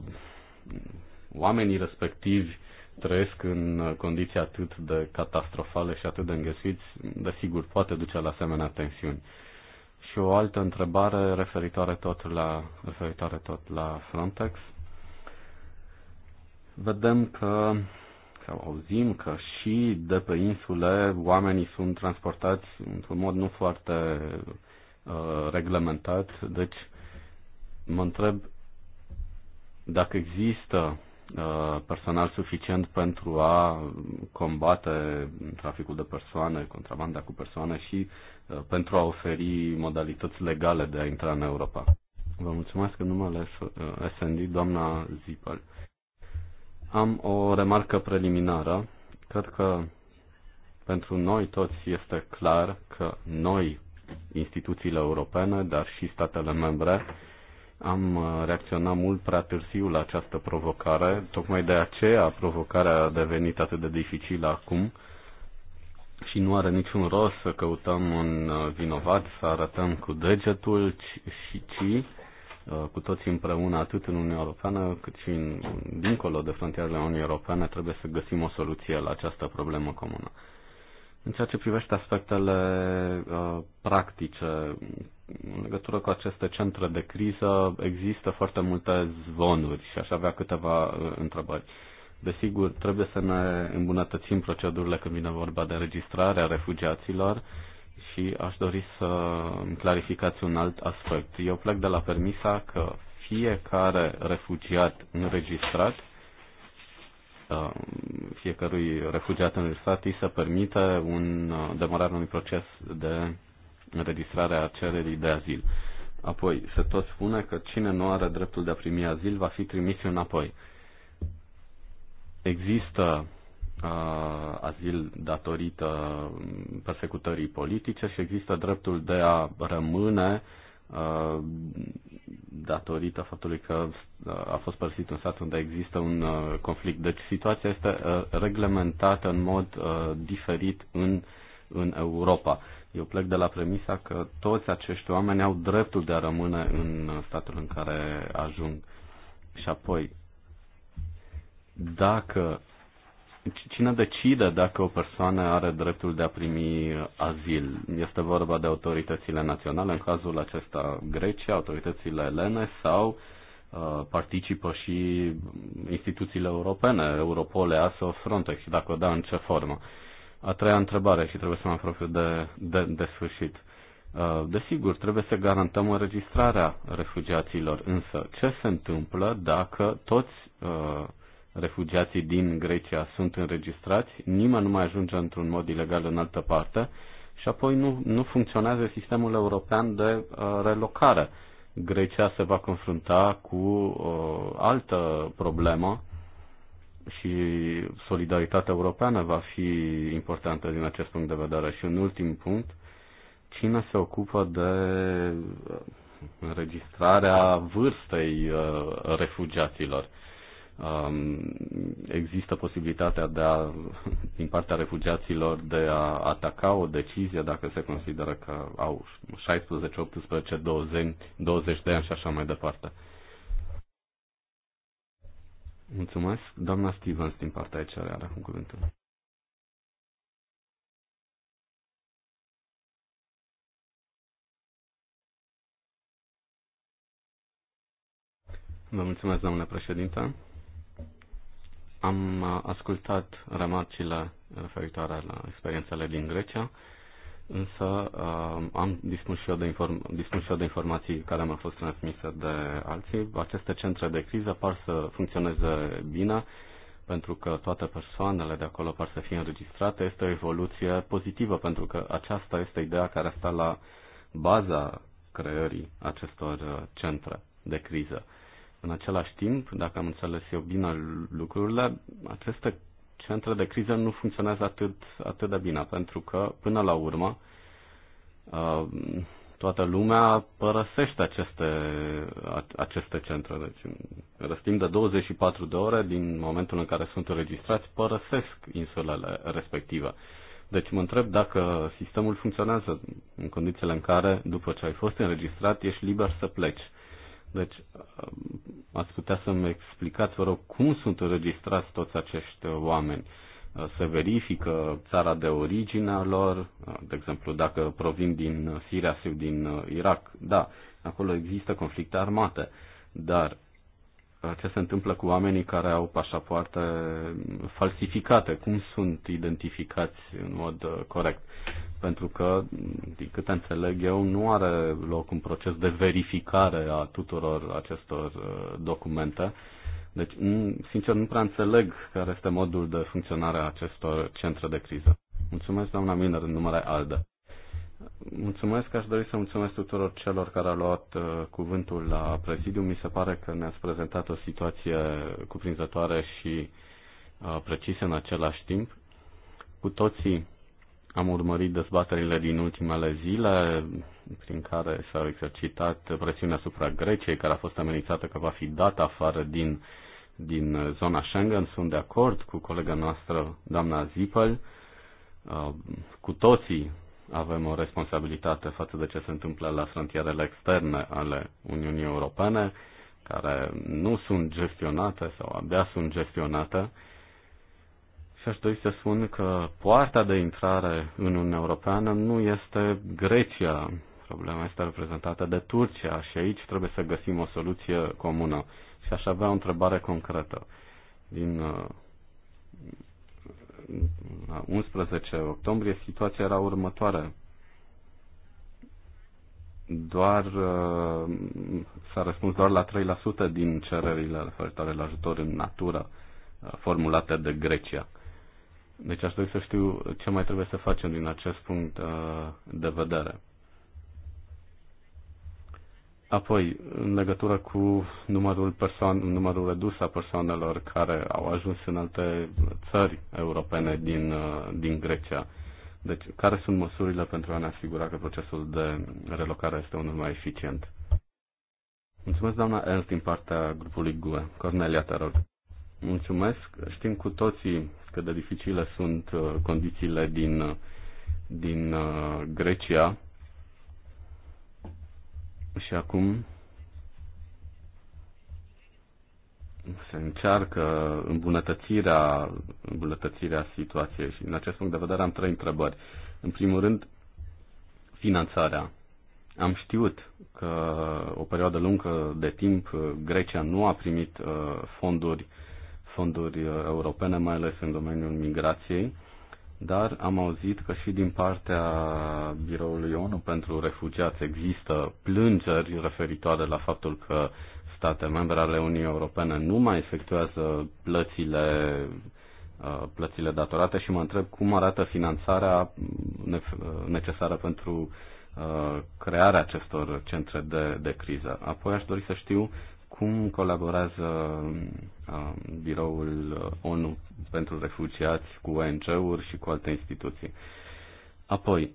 oamenii respectivi trăiesc în condiții atât de catastrofale și atât de înghesuiți, desigur, poate duce la asemenea tensiuni. Și o altă întrebare referitoare tot la, referitoare tot la Frontex. Uh, vedem că sau auzim că și de pe insule oamenii sunt transportați într-un mod nu foarte uh, reglementat. Deci mă întreb dacă există uh, personal suficient pentru a combate traficul de persoane, contrabanda cu persoane și uh, pentru a oferi modalități legale de a intra în Europa. Vă mulțumesc în numele uh, SND, doamna Zipel. Am o remarcă preliminară. Cred că pentru noi toți este clar că noi, instituțiile europene, dar și statele membre, am uh, reacționat mult prea târziu la această provocare. Tocmai de aceea provocarea a devenit atât de dificilă acum și nu are niciun rost să căutăm un uh, vinovat, să arătăm cu degetul, ci, și ci Uh, cu toții împreună, atât în Uniunea Europeană, cât și în, dincolo de frontierele Uniunii Europene, trebuie să găsim o soluție la această problemă comună. În ceea ce privește aspectele uh, practice, în legătură cu aceste centre de criză, există foarte multe zvonuri și aș avea câteva uh, întrebări. Desigur, trebuie să ne îmbunătățim procedurile când vine vorba de registrarea refugiaților. Uh, și aș dori să clarificați un alt aspect. Eu plec de la permisa că fiecare refugiat înregistrat uh, fiecărui refugiat înregistrat îi se permite un, uh, demarare unui proces de înregistrare a cererii de azil. Apoi se tot spune că cine nu are dreptul de a primi azil va fi trimis înapoi. Există uh, azil datorită persecutării politice și există dreptul de a rămâne uh, datorită faptului că uh, a fost părăsit un stat unde există un uh, conflict. Deci situația este uh, reglementată în mod uh, diferit în, în Europa. Eu plec de la premisa că toți acești oameni au dreptul de a rămâne în statul în care ajung. Și apoi, dacă cine decide dacă o persoană are dreptul de a primi azil? Este vorba de autoritățile naționale, în cazul acesta Grecia, autoritățile elene sau uh, participă și instituțiile europene, Europol, EASO, Frontex dacă da, în ce formă? A treia întrebare și trebuie să mă apropiu de, de, de sfârșit. Uh, desigur, trebuie să garantăm înregistrarea refugiaților, însă ce se întâmplă dacă toți uh, refugiații din Grecia sunt înregistrați, nimeni nu mai ajunge într-un mod ilegal în altă parte și apoi nu, nu funcționează sistemul european de uh, relocare. Grecia se va confrunta cu uh, altă problemă și solidaritatea europeană va fi importantă din acest punct de vedere. Și un ultim punct, cine se ocupă de uh, înregistrarea vârstei uh, refugiaților? Um, există posibilitatea de a, din partea refugiaților de a ataca o decizie dacă se consideră că au 16, 18, 20, 20 de ani și așa mai departe. Mulțumesc. Doamna Stevens din partea aici, are acum cuvântul. Vă mulțumesc, doamnă președintă. Am uh, ascultat remarcile referitoare la experiențele din Grecia, însă uh, am dispus și, eu de inform- dispus și eu de informații care mi-au fost transmise de alții. Aceste centre de criză par să funcționeze bine, pentru că toate persoanele de acolo par să fie înregistrate, este o evoluție pozitivă, pentru că aceasta este ideea care a stat la baza creării acestor uh, centre de criză. În același timp, dacă am înțeles eu bine lucrurile, aceste centre de criză nu funcționează atât, atât de bine, pentru că, până la urmă, uh, toată lumea părăsește aceste, aceste centre. Deci, răstim de 24 de ore din momentul în care sunt înregistrați, părăsesc insulele respective. Deci mă întreb dacă sistemul funcționează în condițiile în care, după ce ai fost înregistrat, ești liber să pleci. Deci, um, ați putea să-mi explicați, vă rog, cum sunt înregistrați toți acești oameni? Uh, se verifică țara de origine a lor, uh, de exemplu, dacă provin din Siria sau din uh, Irak. Da, acolo există conflicte armate, dar ce se întâmplă cu oamenii care au pașapoarte falsificate, cum sunt identificați în mod uh, corect. Pentru că, din câte înțeleg eu, nu are loc un proces de verificare a tuturor acestor uh, documente. Deci, sincer, nu prea înțeleg care este modul de funcționare a acestor centre de criză. Mulțumesc, doamna Miner, în numele ALDE. Mulțumesc, aș dori să mulțumesc tuturor celor care au luat uh, cuvântul la prezidiu. Mi se pare că ne-ați prezentat o situație cuprinzătoare și uh, precisă în același timp. Cu toții am urmărit dezbaterile din ultimele zile prin care s-au exercitat presiunea asupra Greciei, care a fost amenințată că va fi dată afară din, din zona Schengen. Sunt de acord cu colega noastră, doamna Zipel. Uh, cu toții avem o responsabilitate față de ce se întâmplă la frontierele externe ale Uniunii Europene, care nu sunt gestionate sau abia sunt gestionate. Și aș dori să spun că poarta de intrare în Uniunea Europeană nu este Grecia. Problema este reprezentată de Turcia și aici trebuie să găsim o soluție comună. Și aș avea o întrebare concretă. Din uh, 11 octombrie, situația era următoare. Doar uh, s-a răspuns doar la 3% din cererile referitoare la ajutor în natură uh, formulate de Grecia. Deci aș dori să știu ce mai trebuie să facem din acest punct uh, de vedere. Apoi, în legătură cu numărul, persoan- numărul redus a persoanelor care au ajuns în alte țări europene din, uh, din Grecia, deci care sunt măsurile pentru a ne asigura că procesul de relocare este unul mai eficient? Mulțumesc, doamna Ernst, din partea grupului GUE. Cornelia, te rog. Mulțumesc. Știm cu toții cât de dificile sunt uh, condițiile din, uh, din Grecia și acum se încearcă îmbunătățirea, îmbunătățirea situației și în acest punct de vedere am trei întrebări. În primul rând, finanțarea. Am știut că o perioadă lungă de timp uh, Grecia nu a primit uh, fonduri, fonduri uh, europene, mai ales în domeniul migrației dar am auzit că și din partea biroului ONU pentru refugiați există plângeri referitoare la faptul că state membre ale Uniunii Europene nu mai efectuează plățile uh, plățile datorate și mă întreb cum arată finanțarea uh, necesară pentru uh, crearea acestor centre de, de criză. Apoi aș dori să știu cum colaborează um, biroul ONU pentru refugiați cu ONG-uri și cu alte instituții? Apoi,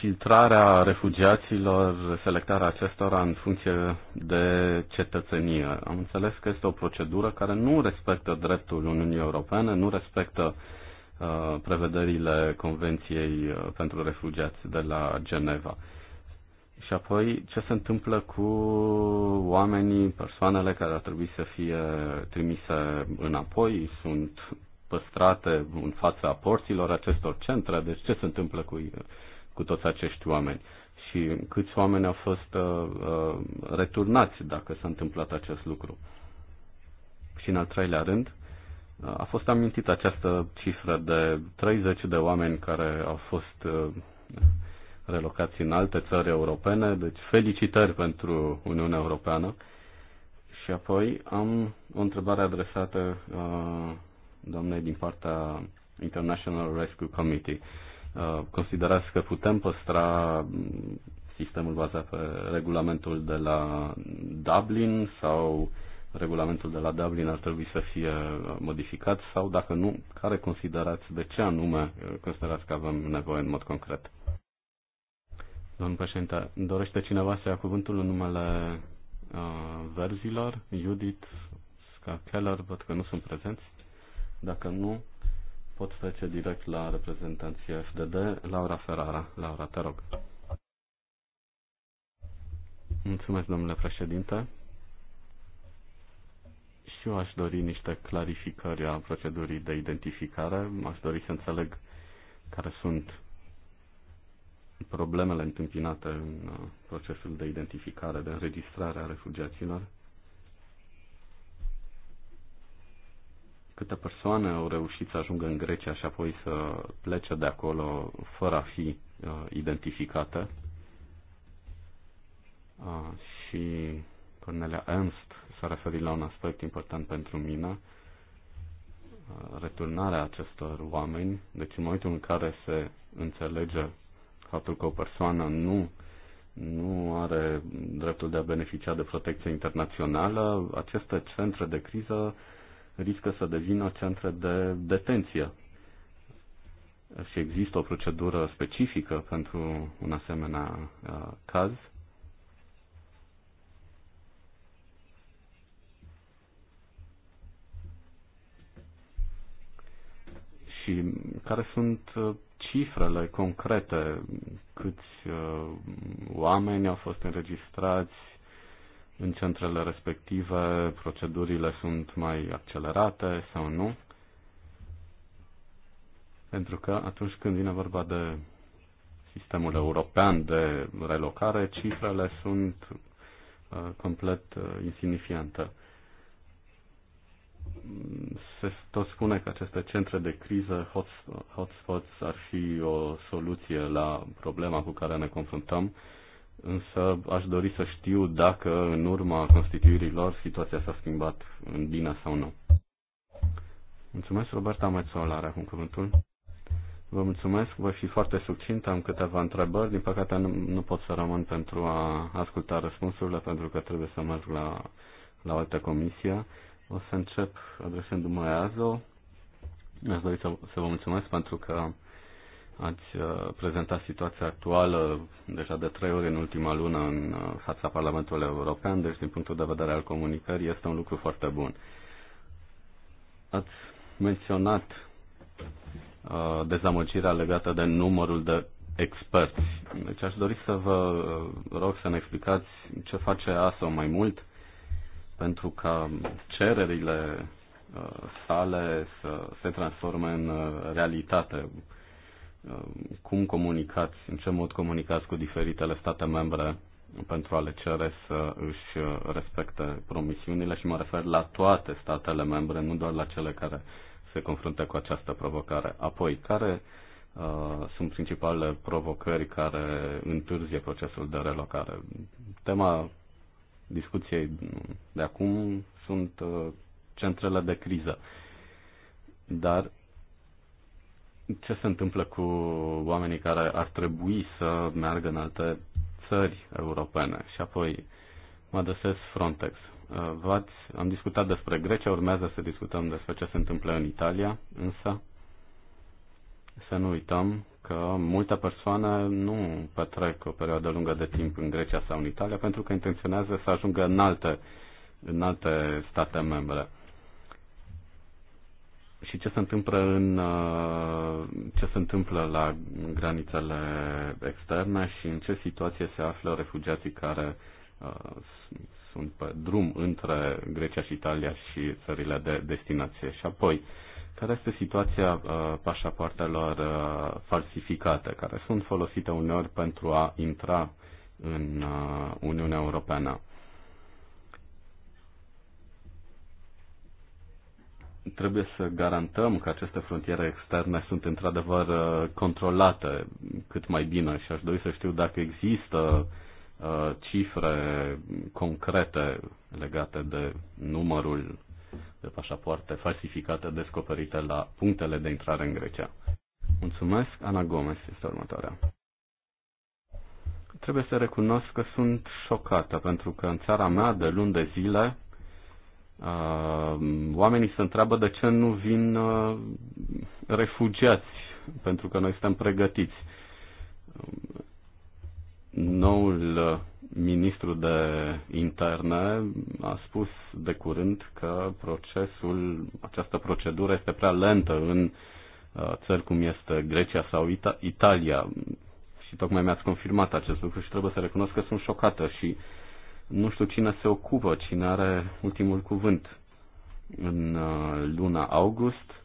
filtrarea refugiaților, selectarea acestora în funcție de cetățenie. Am înțeles că este o procedură care nu respectă dreptul Uniunii Europene, nu respectă uh, prevederile Convenției uh, pentru Refugiați de la Geneva. Și apoi ce se întâmplă cu oamenii, persoanele care ar trebui să fie trimise înapoi, sunt păstrate în fața porților acestor centre, deci ce se întâmplă cu, cu toți acești oameni și câți oameni au fost uh, uh returnați dacă s-a întâmplat acest lucru. Și în al treilea rând, uh, a fost amintită această cifră de 30 de oameni care au fost uh, relocați în alte țări europene, deci felicitări pentru Uniunea Europeană. Și apoi am o întrebare adresată uh, doamnei din partea International Rescue Committee. Uh, considerați că putem păstra mm, sistemul bazat pe regulamentul de la Dublin sau regulamentul de la Dublin ar trebui să fie uh, modificat sau dacă nu, care considerați, de ce anume uh, considerați că avem nevoie în mod concret? Domnul președinte, dorește cineva să ia cuvântul în numele uh, verzilor? Judith, Ska Keller, văd că nu sunt prezenți. Dacă nu, pot trece direct la reprezentanții FDD, Laura Ferrara. Laura, te rog. Mulțumesc, domnule președinte. Și eu aș dori niște clarificări a procedurii de identificare. Aș dori să înțeleg care sunt problemele întâmpinate în uh, procesul de identificare, de înregistrare a refugiaților? Câte persoane au reușit să ajungă în Grecia și apoi să plece de acolo fără a fi uh, identificate? Uh, și Cornelia Ernst s-a referit la un aspect important pentru mine, uh, returnarea acestor oameni, deci în momentul în care se înțelege faptul că o persoană nu nu are dreptul de a beneficia de protecție internațională, aceste centre de criză riscă să devină centre de detenție. Și există o procedură specifică pentru un asemenea uh, caz. Și care sunt uh, cifrele concrete, câți uh, oameni au fost înregistrați în centrele respective, procedurile sunt mai accelerate sau nu. Pentru că atunci când vine vorba de sistemul european de relocare, cifrele sunt uh, complet uh, insignifiante se tot spune că aceste centre de criză, hotspots, ar fi o soluție la problema cu care ne confruntăm, însă aș dori să știu dacă în urma constituirii lor situația s-a schimbat în bine sau nu. Mulțumesc, Roberta Mețola, are acum cuvântul. Vă mulțumesc, voi fi foarte succint, am câteva întrebări. Din păcate nu, nu pot să rămân pentru a asculta răspunsurile, pentru că trebuie să merg la, la o altă comisie. O să încep adresându-mă EASO. Aș dori să, să vă mulțumesc pentru că ați uh, prezentat situația actuală deja de trei ori în ultima lună în uh, fața Parlamentului European, deci din punctul de vedere al comunicării este un lucru foarte bun. Ați menționat uh, dezamăgirea legată de numărul de experți. Deci aș dori să vă uh, rog să ne explicați ce face ASO mai mult pentru ca cererile uh, sale să se transforme în uh, realitate? Uh, cum comunicați, în ce mod comunicați cu diferitele state membre pentru a le cere să își respecte promisiunile și mă refer la toate statele membre, nu doar la cele care se confruntă cu această provocare. Apoi, care uh, sunt principalele provocări care întârzie procesul de relocare? Tema discuției de acum sunt uh, centrele de criză. Dar ce se întâmplă cu oamenii care ar trebui să meargă în alte țări europene? Și apoi mă adresez Frontex. Uh, v-ați, am discutat despre Grecia, urmează să discutăm despre ce se întâmplă în Italia, însă să nu uităm că multe persoane nu petrec o perioadă lungă de timp în Grecia sau în Italia pentru că intenționează să ajungă în alte, în alte state membre. Și ce se întâmplă în uh, ce se întâmplă la granițele externe și în ce situație se află refugiații care uh, sunt pe drum între Grecia și Italia și țările de destinație. Și apoi, care este situația uh, pașapoartelor uh, falsificate, care sunt folosite uneori pentru a intra în uh, Uniunea Europeană. Trebuie să garantăm că aceste frontiere externe sunt într-adevăr controlate cât mai bine și aș dori să știu dacă există cifre concrete legate de numărul de pașapoarte falsificate descoperite la punctele de intrare în Grecia. Mulțumesc, Ana Gomez este următoarea. Trebuie să recunosc că sunt șocată, pentru că în țara mea, de luni de zile, uh, oamenii se întreabă de ce nu vin uh, refugiați, pentru că noi suntem pregătiți. Noul uh, ministrul de interne a spus de curând că procesul, această procedură este prea lentă în uh, țări cum este Grecia sau Ita- Italia. Și tocmai mi-ați confirmat acest lucru și trebuie să recunosc că sunt șocată și nu știu cine se ocupă, cine are ultimul cuvânt. În uh, luna august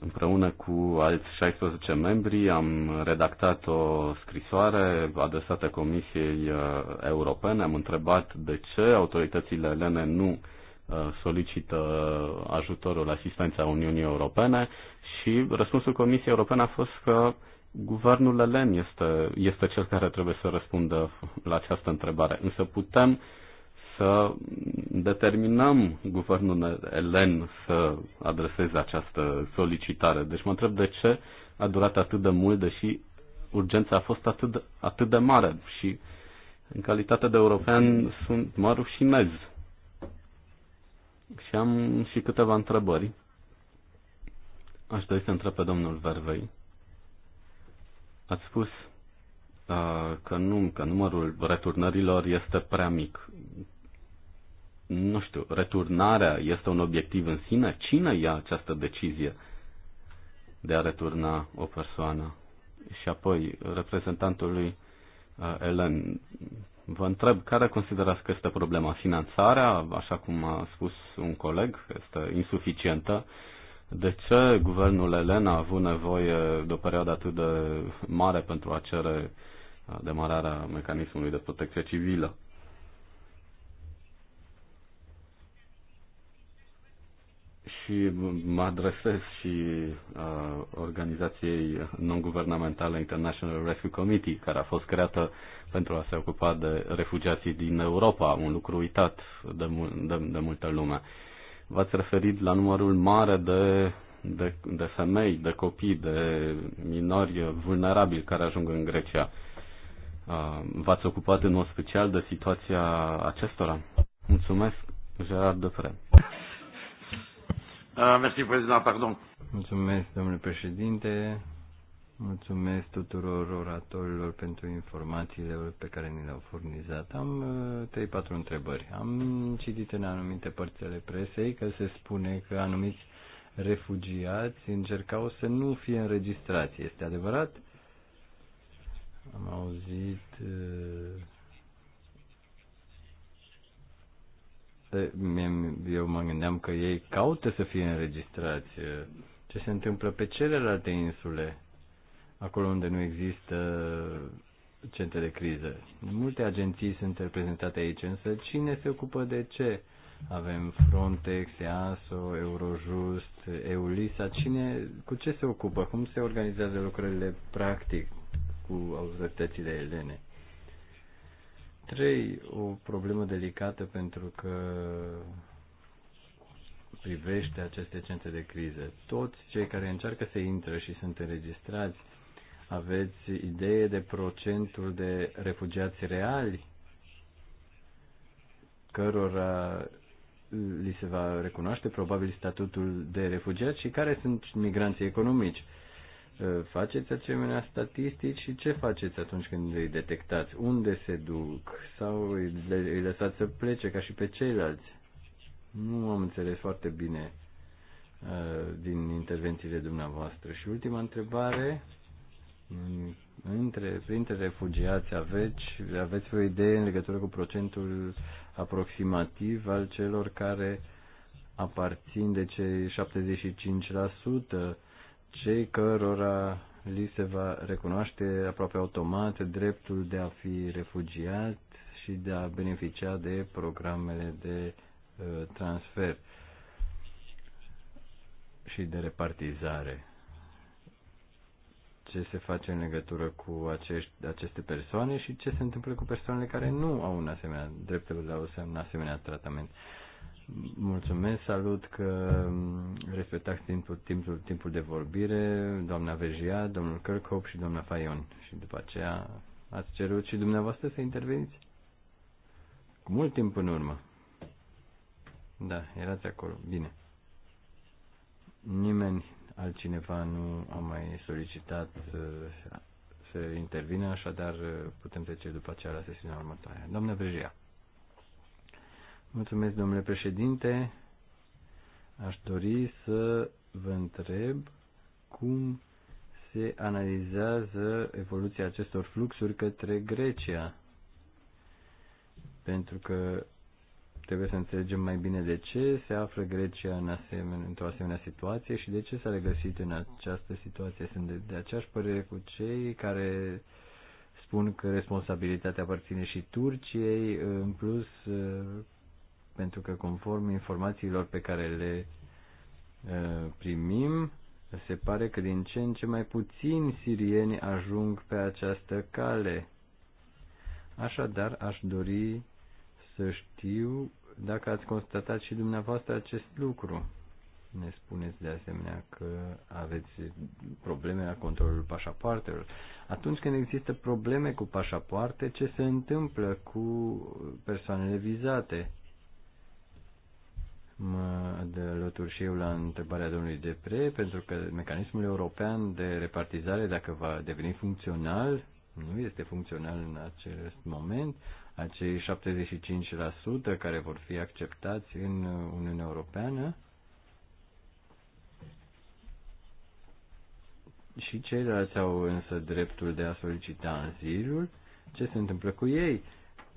Împreună cu alți 16 membri am redactat o scrisoare adresată Comisiei uh, Europene. Am întrebat de ce autoritățile elene nu uh, solicită ajutorul, asistența Uniunii Europene și răspunsul Comisiei Europene a fost că guvernul elen este, este cel care trebuie să răspundă la această întrebare. Însă putem uh, să determinăm guvernul elen să adreseze această solicitare. Deci mă întreb de ce a durat atât de mult, deși urgența a fost atât de, atât de mare și în calitate de european sunt mă rușinez. Și am și câteva întrebări. Aș dori să întreb pe domnul Vervei. Ați spus uh, că, nu, că numărul returnărilor este prea mic nu știu, returnarea este un obiectiv în sine? Cine ia această decizie de a returna o persoană? Și apoi, reprezentantului lui uh, Elen, vă întreb, care considerați că este problema? Finanțarea, așa cum a spus un coleg, este insuficientă. De ce guvernul Elena a avut nevoie de o perioadă atât de mare pentru a cere uh, demararea mecanismului de protecție civilă? și mă adresez și uh, organizației non-guvernamentale International Rescue Committee, care a fost creată pentru a se ocupa de refugiații din Europa, un lucru uitat de, mul- de, de multă lume. V-ați referit la numărul mare de, de, de femei, de copii, de minori vulnerabili care ajung în Grecia. Uh, v-ați ocupat în mod special de situația acestora? Mulțumesc, Gerard Depre. Ah, Mersi, prezident, pardon. Mulțumesc, domnule președinte. Mulțumesc tuturor oratorilor pentru informațiile pe care ni le-au furnizat. Am 3-4 uh, întrebări. Am citit în anumite părți ale presei că se spune că anumiți refugiați încercau să nu fie înregistrați. Este adevărat? Am auzit uh, eu mă gândeam că ei caută să fie înregistrați. Uh, ce se întâmplă pe celelalte insule, acolo unde nu există centre de criză? Multe agenții sunt reprezentate aici, însă cine se ocupă de ce? Avem Frontex, EASO, Eurojust, EULISA. Cine, cu ce se ocupă? Cum se organizează lucrările practic cu autoritățile elene? 3. O problemă delicată pentru că privește aceste centre de criză. Toți cei care încearcă să intre și sunt înregistrați, aveți idee de procentul de refugiați reali cărora li se va recunoaște probabil statutul de refugiat și care sunt migranții economici. Uh, faceți asemenea statistici și ce faceți atunci când îi detectați? Unde se duc? Sau îi lăsați să plece ca și pe ceilalți? Nu am înțeles foarte bine uh, din intervențiile dumneavoastră. Și ultima întrebare, între, printre refugiați aveți, aveți o idee în legătură cu procentul aproximativ al celor care aparțin de cei 75% cei cărora li se va recunoaște aproape automat dreptul de a fi refugiat și de a beneficia de programele de uh, transfer și de repartizare. Ce se face în legătură cu acești, aceste persoane și ce se întâmplă cu persoanele care nu au un asemenea dreptul la un asemenea tratament. Uh, Mulțumesc, salut că respectați timpul, timpul, timpul de vorbire, doamna Vejia, domnul Kirchhoff și doamna Fayon. Și după aceea ați cerut și dumneavoastră să interveniți? Cu mult timp în urmă. Da, erați acolo. Bine. Nimeni altcineva nu a mai solicitat să, uh, să intervină, așadar uh, putem trece după aceea la sesiunea următoare. Doamna Vejia. Mulțumesc, domnule președinte. Aș dori să vă întreb cum se analizează evoluția acestor fluxuri către Grecia. Pentru că trebuie să înțelegem mai bine de ce se află Grecia în asemen- într-o asemenea situație și de ce s-a regăsit în această situație. Sunt de, de aceeași părere cu cei care spun că responsabilitatea aparține și Turciei, în plus pentru că conform informațiilor pe care le uh, primim, se pare că din ce în ce mai puțini sirieni ajung pe această cale. Așadar, aș dori să știu dacă ați constatat și dumneavoastră acest lucru. Ne spuneți de asemenea că aveți probleme la controlul pașapoartelor. Atunci când există probleme cu pașapoarte, ce se întâmplă cu persoanele vizate? mă alătur și eu la întrebarea domnului Depre, pentru că mecanismul european de repartizare, dacă va deveni funcțional, nu este funcțional în acest moment, acei 75% care vor fi acceptați în Uniunea Europeană și ceilalți au însă dreptul de a solicita azilul, ce se întâmplă cu ei?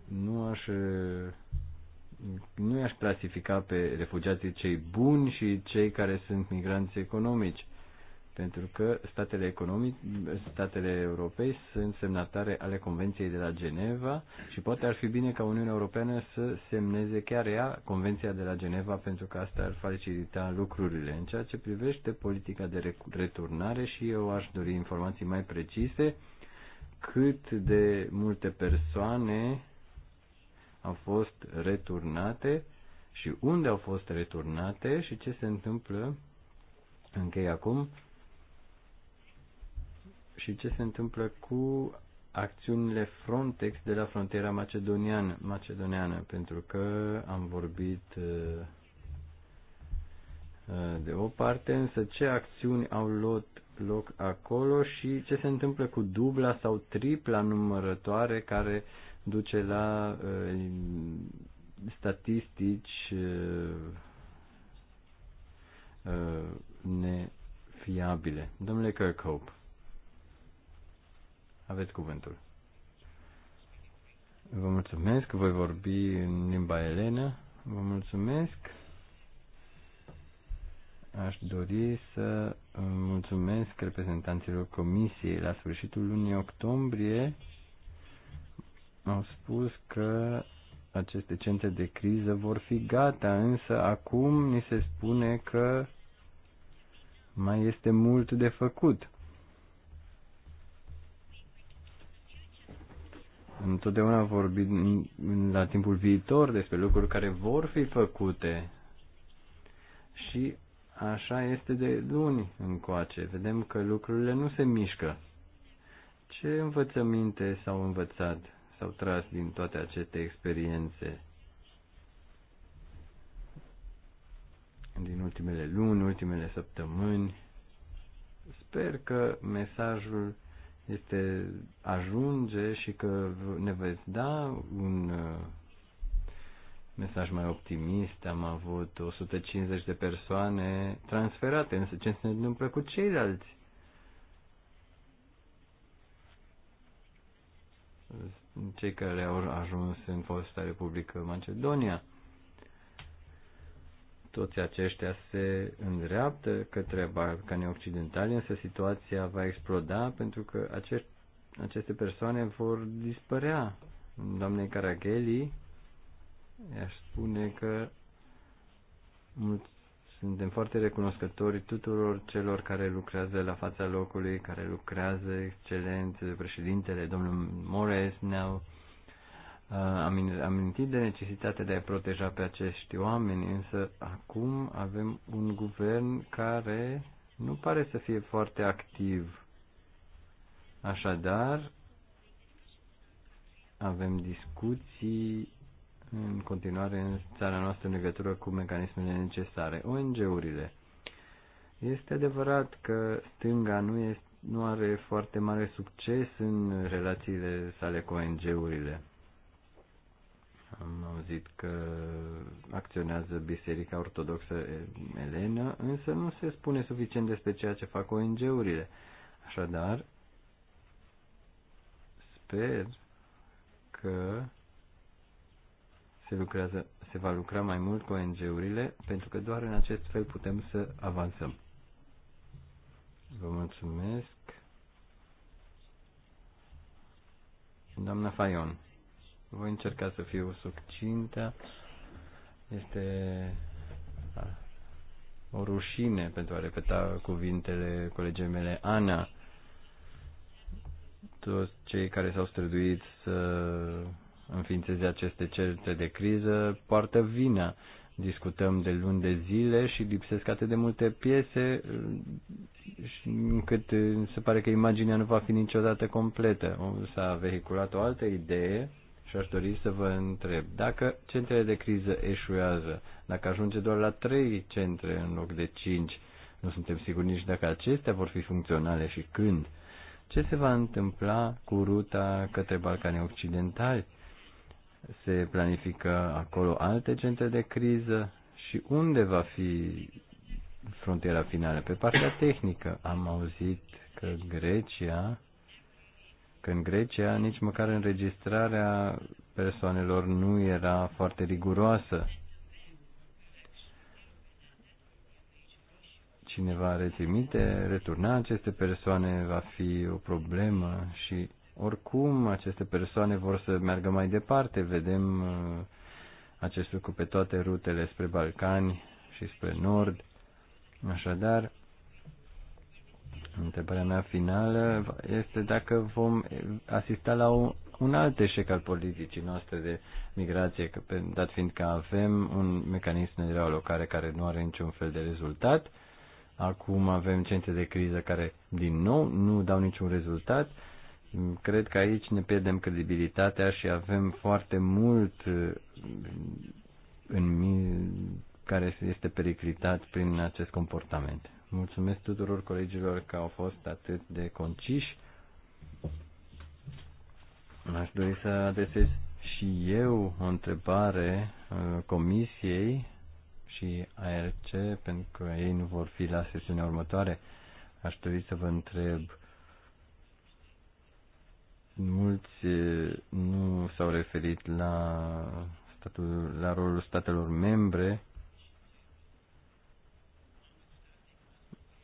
Nu aș nu i-aș clasifica pe refugiații cei buni și cei care sunt migranți economici, pentru că statele, economic, statele europei sunt semnatare ale Convenției de la Geneva și poate ar fi bine ca Uniunea Europeană să semneze chiar ea Convenția de la Geneva pentru că asta ar facilita lucrurile. În ceea ce privește politica de returnare și eu aș dori informații mai precise cât de multe persoane au fost returnate și unde au fost returnate și ce se întâmplă, închei acum, și ce se întâmplă cu acțiunile Frontex de la frontiera macedoniană, macedoneană pentru că am vorbit uh, uh, de o parte, însă ce acțiuni au luat loc acolo și ce se întâmplă cu dubla sau tripla numărătoare care uh, duce la uh, statistici uh, uh, nefiabile. Domnule Kirkhope, aveți cuvântul. Vă mulțumesc, voi vorbi în limba elenă. Vă mulțumesc. Aș dori să mulțumesc reprezentanților comisiei. La sfârșitul lunii octombrie au spus că aceste centre de criză vor fi gata, însă acum ni se spune că mai este mult de făcut. Întotdeauna vorbim la timpul viitor despre lucruri care vor fi făcute și așa este de luni încoace. Vedem că lucrurile nu se mișcă. Ce învățăminte s-au învățat? s-au tras din toate aceste experiențe din ultimele luni, ultimele săptămâni. Sper că mesajul este ajunge și că ne veți da un uh, mesaj mai optimist. Am avut 150 de persoane transferate, însă ce se întâmplă cu ceilalți? cei care au ajuns în fosta Republică Macedonia. Toți aceștia se îndreaptă către Balcanii Occidentali, însă situația va exploda pentru că acești, aceste persoane vor dispărea. Doamnei Caragheli ea spune că suntem foarte recunoscători tuturor celor care lucrează la fața locului, care lucrează excelent, președintele, domnul Mores ne-au uh, amintit de necesitatea de a proteja pe acești oameni, însă acum avem un guvern care nu pare să fie foarte activ. Așadar, avem discuții în continuare în țara noastră în legătură cu mecanismele necesare, ONG-urile. Este adevărat că stânga nu, este, nu are foarte mare succes în relațiile sale cu ONG-urile. Am auzit că acționează Biserica Ortodoxă Elena, însă nu se spune suficient despre ceea ce fac ONG-urile. Așadar, sper că se, lucrează, se va lucra mai mult cu ONG-urile, pentru că doar în acest fel putem să avansăm. Vă mulțumesc. Doamna Fayon, voi încerca să fiu succintă. Este o rușine pentru a repeta cuvintele colegii mele Ana. Toți cei care s-au străduit să înființeze aceste certe de criză poartă vina. Discutăm de luni de zile și lipsesc atât de multe piese mm, încât mm, se pare că imaginea nu va fi niciodată completă. S-a vehiculat o altă idee și aș dori să vă întreb dacă centrele de criză eșuează, dacă ajunge doar la trei centre în loc de cinci, nu suntem siguri nici dacă acestea vor fi funcționale și când. Ce se va întâmpla cu ruta către Balcanii Occidentali? se planifică acolo alte centre de criză și unde va fi frontiera finală. Pe partea tehnică am auzit că Grecia, că în Grecia nici măcar înregistrarea persoanelor nu era foarte riguroasă. Cineva rețimite, returna aceste persoane va fi o problemă și oricum, aceste persoane vor să meargă mai departe. Vedem uh, acest lucru pe toate rutele spre Balcani și spre Nord. Așadar, întrebarea mea finală este dacă vom asista la o un alt eșec al politicii noastre de migrație, că, dat fiind că avem un mecanism de realocare care nu are niciun fel de rezultat, acum avem centre de criză care, din nou, nu dau niciun rezultat Cred că aici ne pierdem credibilitatea și avem foarte mult uh, în care este periclitat prin acest comportament. Mulțumesc tuturor colegilor că au fost atât de conciși. Aș dori să adresez și eu o întrebare uh, comisiei și ARC, pentru că ei nu vor fi la sesiunea următoare. Aș dori să vă întreb Mulți nu s-au referit la, statul, la rolul statelor membre,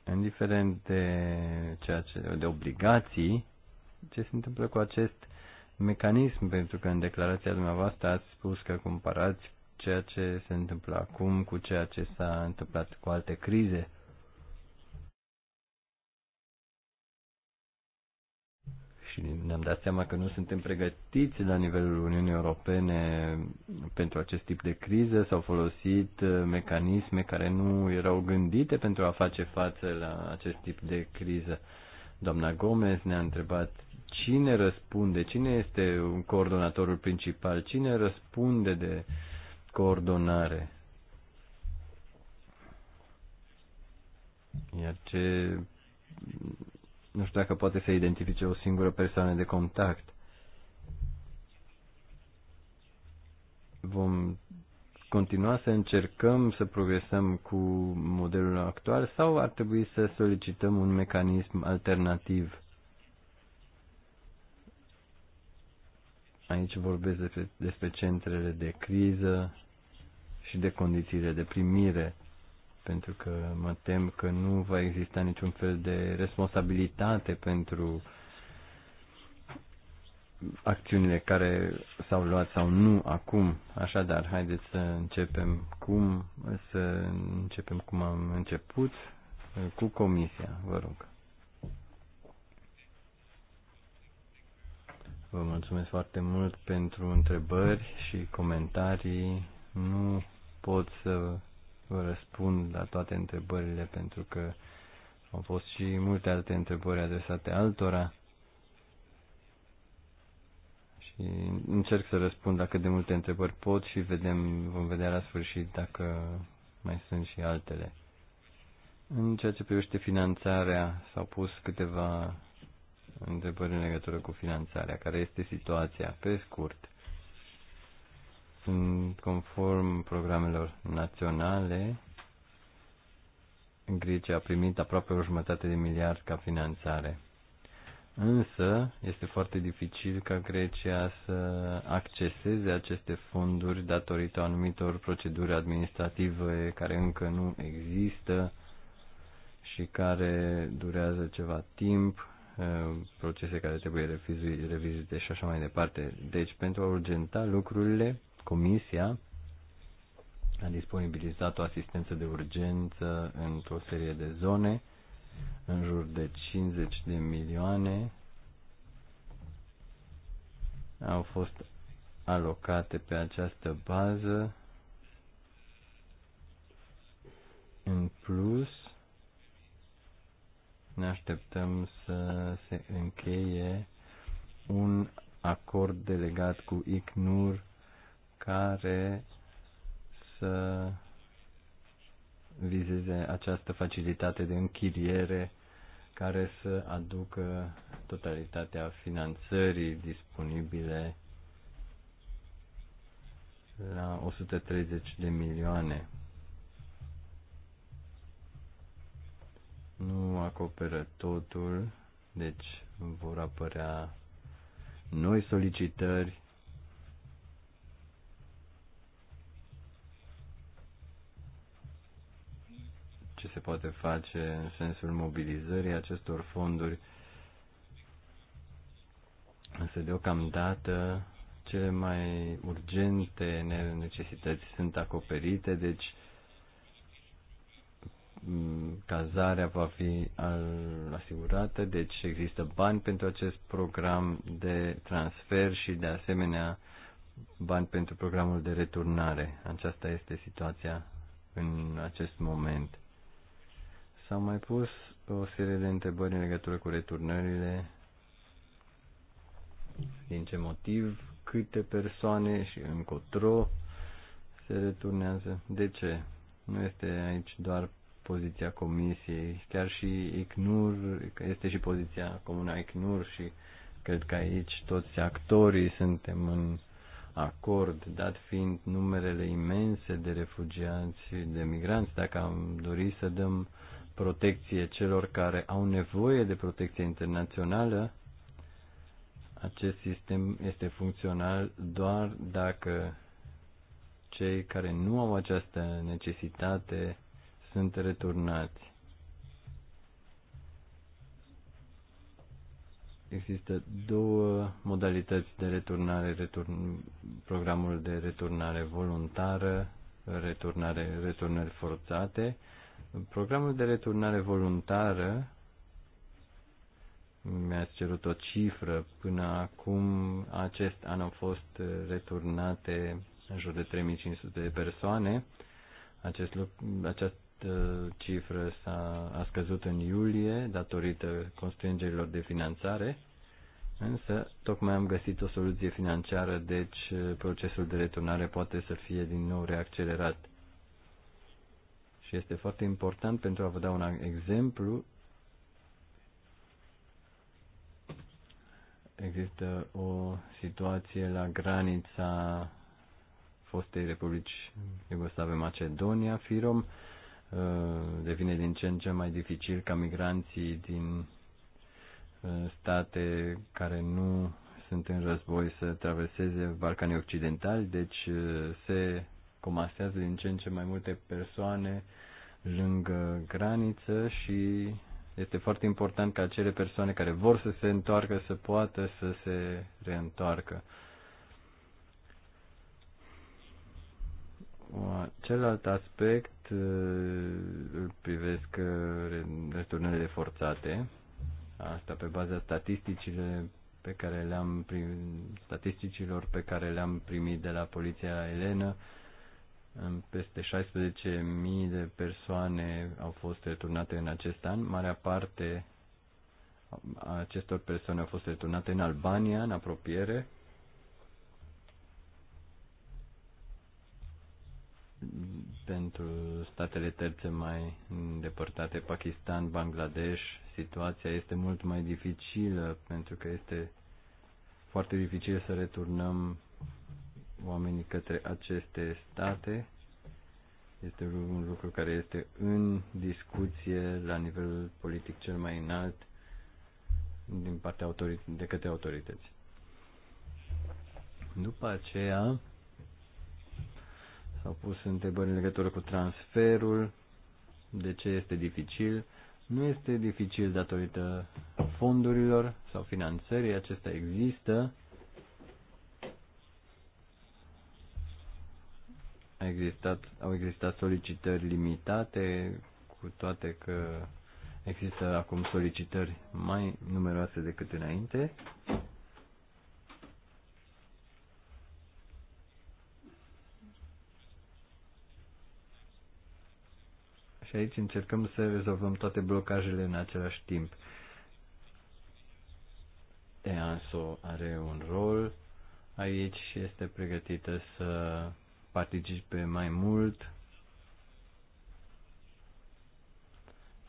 indiferent de, ceea ce, de obligații, ce se întâmplă cu acest mecanism, pentru că în declarația dumneavoastră ați spus că comparați ceea ce se întâmplă acum cu ceea ce s-a întâmplat cu alte crize. și ne-am dat seama că nu suntem pregătiți la nivelul Uniunii Europene pentru acest tip de criză. S-au folosit uh, mecanisme care nu erau gândite pentru a face față la acest tip de criză. Doamna Gomez ne-a întrebat cine răspunde, cine este coordonatorul principal, cine răspunde de coordonare. Iar ce nu știu dacă poate să identifice o singură persoană de contact. Vom continua să încercăm să progresăm cu modelul actual sau ar trebui să solicităm un mecanism alternativ? Aici vorbesc despre, despre centrele de criză și de condițiile de primire pentru că mă tem că nu va exista niciun fel de responsabilitate pentru acțiunile care s-au luat sau nu acum. Așadar, haideți să începem cum să începem cum am început uh, cu comisia, vă rog. Vă mulțumesc foarte mult pentru întrebări și comentarii. Nu pot să vă răspund la toate întrebările pentru că au fost și multe alte întrebări adresate altora și încerc să răspund dacă de multe întrebări pot și vedem, vom vedea la sfârșit dacă mai sunt și altele. În ceea ce privește finanțarea, s-au pus câteva întrebări în legătură cu finanțarea. Care este situația? Pe scurt, conform programelor naționale, Grecia a primit aproape o jumătate de miliard ca finanțare. Însă, este foarte dificil ca Grecia să acceseze aceste fonduri datorită anumitor proceduri administrative care încă nu există și care durează ceva timp, eh, procese care trebuie revizite și așa mai departe. Deci, pentru a urgenta lucrurile, Comisia a disponibilizat o asistență de urgență într-o serie de zone, în jur de 50 de milioane au fost alocate pe această bază. În plus, ne așteptăm să se încheie un acord delegat cu ICNUR care să vizeze această facilitate de închiriere care să aducă totalitatea finanțării disponibile la 130 de milioane. Nu acoperă totul, deci vor apărea noi solicitări ce se poate face în sensul mobilizării acestor fonduri. Însă, deocamdată, cele mai urgente necesități sunt acoperite, deci mm, cazarea va fi asigurată, deci există bani pentru acest program de transfer și de asemenea bani pentru programul de returnare. Aceasta este situația în acest moment. S-au mai pus o serie de întrebări în legătură cu returnările, din ce motiv, câte persoane și încotro se returnează, de ce. Nu este aici doar poziția comisiei, chiar și ICNUR, este și poziția comună ICNUR și cred că aici toți actorii suntem în acord, dat fiind numerele imense de refugiați, și de migranți, dacă am dori să dăm protecție celor care au nevoie de protecție internațională, acest sistem este funcțional doar dacă cei care nu au această necesitate sunt returnați. Există două modalități de returnare, return, programul de returnare voluntară, returnare, returnări forțate, Programul de returnare voluntară mi a cerut o cifră. Până acum, acest an au fost returnate în jur de 3500 de persoane. Acest lucru, această cifră s-a, a scăzut în iulie datorită constrângerilor de finanțare, însă tocmai am găsit o soluție financiară, deci procesul de returnare poate să fie din nou reaccelerat. Și este foarte important pentru a vă da un exemplu. Există o situație la granița fostei Republici Iugoslave Macedonia, Firom, uh, devine din ce în ce mai dificil ca migranții din uh, state care nu sunt în război să traverseze Balcanii Occidentali, deci uh, se comasează din ce în ce mai multe persoane lângă graniță și este foarte important ca acele persoane care vor să se întoarcă să poată să se reîntoarcă. Celălalt aspect îl privesc returnările forțate, asta pe baza statisticile pe care le-am statisticilor pe care le-am primit de la poliția elenă peste 16.000 de persoane au fost returnate în acest an. Marea parte a acestor persoane au fost returnate în Albania, în apropiere. Pentru statele terțe mai îndepărtate, Pakistan, Bangladesh, situația este mult mai dificilă pentru că este foarte dificil să returnăm oamenii către aceste state este un lucru care este în discuție la nivel politic cel mai înalt din partea autorit- de către autorități. După aceea s-au pus întrebări în legătură cu transferul, de ce este dificil. Nu este dificil datorită fondurilor sau finanțării, acesta există existat, au existat solicitări limitate, cu toate că există acum solicitări mai numeroase decât înainte. Și aici încercăm să rezolvăm toate blocajele în același timp. EASO are un rol aici și este pregătită să participe mai mult.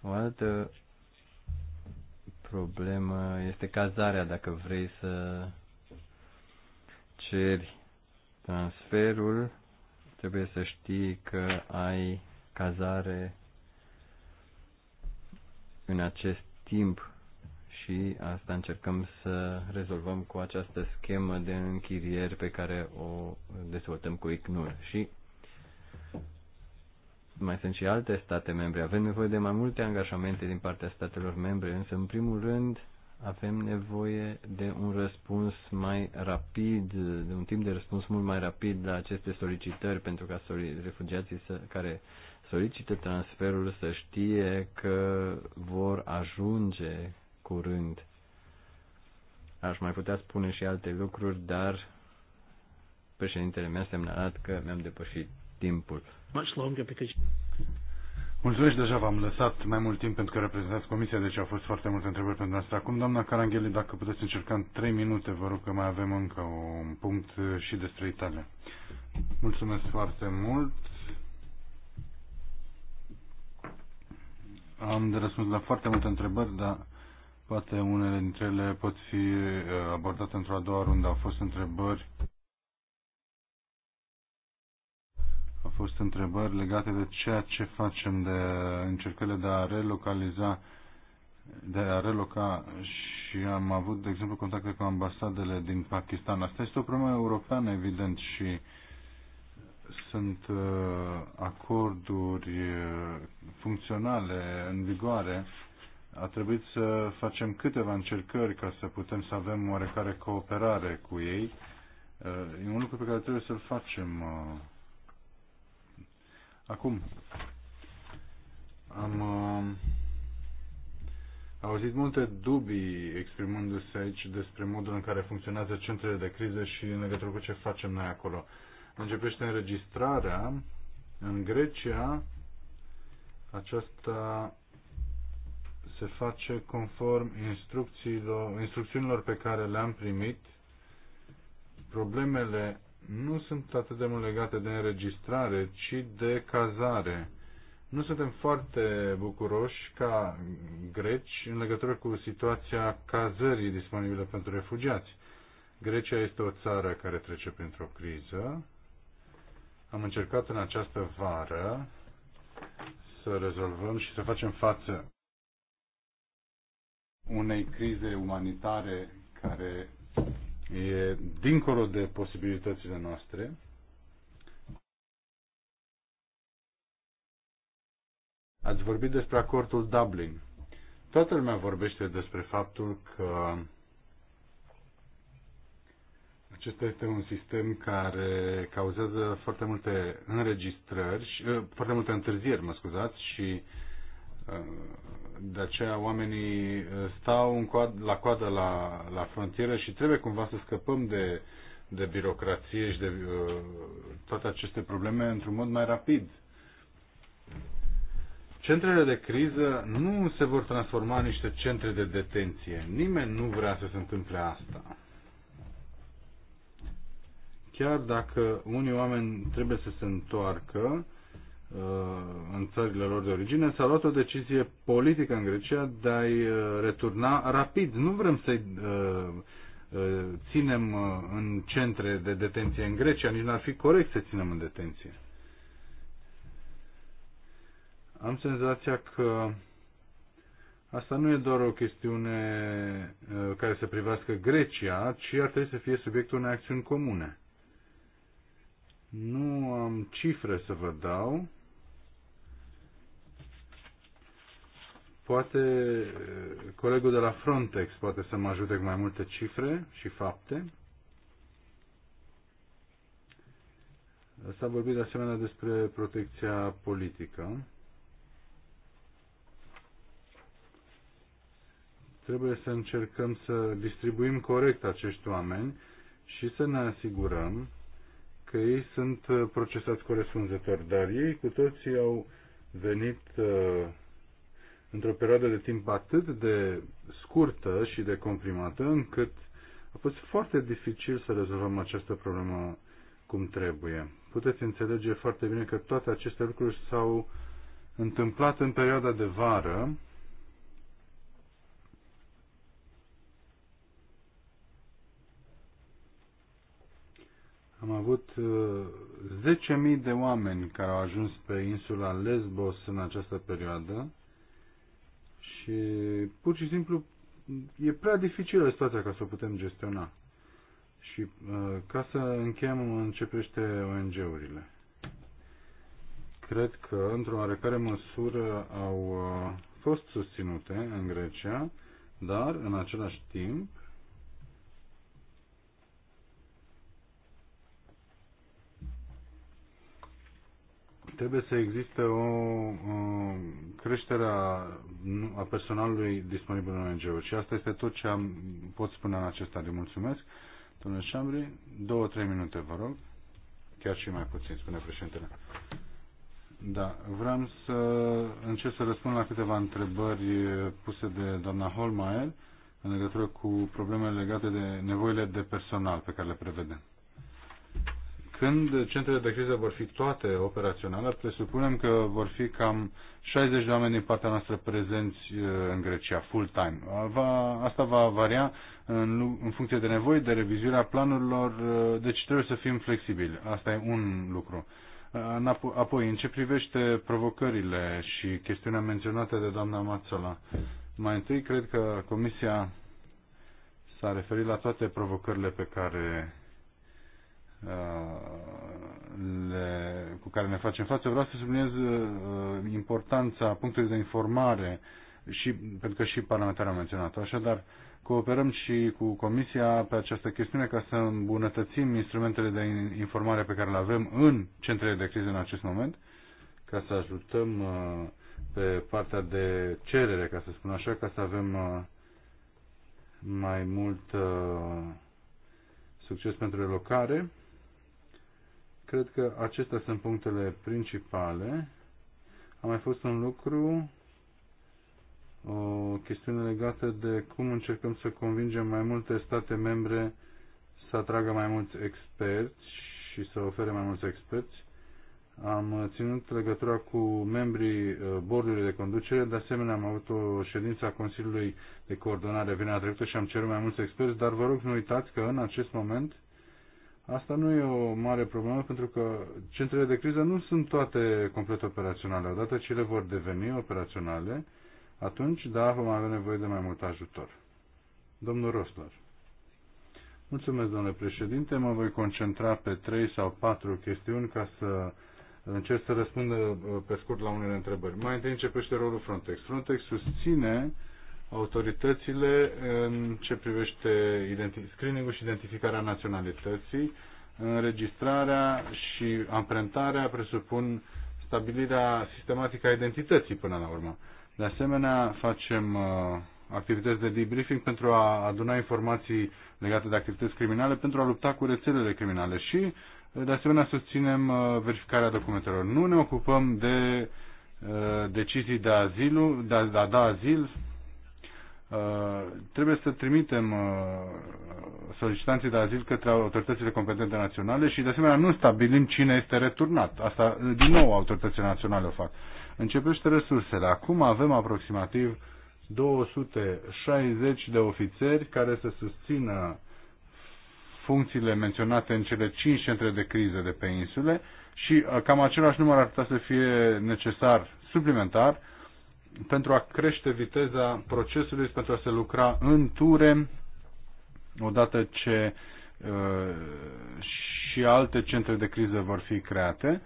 O altă problemă este cazarea, dacă vrei să ceri transferul, trebuie să știi că ai cazare în acest timp și asta încercăm să rezolvăm cu această schemă de închirieri pe care o dezvoltăm cu ICNUR. Și mai sunt și alte state membre. Avem nevoie de mai multe angajamente din partea statelor membre, însă în primul rând avem nevoie de un răspuns mai rapid, de un timp de răspuns mult mai rapid la aceste solicitări pentru ca refugiații să, care solicită transferul să știe că vor ajunge curând. Aș mai putea spune și alte lucruri, dar președintele mi-a semnalat că mi-am depășit timpul. Much longer because... Mulțumesc, deja v-am lăsat mai mult timp pentru că reprezentați comisia, deci au fost foarte multe întrebări pentru asta. Acum, doamna Carangheli, dacă puteți încerca în trei minute, vă rog că mai avem încă un punct și despre Italia. Mulțumesc foarte mult. Am de răspuns la foarte multe întrebări, dar Poate unele dintre ele pot fi uh, abordate într-o a doua rundă. Au fost întrebări au fost întrebări legate de ceea ce facem, de încercările de a relocaliza, de a reloca și am avut, de exemplu, contacte cu ambasadele din Pakistan. Asta este o problemă europeană, evident, și sunt uh, acorduri uh, funcționale în vigoare a trebuit să facem câteva încercări ca să putem să avem oarecare cooperare cu ei. Uh, e un lucru pe care trebuie să-l facem uh. acum. Am uh, auzit multe dubii exprimându-se aici despre modul în care funcționează centrele de criză și în legătură cu ce facem noi acolo. Începește înregistrarea. În Grecia aceasta se face conform instrucțiilor, instrucțiunilor pe care le-am primit. Problemele nu sunt atât de mult legate de înregistrare, ci de cazare. Nu suntem foarte bucuroși ca greci în legătură cu situația cazării disponibile pentru refugiați. Grecia este o țară care trece printr-o criză. Am încercat în această vară să rezolvăm și să facem față unei crize umanitare care e dincolo de posibilitățile noastre. Ați vorbit despre acordul Dublin. Toată lumea vorbește despre faptul că acesta este un sistem care cauzează foarte multe înregistrări, foarte multe întârzieri, mă scuzați, și uh, de aceea oamenii eh, stau în coad, la coadă la, la frontieră și trebuie cumva să scăpăm de, de birocrație și de uh, toate aceste probleme într-un mod mai rapid. Centrele de criză nu se vor transforma în niște centre de detenție. Nimeni nu vrea să se întâmple asta. Chiar dacă unii oameni trebuie să se întoarcă, Uh, în țările lor de origine, s-a luat o decizie politică în Grecia de a-i uh, returna rapid. Nu vrem să-i uh, ținem în centre de detenție în Grecia, nici n-ar fi corect să ținem în detenție. Am senzația că asta nu e doar o chestiune care să privească Grecia, ci ar trebui să fie subiectul unei acțiuni comune. Nu am cifre să vă dau, Poate colegul de la Frontex poate să mă ajute cu mai multe cifre și fapte. S-a vorbit de asemenea despre protecția politică. Trebuie să încercăm să distribuim corect acești oameni și să ne asigurăm că ei sunt procesați corespunzător, dar ei cu toții au venit uh, într-o perioadă de timp atât de scurtă și de comprimată, încât a fost foarte dificil să rezolvăm această problemă cum trebuie. Puteți înțelege foarte bine că toate aceste lucruri s-au întâmplat în perioada de vară, Am avut 10.000 uh, de oameni care au ajuns pe insula Lesbos în această perioadă și pur și simplu e prea dificilă situația ca să o putem gestiona. Și uh, ca să încheiem, începește ONG-urile. Cred că, într-o oarecare măsură, au uh, fost susținute în Grecia, dar, în același timp, trebuie să existe o uh, creștere a a personalului disponibil în ONG-uri. Și asta este tot ce am, pot spune în acesta de Mulțumesc. domnul Șambri, două, trei minute, vă rog. Chiar și mai puțin, spune președintele. Da, vreau să încerc să răspund la câteva întrebări puse de doamna Holmaier în legătură cu problemele legate de nevoile de personal pe care le prevedem. Când centrele de criză vor fi toate operaționale, presupunem că vor fi cam 60 de oameni din partea noastră prezenți eh, în Grecia, full-time. Va, asta va varia în, în funcție de nevoi, de revizuirea planurilor, eh, deci trebuie să fim flexibili. Asta e un lucru. Eh, apoi, în ce privește provocările și chestiunea menționată de doamna Mațola, mai întâi cred că Comisia s-a referit la toate provocările pe care Uh, le, cu care ne facem față. Vreau să subliniez uh, uh, importanța punctului de informare și, pentru că și parlamentarul a menționat-o. Așadar, cooperăm și cu Comisia pe această chestiune ca să îmbunătățim instrumentele de informare pe care le avem în centrele de criză în acest moment, ca să ajutăm pe partea de cerere, ca să spun așa, ca să avem mai mult succes pentru relocare. Cred că acestea sunt punctele principale. A mai fost un lucru, o chestiune legată de cum încercăm să convingem mai multe state membre să atragă mai mulți experți și să ofere mai mulți experți. Am ținut legătura cu membrii uh, bordului de conducere, de asemenea am avut o ședință a Consiliului de Coordonare vinerea trecută și am cerut mai mulți experți, dar vă rog nu uitați că în acest moment Asta nu e o mare problemă pentru că centrele de criză nu sunt toate complet operaționale. Odată ce le vor deveni operaționale, atunci, da, vom avea nevoie de mai mult ajutor. Domnul Rosler. Mulțumesc, domnule președinte. Mă voi concentra pe trei sau patru chestiuni ca să încerc să răspund pe scurt la unele întrebări. Mai întâi începește rolul Frontex. Frontex susține autoritățile în ce privește screening-ul și identificarea naționalității, înregistrarea și amprentarea presupun stabilirea sistematică a identității până la urmă. De asemenea, facem uh, activități de debriefing pentru a aduna informații legate de activități criminale, pentru a lupta cu rețelele criminale și, uh, de asemenea, susținem uh, verificarea documentelor. Nu ne ocupăm de uh, decizii de, azilu, de a, de a da azil, Uh, trebuie să trimitem uh, solicitanții de azil către autoritățile competente naționale și de asemenea nu stabilim cine este returnat. Asta uh, din nou autoritățile naționale o fac. Începește resursele. Acum avem aproximativ 260 de ofițeri care să susțină funcțiile menționate în cele 5 centre de criză de pe insule și cam același număr ar putea să fie necesar suplimentar pentru a crește viteza procesului, pentru a se lucra în ture, odată ce uh, și alte centre de criză vor fi create,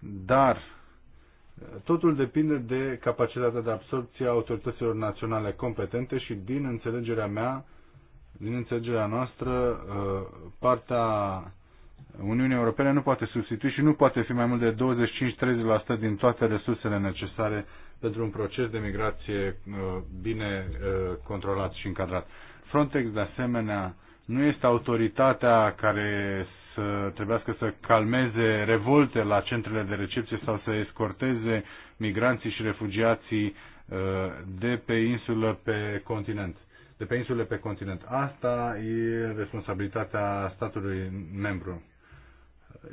dar uh, totul depinde de capacitatea de absorpție a autorităților naționale competente și din înțelegerea mea, din înțelegerea noastră, uh, partea Uniunii Europene nu poate substitui și nu poate fi mai mult de 25-30% din toate resursele necesare uh, pentru un proces de migrație uh, bine uh, controlat și încadrat. Frontex, de asemenea, nu este autoritatea care să trebuiască să calmeze revolte la centrele de recepție sau să escorteze migranții și refugiații uh, de pe insulă pe continent de pe insule pe continent. Asta e responsabilitatea statului membru.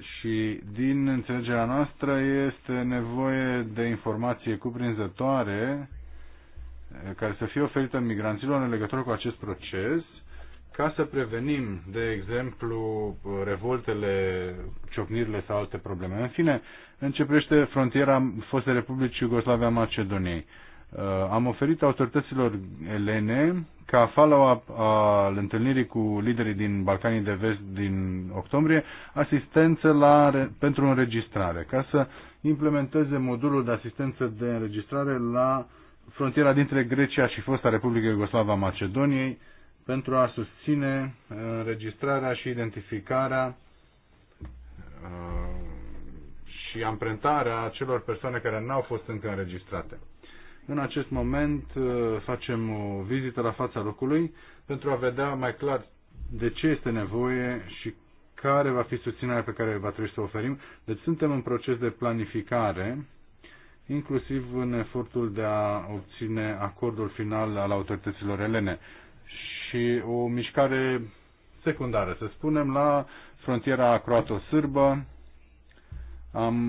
Și din înțelegerea noastră este nevoie de informație cuprinzătoare eh, care să fie oferită migranților în legătură cu acest proces ca să prevenim, de exemplu, revoltele, ciocnirile sau alte probleme. În fine, începește frontiera fostei Republicii Iugoslavia Macedoniei. Uh, am oferit autorităților elene ca follow-up al întâlnirii cu liderii din Balcanii de Vest din octombrie, asistență la, pentru înregistrare, ca să implementeze modulul de asistență de înregistrare la frontiera dintre Grecia și fosta Republică Iugoslava Macedoniei pentru a susține înregistrarea și identificarea uh, și amprentarea celor persoane care n-au fost încă înregistrate. În acest moment uh, facem o vizită la fața locului pentru a vedea mai clar de ce este nevoie și care va fi susținerea pe care va trebui să o oferim. Deci suntem în proces de planificare, inclusiv în efortul de a obține acordul final al autorităților elene și o mișcare secundară, să spunem, la frontiera croato-sârbă.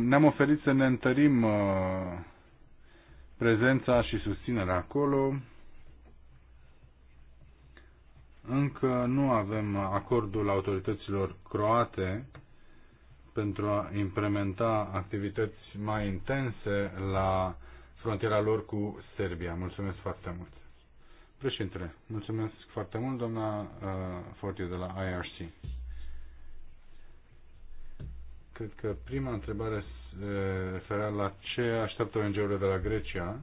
ne-am oferit să ne întărim uh, prezența și susținerea acolo. Încă nu avem acordul autorităților croate pentru a implementa activități mai intense la frontiera lor cu Serbia. Mulțumesc foarte mult. Președintele, mulțumesc foarte mult, doamna uh, Fortiu de la IRC. Cred că prima întrebare referea la ce așteaptă ONG-urile de la Grecia.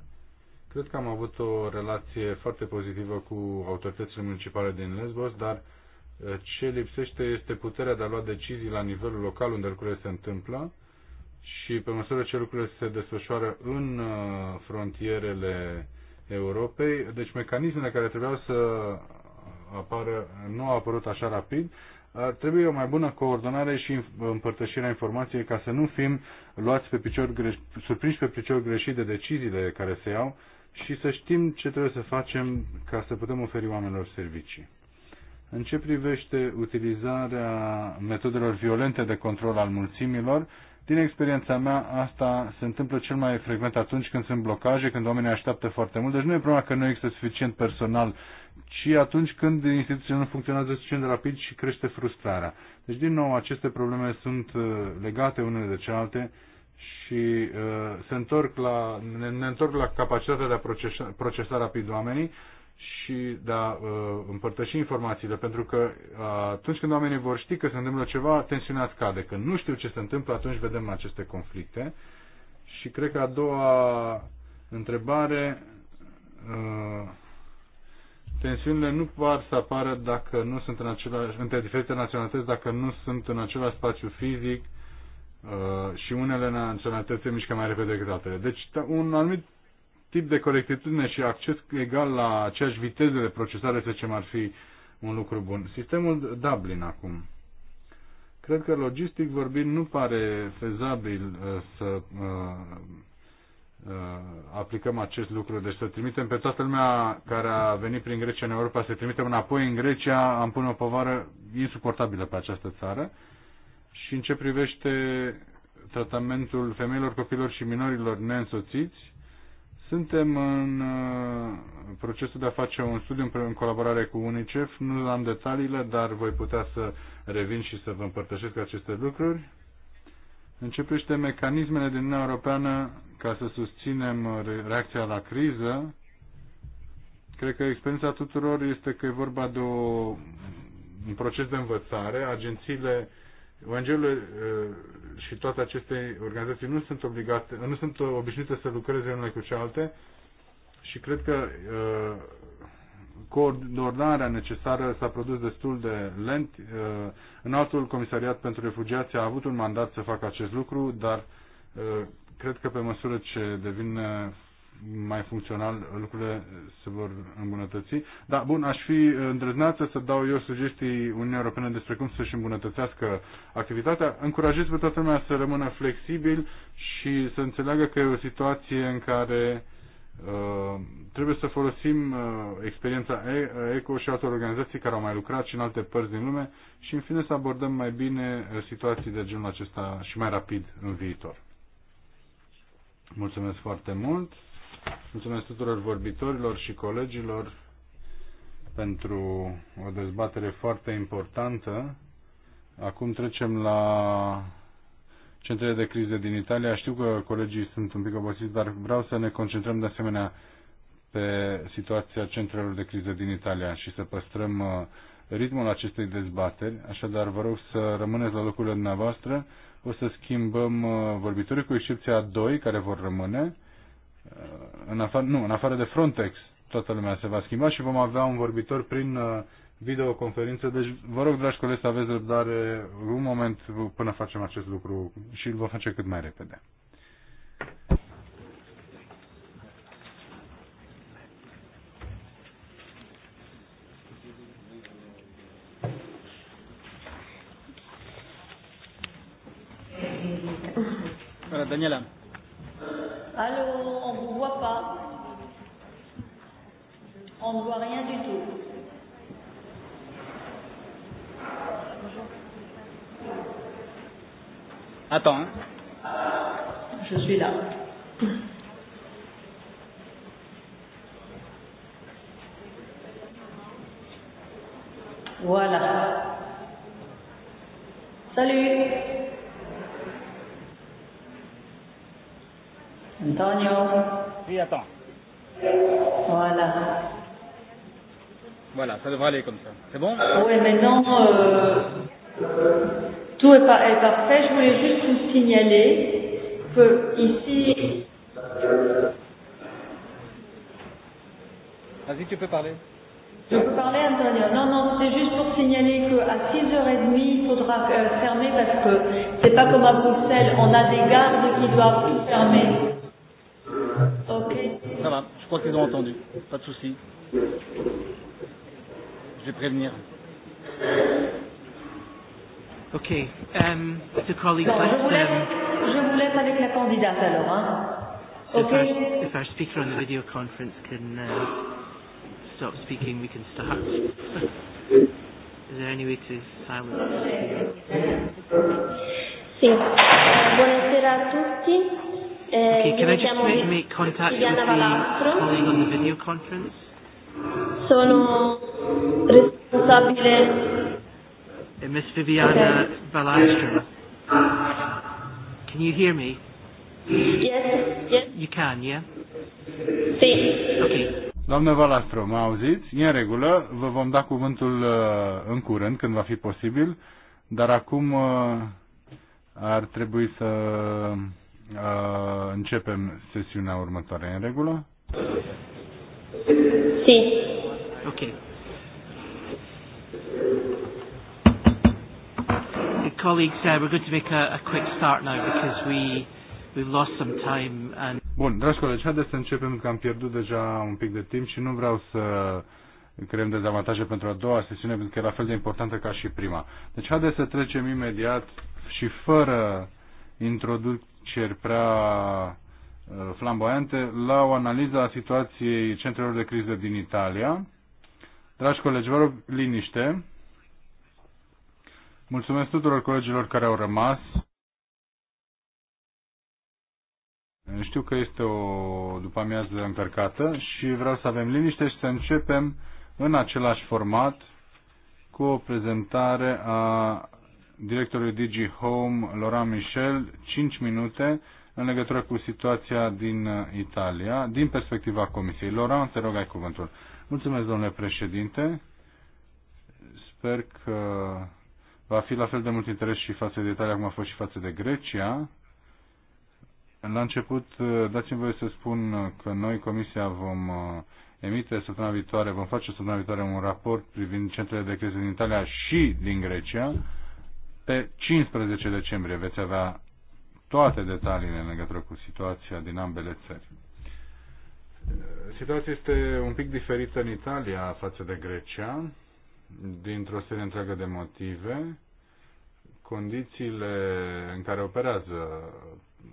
Cred că am avut o relație foarte pozitivă cu autoritățile municipale din Lesbos, dar ce lipsește este puterea de a lua decizii la nivelul local unde lucrurile se întâmplă și pe măsură ce lucrurile se desfășoară în frontierele Europei, deci mecanismele care trebuiau să apară nu au apărut așa rapid ar trebui o mai bună coordonare și împărtășirea informației ca să nu fim luați pe picior greș, surprinși pe picior greșit de deciziile care se iau și să știm ce trebuie să facem ca să putem oferi oamenilor servicii. În ce privește utilizarea metodelor violente de control al mulțimilor, din experiența mea, asta se întâmplă cel mai frecvent atunci când sunt blocaje, când oamenii așteaptă foarte mult. Deci nu e problema că nu există suficient personal ci atunci când instituția nu funcționează suficient de rapid și crește frustrarea. Deci, din nou, aceste probleme sunt uh, legate unele de celelalte și uh, se întorc la, ne, ne întorc la capacitatea de a procesa, procesa rapid oamenii și de a uh, împărtăși informațiile, pentru că uh, atunci când oamenii vor ști că se întâmplă ceva, tensiunea scade. Când nu știu ce se întâmplă, atunci vedem aceste conflicte. Și cred că a doua întrebare uh, tensiunile nu par să apară dacă nu sunt în același, între diferite naționalități, dacă nu sunt în același spațiu fizic uh, și unele naționalități se mișcă mai repede decât altele. Deci un anumit tip de corectitudine și acces egal la aceeași viteză de procesare, să zicem, ar fi un lucru bun. Sistemul Dublin acum. Cred că logistic vorbind nu pare fezabil uh, să uh, Uh, aplicăm acest lucru. Deci să trimitem pe toată lumea care a venit prin Grecia în Europa, să trimitem înapoi în Grecia, am pune o povară insuportabilă pe această țară. Și în ce privește tratamentul femeilor, copilor și minorilor neînsoțiți, suntem în uh, procesul de a face un studiu în colaborare cu UNICEF. Nu am detaliile, dar voi putea să revin și să vă împărtășesc aceste lucruri. Începește mecanismele din Uniunea Europeană ca să susținem reacția la criză. Cred că experiența tuturor este că e vorba de o, un proces de învățare. Agențiile, ONG-urile eh, și toate aceste organizații nu sunt, obligate, nu sunt obișnuite să lucreze unele cu cealaltă și cred că eh, coordonarea necesară s-a produs destul de lent. Uh, în altul comisariat pentru refugiați a avut un mandat să facă acest lucru, dar uh, cred că pe măsură ce devin uh, mai funcțional lucrurile se vor îmbunătăți. Dar bun, aș fi îndrăznat să dau eu sugestii Uniunii Europene despre cum să-și îmbunătățească activitatea. Încurajez pe toată lumea să rămână flexibil și să înțeleagă că e o situație în care Uh, trebuie să folosim uh, experiența uh, ECO și alte organizații care au mai lucrat și în alte părți din lume și în fine să abordăm mai bine situații de genul acesta și mai rapid în viitor. Mulțumesc foarte mult! Mulțumesc tuturor vorbitorilor și colegilor pentru o dezbatere foarte importantă. Acum trecem la centrele de criză din Italia. Știu că colegii sunt un pic obosiți, dar vreau să ne concentrăm de asemenea pe situația centrelor de criză din Italia și să păstrăm uh, ritmul acestei dezbateri. Așadar, vă rog să rămâneți la locurile dumneavoastră. O să schimbăm uh, vorbitorii, cu excepția a doi care vor rămâne. Uh, în afară, nu, în afară de Frontex, toată lumea se va schimba și vom avea un vorbitor prin videoconferință. Deci vă rog, dragi colegi, să aveți răbdare un moment până facem acest lucru și îl vom face cât mai repede. Daniela. Alo, on vous voit pas. On ne voit rien du tout. Attends. Hein. Je suis là. Voilà. Salut. Antonio. Oui, attends. Voilà. Voilà, ça devrait aller comme ça. C'est bon Oui, maintenant. Euh tout est, par, est parfait. Je voulais juste vous signaler que ici. Vas-y, tu peux parler. Je peux parler, Antonio. Non, non, c'est juste pour signaler qu'à 6h30, il faudra euh, fermer parce que c'est pas comme à Bruxelles, on a des gardes qui doivent tout fermer. Ok. Ça va, je crois qu'ils ont entendu. Pas de souci. Je vais prévenir. Ok. Um, the colleague non, je, vous laisse, um, je vous laisse avec la candidate alors. Hein. Ok. If our, if our speaker on the video conference can uh, stop speaking, we can start. Is there any way to silence? Sì. Buonasera a tutti. Eh, ok, can I just make, make contact Liliana with Valastro. the colleague on the video conference? Sono responsabile and uh, Miss Viviana Balastro. Can you hear me? Yes, yes. You can, yeah? Si. Okay. Doamnă Valastro, mă auziți? E în regulă, vă vom da cuvântul uh, în curând, când va fi posibil, dar acum uh, ar trebui să uh, începem sesiunea următoare. E în regulă? Si. Ok. colleagues, uh, we're going to make a, a quick start now because we we've lost some time and. Bun, dragi colegi, haideți să începem că am pierdut deja un pic de timp și nu vreau să creăm dezavantaje pentru a doua sesiune pentru că e la fel de importantă ca și prima. Deci haideți să trecem imediat și fără introduceri prea uh, flamboiante la o analiză a situației centrelor de criză din Italia. Dragi colegi, vă rog liniște. Mulțumesc tuturor colegilor care au rămas. Știu că este o după amiază încărcată și vreau să avem liniște și să începem în același format cu o prezentare a directorului Digi Home, Laurent Michel, 5 minute în legătură cu situația din Italia, din perspectiva Comisiei. Laurent, te rog, ai cuvântul. Mulțumesc, domnule președinte. Sper că va fi la fel de mult interes și față de Italia cum a fost și față de Grecia. La început, uh, dați-mi voie să spun că noi, Comisia, vom uh, emite săptămâna viitoare, vom face săptămâna viitoare un raport privind centrele de criză din Italia și din Grecia. Pe 15 decembrie veți avea toate detaliile în legătură cu situația din ambele țări. Situația este un pic diferită în Italia față de Grecia dintr-o serie întreagă de motive, condițiile în care operează uh,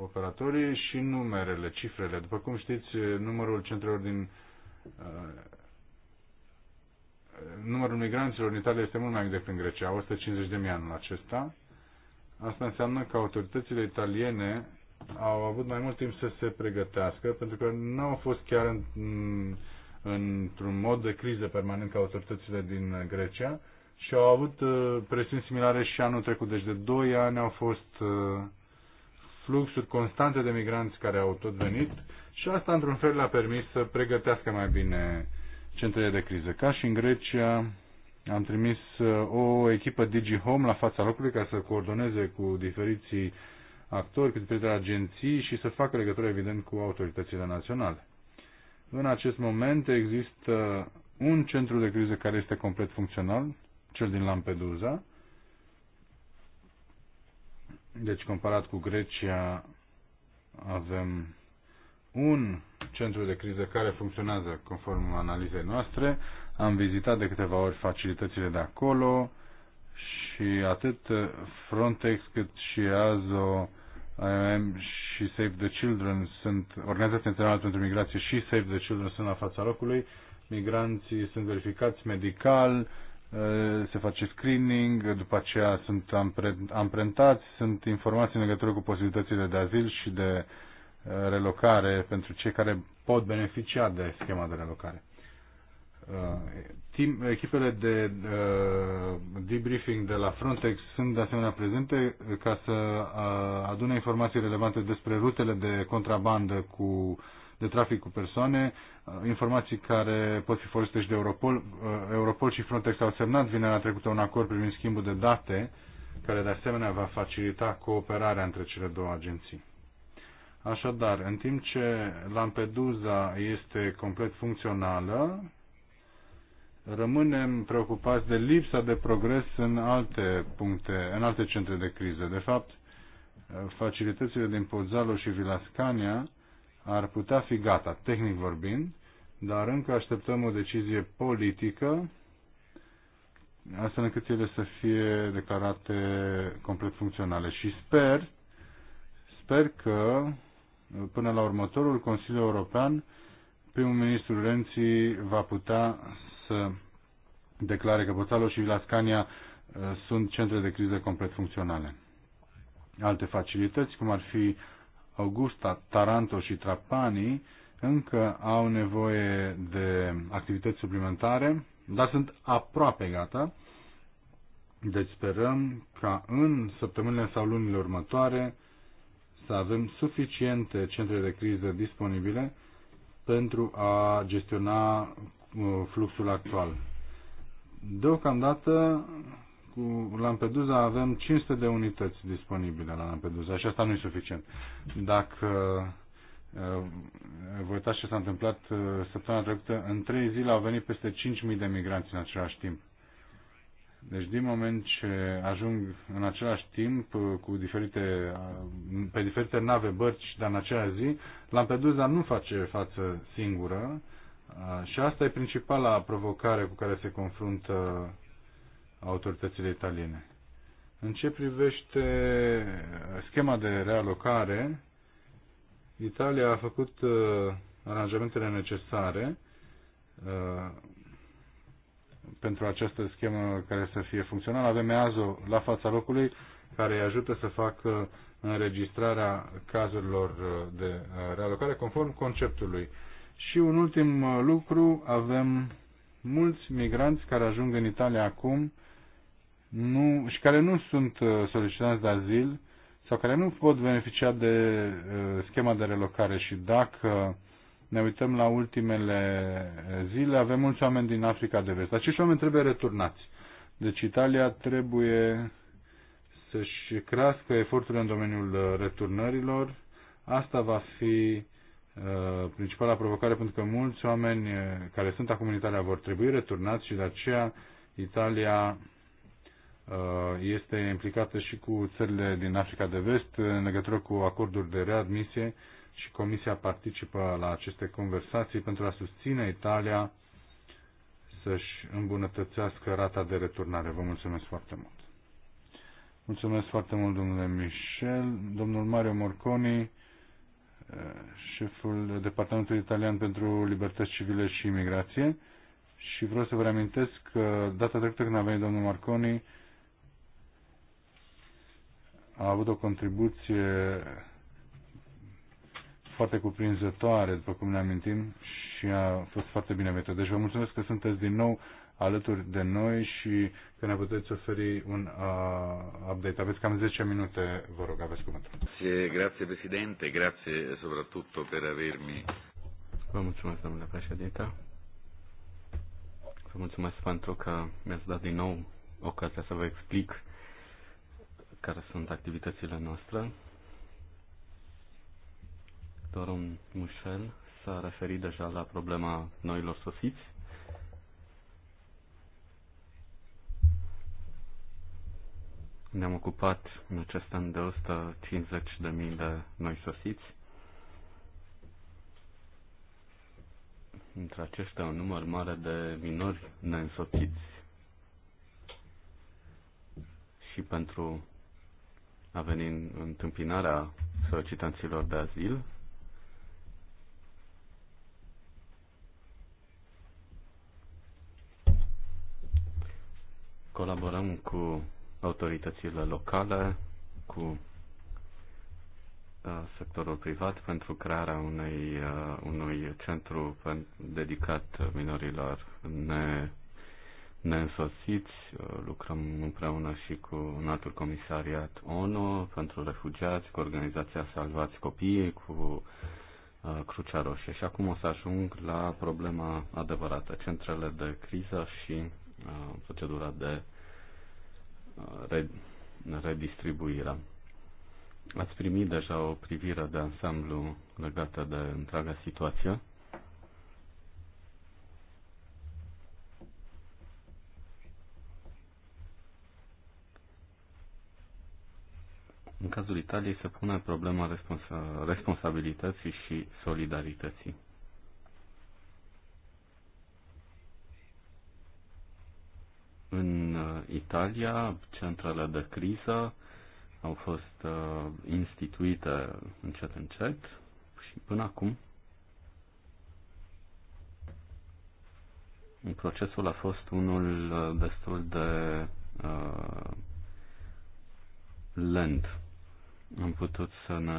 operatorii și numerele, cifrele. După cum știți, numărul centrelor din uh, numărul migranților în Italia este mult mai mic decât în Grecia, mii anul acesta. Asta înseamnă că autoritățile italiene au avut mai mult timp să se pregătească, pentru că nu au fost chiar în, într-un mod de criză permanent ca autoritățile din Grecia și au avut uh, presiuni similare și anul trecut. Deci de 2 ani au fost uh, fluxuri constante de migranți care au tot venit și asta într-un fel le-a permis să pregătească mai bine centrele de criză. Ca și în Grecia, am trimis uh, o echipă Digi Home la fața locului ca să coordoneze cu diferiții actori, cu diferite agenții și să facă legătură evident cu autoritățile naționale. În acest moment există un centru de criză care este complet funcțional, cel din Lampedusa. Deci, comparat cu Grecia, avem un centru de criză care funcționează conform analizei noastre. Am vizitat de câteva ori facilitățile de acolo și atât Frontex cât și Azo IOM și Save the Children sunt Organizația Internațională pentru Migrație și Save the Children sunt la fața locului. Migranții sunt verificați medical, eh, se face screening, după aceea sunt amprentați, sunt informații în legătură cu posibilitățile de azil și de eh, relocare pentru cei care pot beneficia de schema de relocare. Uh, team, echipele de uh, debriefing de la Frontex sunt de asemenea prezente uh, ca să uh, adune informații relevante despre rutele de contrabandă cu de trafic cu persoane, uh, informații care pot fi folosite și de Europol. Uh, Europol și Frontex au semnat vinerea trecută un acord privind schimbul de date, care de asemenea va facilita cooperarea între cele două agenții. Așadar, în timp ce Lampedusa este complet funcțională, rămânem preocupați de lipsa de progres în alte puncte, în alte centre de criză. De fapt, facilitățile din Pozzalo și Vilascania ar putea fi gata, tehnic vorbind, dar încă așteptăm o decizie politică astfel încât ele să fie declarate complet funcționale. Și sper, sper că până la următorul Consiliu European primul ministru Renzi va putea să declare că Boțalo și Vila Scania uh, sunt centre de criză complet funcționale. Alte facilități, cum ar fi Augusta, Taranto și Trapani, încă au nevoie de activități suplimentare, dar sunt aproape gata. Deci sperăm ca în săptămânile sau lunile următoare să avem suficiente centre de criză disponibile pentru a gestiona Uh, fluxul actual. Deocamdată cu Lampedusa avem 500 de unități disponibile la Lampedusa și asta nu e suficient. Dacă uh, vă uitați ce s-a întâmplat uh, săptămâna trecută, în 3 zile au venit peste 5.000 de migranți în același timp. Deci din moment ce ajung în același timp cu diferite, pe diferite nave, bărci, dar în aceeași zi, Lampedusa nu face față singură și asta e principala provocare cu care se confruntă autoritățile italiene. În ce privește schema de realocare, Italia a făcut uh, aranjamentele necesare uh, pentru această schemă care să fie funcțională. Avem EASO la fața locului care îi ajută să facă înregistrarea cazurilor uh, de realocare conform conceptului și un ultim uh, lucru, avem mulți migranți care ajung în Italia acum nu, și care nu sunt uh, solicitanți de azil sau care nu pot beneficia de uh, schema de relocare și dacă ne uităm la ultimele zile, avem mulți oameni din Africa de Vest. Acești oameni trebuie returnați. Deci Italia trebuie să-și crească eforturile în domeniul returnărilor. Asta va fi Uh, principala provocare pentru că mulți oameni uh, care sunt acum în Italia vor trebui returnați și de aceea Italia uh, este implicată și cu țările din Africa de Vest în legătură cu acorduri de readmisie și Comisia participă la aceste conversații pentru a susține Italia să-și îmbunătățească rata de returnare. Vă mulțumesc foarte mult. Mulțumesc foarte mult, domnule Michel. Domnul Mario Morconi șeful Departamentului Italian pentru Libertăți Civile și Imigrație și vreau să vă reamintesc că data trecută când a venit domnul Marconi a avut o contribuție foarte cuprinzătoare, după cum ne amintim, și a fost foarte binevenită. Deci vă mulțumesc că sunteți din nou alături de noi și că ne puteți oferi un uh, update. Aveți cam 10 minute, vă rog, aveți cuvântul. Grazie, Presidente, grazie soprattutto per avermi... Vă mulțumesc, domnule președinte. Vă mulțumesc pentru că mi-ați dat din nou ocazia să vă explic care sunt activitățile noastre. un Mușel s-a referit deja la problema noilor sosiți Ne-am ocupat în acest an de 150.000 de noi sosiți. Între aceștia un număr mare de minori neînsoțiți. Și pentru a veni în întâmpinarea solicitanților de azil, colaborăm cu autoritățile locale, cu uh, sectorul privat pentru crearea unei, uh, unui centru dedicat minorilor ne, neînsosiți. Uh, lucrăm împreună și cu un alt comisariat ONU pentru refugiați, cu organizația Salvați Copiii, cu Crucea Roșie. Și acum o să ajung la problema adevărată, centrele de criză și procedura de uh, redistribuirea. Ați primit deja o privire de ansamblu legată de întreaga situație? În cazul Italiei se pune problema responsa- responsabilității și solidarității. În uh, Italia, centrele de criză au fost uh, instituite încet încet și până acum procesul a fost unul uh, destul de uh, lent. Am putut să ne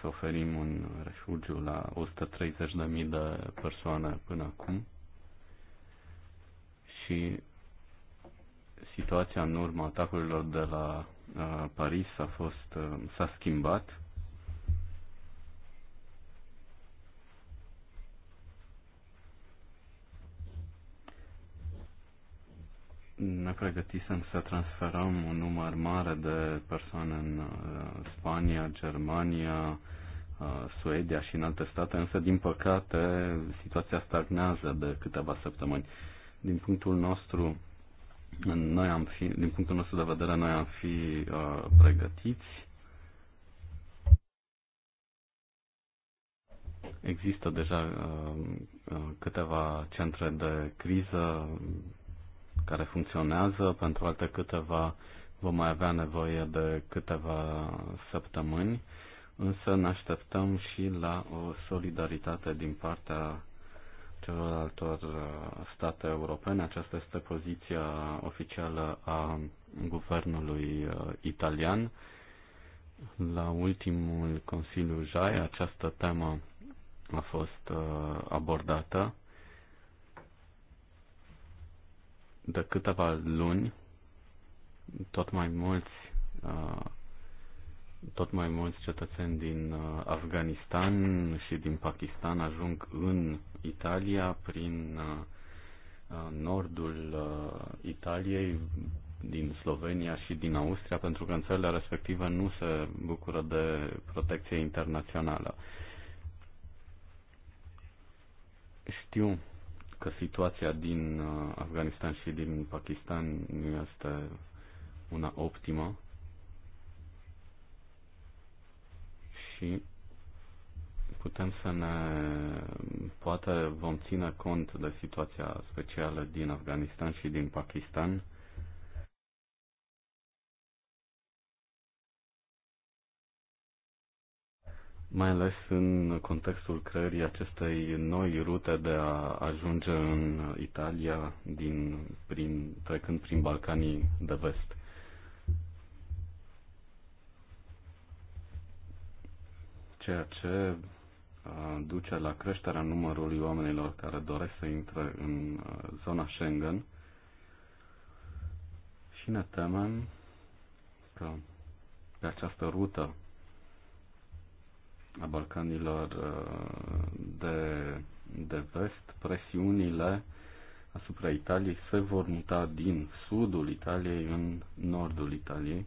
să oferim un refugiu la 130.000 de persoane până acum și situația în urma atacurilor de la uh, Paris a fost, uh, s-a schimbat. Ne pregătisem să transferăm un număr mare de persoane în uh, Spania, Germania, Suedia și în alte state, însă, din păcate, situația stagnează de câteva săptămâni. Din punctul nostru, noi am fi, din punctul nostru de vedere, noi am fi uh, pregătiți. Există deja uh, uh, câteva centre de criză care funcționează, pentru alte câteva vom mai avea nevoie de câteva săptămâni, însă ne așteptăm și la o solidaritate din partea celorlaltor uh, state europene. Aceasta este poziția oficială a guvernului uh, italian. La ultimul Consiliu JAI această temă a fost uh, abordată de câteva luni tot mai mulți tot mai mulți cetățeni din uh, Afganistan și din Pakistan ajung în Italia prin uh, uh, nordul Italiei, din Slovenia și din Austria, pentru că în țările respective nu se bucură de protecție internațională. Știu că situația din Afganistan și din Pakistan nu este una optimă, și putem să ne... poate vom ține cont de situația specială din Afganistan și din Pakistan. mai ales în contextul creării acestei noi rute de a ajunge în Italia din, prin, trecând prin Balcanii de vest. ceea ce uh, duce la creșterea numărului oamenilor care doresc să intre în uh, zona Schengen și ne temem că pe această rută a Balcanilor uh, de, de vest, presiunile asupra Italiei se vor muta din sudul Italiei în nordul Italiei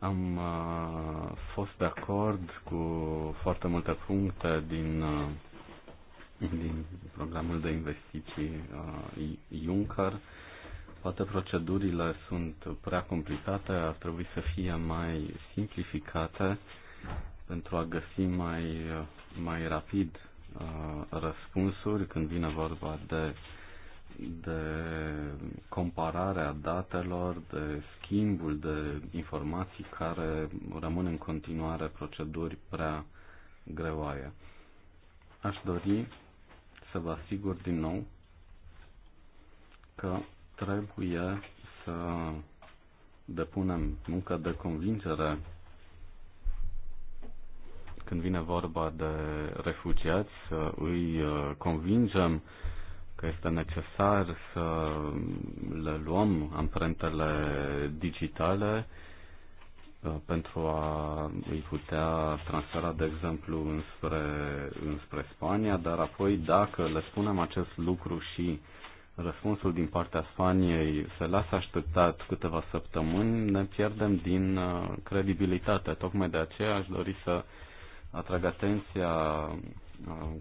Am uh, fost de acord cu foarte multe puncte din, uh, din programul de investiții uh, Juncker. Poate procedurile sunt prea complicate, ar trebui să fie mai simplificate pentru a găsi mai, mai rapid uh, răspunsuri când vine vorba de uh, de compararea datelor, de schimbul de informații care rămân în continuare proceduri prea greoaie. Aș dori să vă asigur din nou că trebuie să depunem muncă de convingere când vine vorba de refugiați, să îi uh, convingem că este necesar să le luăm amprentele digitale uh, pentru a îi putea transfera, de exemplu, înspre, înspre Spania, dar apoi dacă le spunem acest lucru și răspunsul din partea Spaniei se lasă așteptat câteva săptămâni, ne pierdem din uh, credibilitate. Tocmai de aceea aș dori să atrag atenția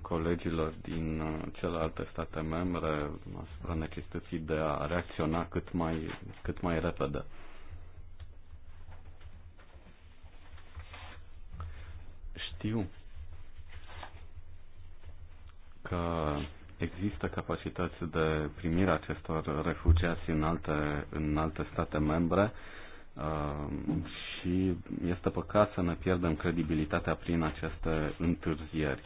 colegilor din uh, celelalte state membre asupra necesității de a reacționa cât mai, cât mai repede. Știu că există capacități de primire acestor refugiați în alte, în alte state membre uh, și este păcat să ne pierdem credibilitatea prin aceste întârzieri.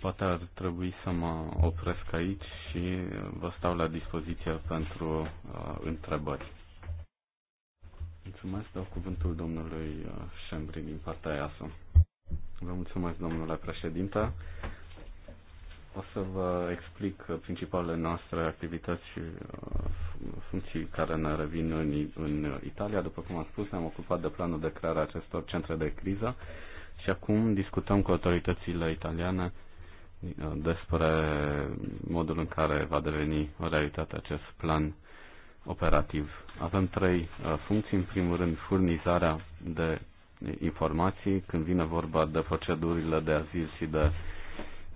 Poate ar trebui să mă opresc aici și vă stau la dispoziție pentru uh, întrebări. Mulțumesc, dau cuvântul domnului uh, Șembri din partea EASO. Vă mulțumesc, domnule președinte. O să vă explic principalele noastre activități și uh, funcții care ne revin în, în Italia. După cum am spus, ne-am ocupat de planul de creare a acestor centre de criză și acum discutăm cu autoritățile italiane despre modul în care va deveni o realitate acest plan operativ. Avem trei uh, funcții. În primul rând, furnizarea de informații când vine vorba de procedurile de azil și de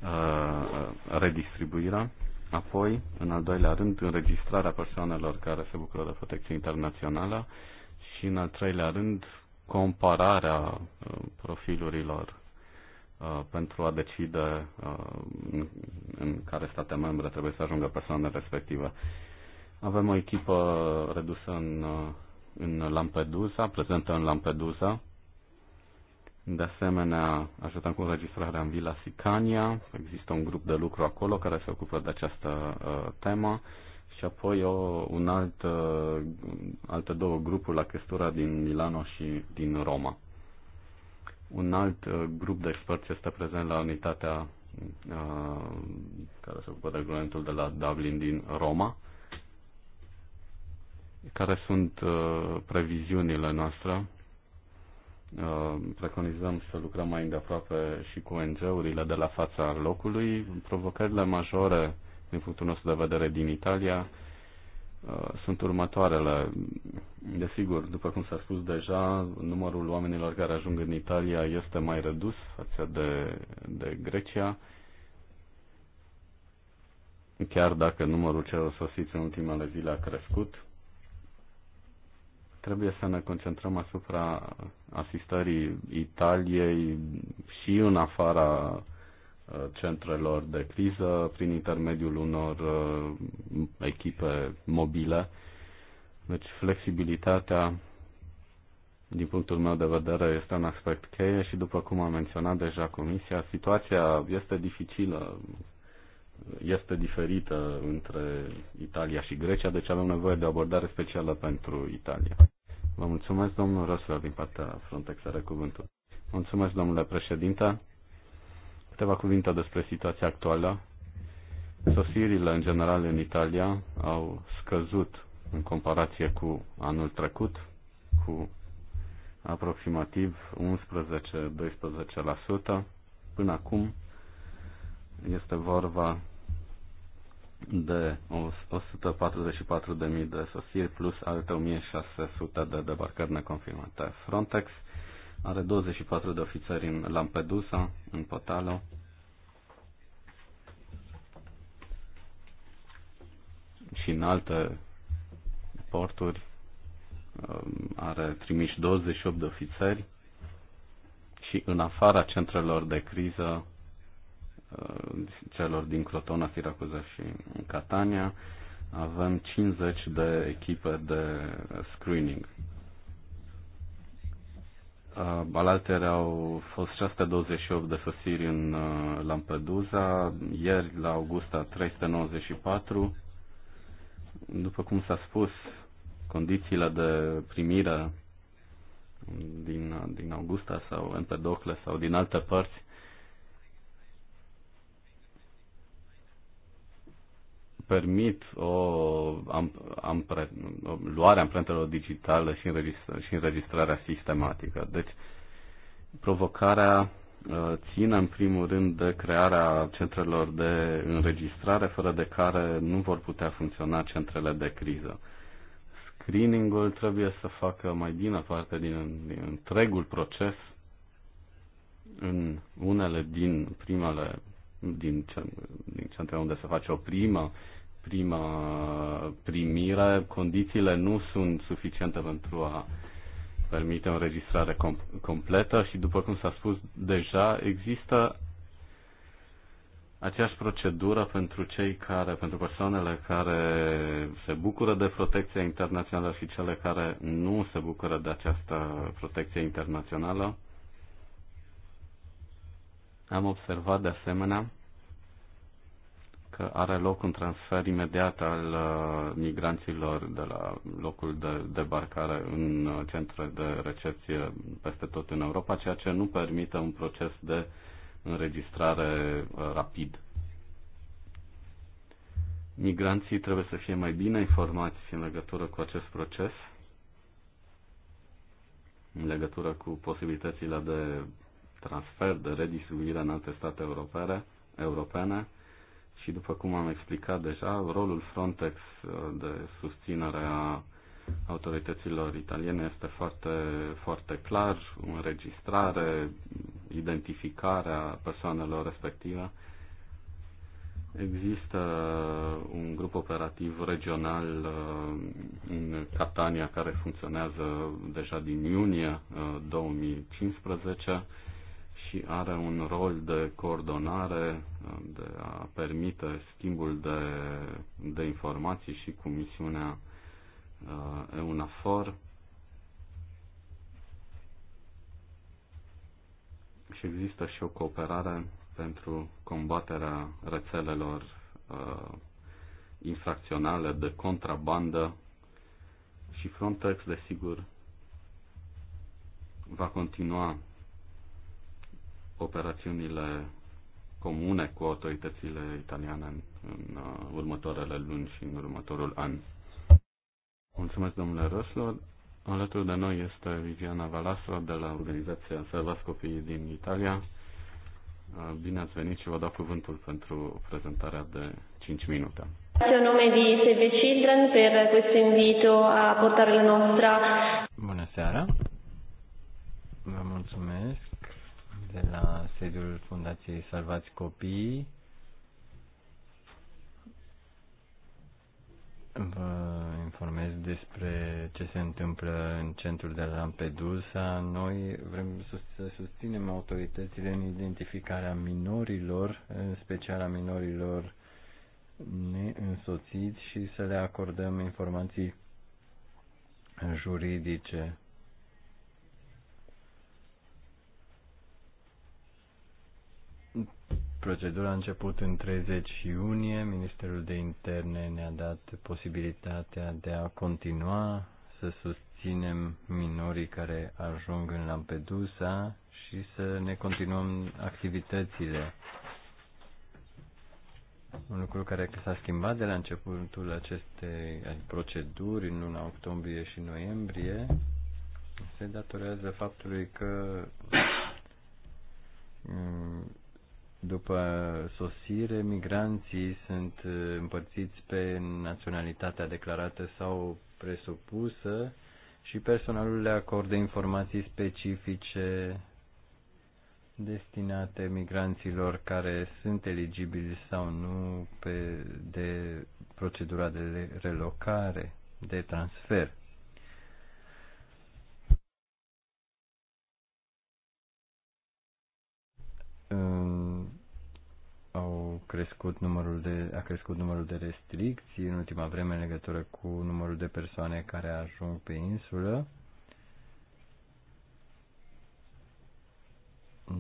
uh, redistribuirea. Apoi, în al doilea rând, înregistrarea persoanelor care se bucură de protecție internațională și, în al treilea rând, compararea uh, profilurilor Uh, pentru a decide uh, în care state membre trebuie să ajungă persoanele respective. Avem o echipă redusă în, uh, în Lampedusa, prezentă în Lampedusa. De asemenea, ajutăm cu înregistrarea în Villa Sicania. Există un grup de lucru acolo care se ocupă de această uh, temă. Și apoi o, un alt, uh, alte două grupuri la Chestura din Milano și din Roma. Un alt uh, grup de experți este prezent la unitatea uh, care se ocupă de regulamentul de la Dublin din Roma. Care sunt uh, previziunile noastre? preconizăm să lucrăm mai îndeaproape și cu ONG-urile de la fața locului. Provocările majore, din punctul nostru de vedere, din Italia Uh, sunt următoarele. Desigur, după cum s-a spus deja, numărul oamenilor care ajung în Italia este mai redus față de, de Grecia, chiar dacă numărul celor sosiți în ultimele zile a crescut. Trebuie să ne concentrăm asupra asistării Italiei și în afara Uh, centrelor de criză prin intermediul unor uh, echipe mobile. Deci flexibilitatea, din punctul meu de vedere, este un aspect cheie și după cum a menționat deja Comisia, situația este dificilă, este diferită între Italia și Grecia, deci avem nevoie de o abordare specială pentru Italia. Vă mulțumesc, domnul Rosler, din partea Frontex, are cuvântul. Mulțumesc, domnule președinte. Câteva cuvinte despre situația actuală. Sosirile în general în Italia au scăzut în comparație cu anul trecut, cu aproximativ 11-12%. Până acum este vorba de 144.000 de sosiri plus alte 1.600 de debarcări neconfirmate. Frontex are 24 de ofițeri în Lampedusa, în Potalo. Și în alte porturi um, are trimiși 28 de ofițeri și în afara centrelor de criză uh, celor din Crotona, Siracuza și Catania avem 50 de echipe de screening Uh, alaltele au fost 628 de sosiri în uh, Lampedusa, ieri la Augusta 394. După cum s-a spus, condițiile de primire din, din Augusta sau Empedocle sau din alte părți permit o, am, ampre, o luare amprentelor digitale și, înregistra, și înregistrarea sistematică. Deci, provocarea ă, ține în primul rând de crearea centrelor de înregistrare, fără de care nu vor putea funcționa centrele de criză. Screeningul trebuie să facă mai bine parte din, din întregul proces. În unele din primele, din, din centre unde se face o primă prima primire, condițiile nu sunt suficiente pentru a permite o înregistrare com- completă și, după cum s-a spus deja, există aceeași procedură pentru cei care, pentru persoanele care se bucură de protecția internațională și cele care nu se bucură de această protecție internațională. Am observat de asemenea că are loc un transfer imediat al uh, migranților de la locul de debarcare în uh, centre de recepție peste tot în Europa, ceea ce nu permite un proces de înregistrare uh, rapid. Migranții trebuie să fie mai bine informați în legătură cu acest proces, în legătură cu posibilitățile de transfer, de redistribuire în alte state europene, europene și după cum am explicat deja, rolul Frontex uh, de susținere a autorităților italiene este foarte, foarte clar, înregistrare, identificarea persoanelor respective. Există un grup operativ regional uh, în Catania care funcționează deja din iunie 2015 uh, și are un rol de coordonare, de a permite schimbul de, de informații și cu misiunea uh, EUNAFOR. Și există și o cooperare pentru combaterea rețelelor uh, infracționale de contrabandă și Frontex, desigur, va continua operațiunile comune cu autoritățile italiane în, în uh, următoarele luni și în următorul an. Mulțumesc, domnule Roslor. Alături de noi este Viviana Valasso de la organizația Salvați Copiii din Italia. Uh, bine ați venit și vă dau cuvântul pentru prezentarea de 5 minute. Grazie a di Save Children per questo invito a portare la nostra. seara. vă mulțumesc de la sediul Fundației Salvați Copiii. Vă informez despre ce se întâmplă în centrul de Lampedusa. Noi vrem să susținem autoritățile în identificarea minorilor, în special a minorilor neînsoțiți și să le acordăm informații juridice Procedura a început în 30 iunie. Ministerul de Interne ne-a dat posibilitatea de a continua să susținem minorii care ajung în Lampedusa și să ne continuăm activitățile. Un lucru care s-a schimbat de la începutul acestei proceduri în luna octombrie și noiembrie se datorează faptului că după sosire, migranții sunt eh, împărțiți pe naționalitatea declarată sau presupusă și personalul le acordă informații specifice destinate migranților care sunt eligibili sau nu pe, de procedura de relocare, de transfer. În crescut numărul de, a crescut numărul de restricții în ultima vreme în legătură cu numărul de persoane care ajung pe insulă.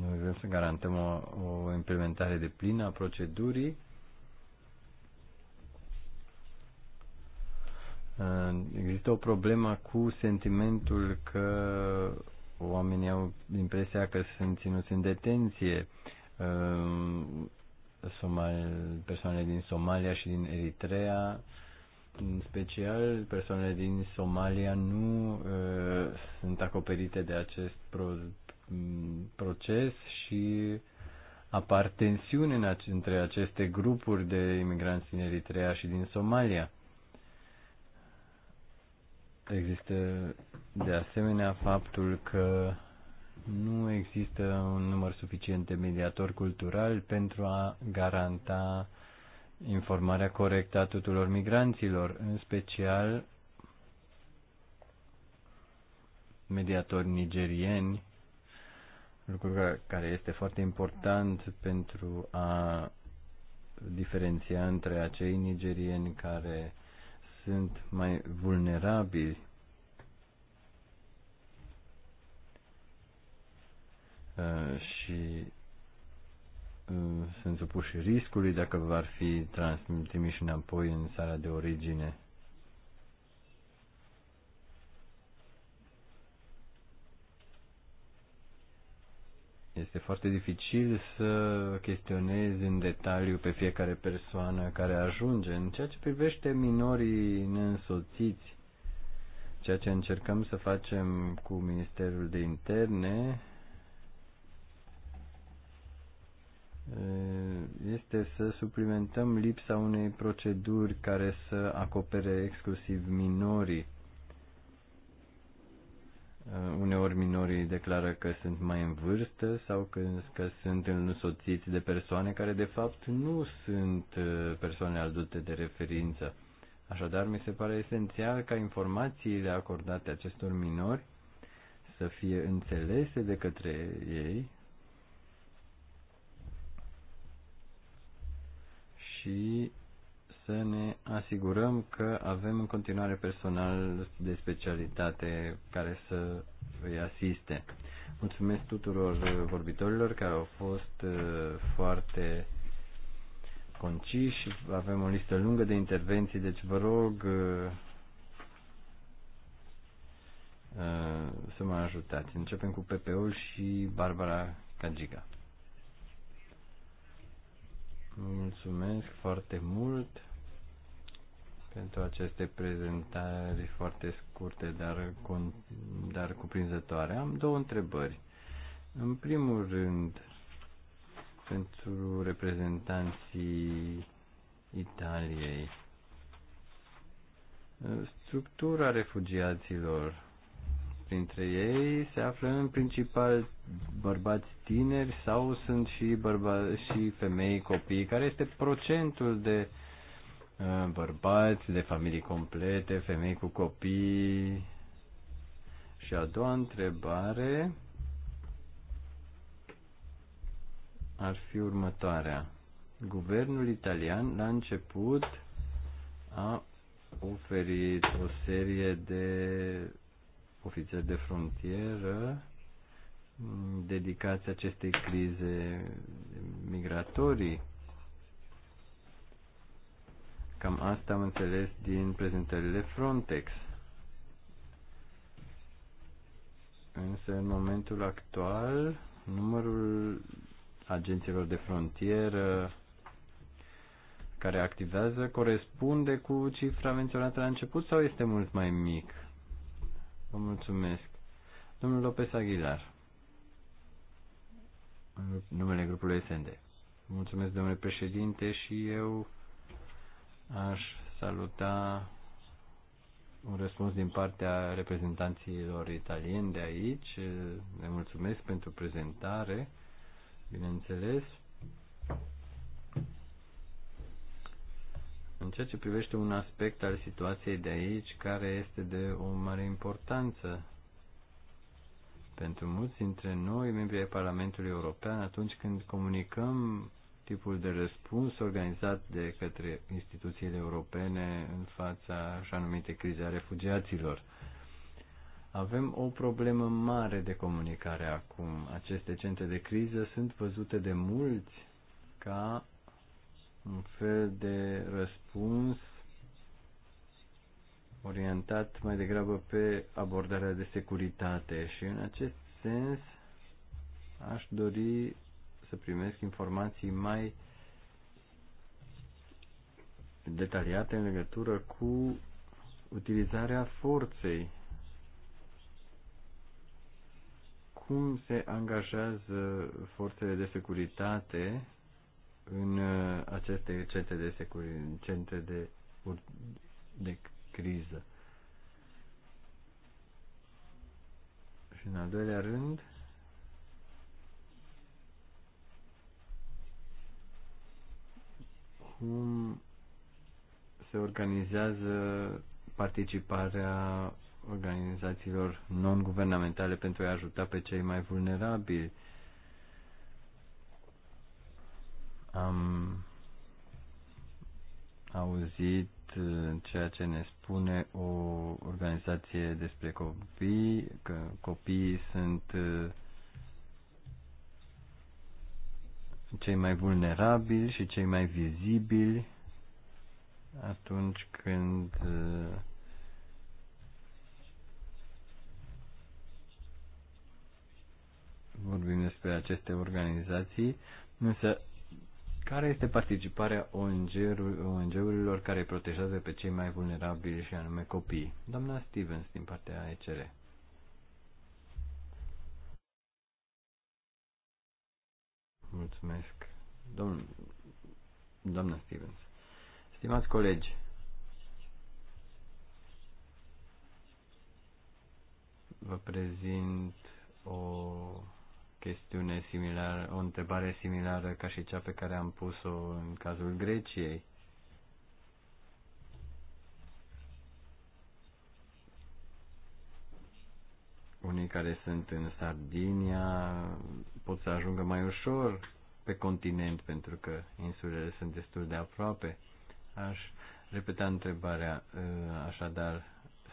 Noi vrem să garantăm o, o implementare de plină a procedurii. Există o problemă cu sentimentul că oamenii au impresia că sunt ținuți în detenție Somal, persoanele din Somalia și din Eritrea, în special persoanele din Somalia nu uh, sunt acoperite de acest pro, mm, proces și apar tensiuni în ac- între aceste grupuri de imigranți din Eritrea și din Somalia. Există de asemenea faptul că nu există un număr suficient de mediatori culturali pentru a garanta informarea corectă a tuturor migranților, în special mediatori nigerieni, lucru care este foarte important pentru a diferenția între acei nigerieni care sunt mai vulnerabili Uh, și uh, sunt supuși riscului dacă v-ar fi transmiși înapoi în țara de origine. Este foarte dificil să chestionezi în detaliu pe fiecare persoană care ajunge. În ceea ce privește minorii neînsoțiți, ceea ce încercăm să facem cu Ministerul de Interne Eh, este să suplimentăm lipsa unei proceduri care să acopere exclusiv minorii. Eh, uneori minorii declară că sunt mai în vârstă sau că, că sunt însoțiți de persoane care de fapt nu sunt eh, persoane adulte de referință. Așadar, mi se pare esențial ca informațiile acordate acestor minori să fie înțelese de către ei și să ne asigurăm că avem în continuare personal de specialitate care să îi asiste. Mulțumesc tuturor vorbitorilor care au fost uh, foarte conciși. Avem o listă lungă de intervenții, deci vă rog uh, uh, să mă ajutați. Începem cu PPO-ul și Barbara Cagiga. Mulțumesc foarte mult pentru aceste prezentări foarte scurte, dar, cu, dar cuprinzătoare. Am două întrebări. În primul rând, pentru reprezentanții Italiei, structura refugiaților Printre ei se află în principal bărbați tineri sau sunt și, bărba- și femei copii, care este procentul de uh, bărbați, de familii complete, femei cu copii. Și a doua întrebare ar fi următoarea. Guvernul italian la început a oferit o serie de ofițeri de frontieră dedicați acestei crize migratorii. Cam asta am înțeles din prezentările Frontex. Însă, în momentul actual, numărul agenților de frontieră care activează corespunde cu cifra menționată la început sau este mult mai mic? Vă mulțumesc. Domnul Lopez Aguilar, în numele grupului SND. Mulțumesc, domnule președinte, și eu aș saluta un răspuns din partea reprezentanților italieni de aici. Le mulțumesc pentru prezentare, bineînțeles. În ceea ce privește un aspect al situației de aici, care este de o mare importanță pentru mulți dintre noi, membrii ai Parlamentului European, atunci când comunicăm tipul de răspuns organizat de către instituțiile europene în fața așa numite crize a refugiaților. Avem o problemă mare de comunicare acum. Aceste centre de criză sunt văzute de mulți ca un fel de răspuns orientat mai degrabă pe abordarea de securitate și în acest sens aș dori să primesc informații mai detaliate în legătură cu utilizarea forței. Cum se angajează forțele de securitate în uh, aceste centre de securitate, centre de, de criză. Și în al doilea rând, cum se organizează participarea organizațiilor non-guvernamentale pentru a ajuta pe cei mai vulnerabili Am auzit uh, ceea ce ne spune o organizație despre copii, că copiii sunt uh, cei mai vulnerabili și cei mai vizibili atunci când uh, vorbim despre aceste organizații, însă care este participarea ONG-urilor care îi protejează pe cei mai vulnerabili și anume copiii? Doamna Stevens din partea ECR. Mulțumesc. Domn... Doamna Stevens. Stimați colegi, vă prezint o chestiune similară, o întrebare similară ca și cea pe care am pus-o în cazul Greciei. Unii care sunt în Sardinia pot să ajungă mai ușor pe continent pentru că insulele sunt destul de aproape. Aș repeta întrebarea, ă, așadar,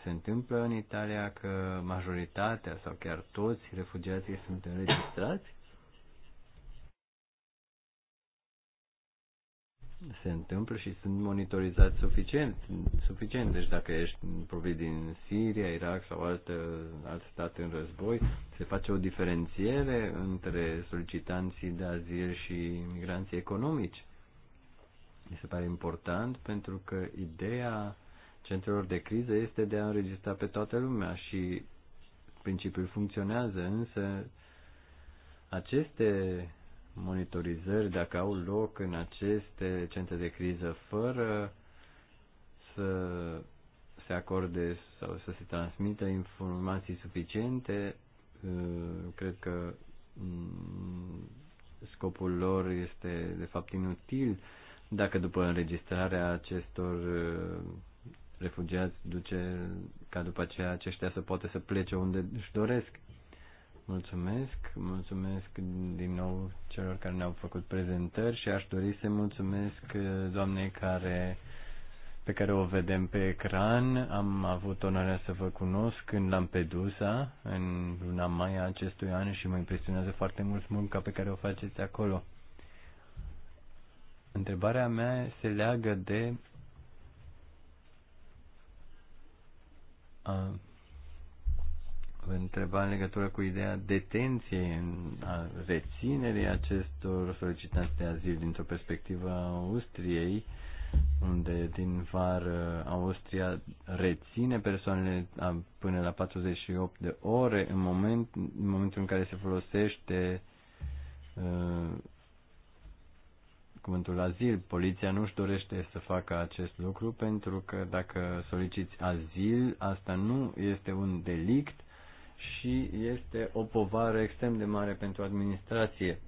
se întâmplă în Italia că majoritatea sau chiar toți refugiații sunt înregistrați? Se întâmplă și sunt monitorizați suficient, suficient. Deci dacă ești provin din Siria, Irak sau altă, alt stat în război, se face o diferențiere între solicitanții de azil și migranții economici. Mi se pare important pentru că ideea centrelor de criză este de a înregistra pe toată lumea și principiul funcționează, însă aceste monitorizări, dacă au loc în aceste centre de criză, fără să se acorde sau să se transmită informații suficiente, uh, cred că mm, scopul lor este de fapt inutil dacă după înregistrarea acestor uh, refugiați duce ca după aceea aceștia să poată să plece unde își doresc. Mulțumesc, mulțumesc din nou celor care ne-au făcut prezentări și aș dori să mulțumesc uh, doamnei care, pe care o vedem pe ecran. Am avut onoarea să vă cunosc în Lampedusa, în luna mai a acestui an și mă impresionează foarte mult munca pe care o faceți acolo. Întrebarea mea se leagă de a vă întreba în legătură cu ideea detenției, în, a reținerii acestor solicitanți de azil dintr-o perspectivă a Austriei, unde din vară Austria reține persoanele până la 48 de ore în, moment, în momentul în care se folosește uh, cuvântul azil. Poliția nu-și dorește să facă acest lucru pentru că dacă soliciți azil, asta nu este un delict și este o povară extrem de mare pentru administrație.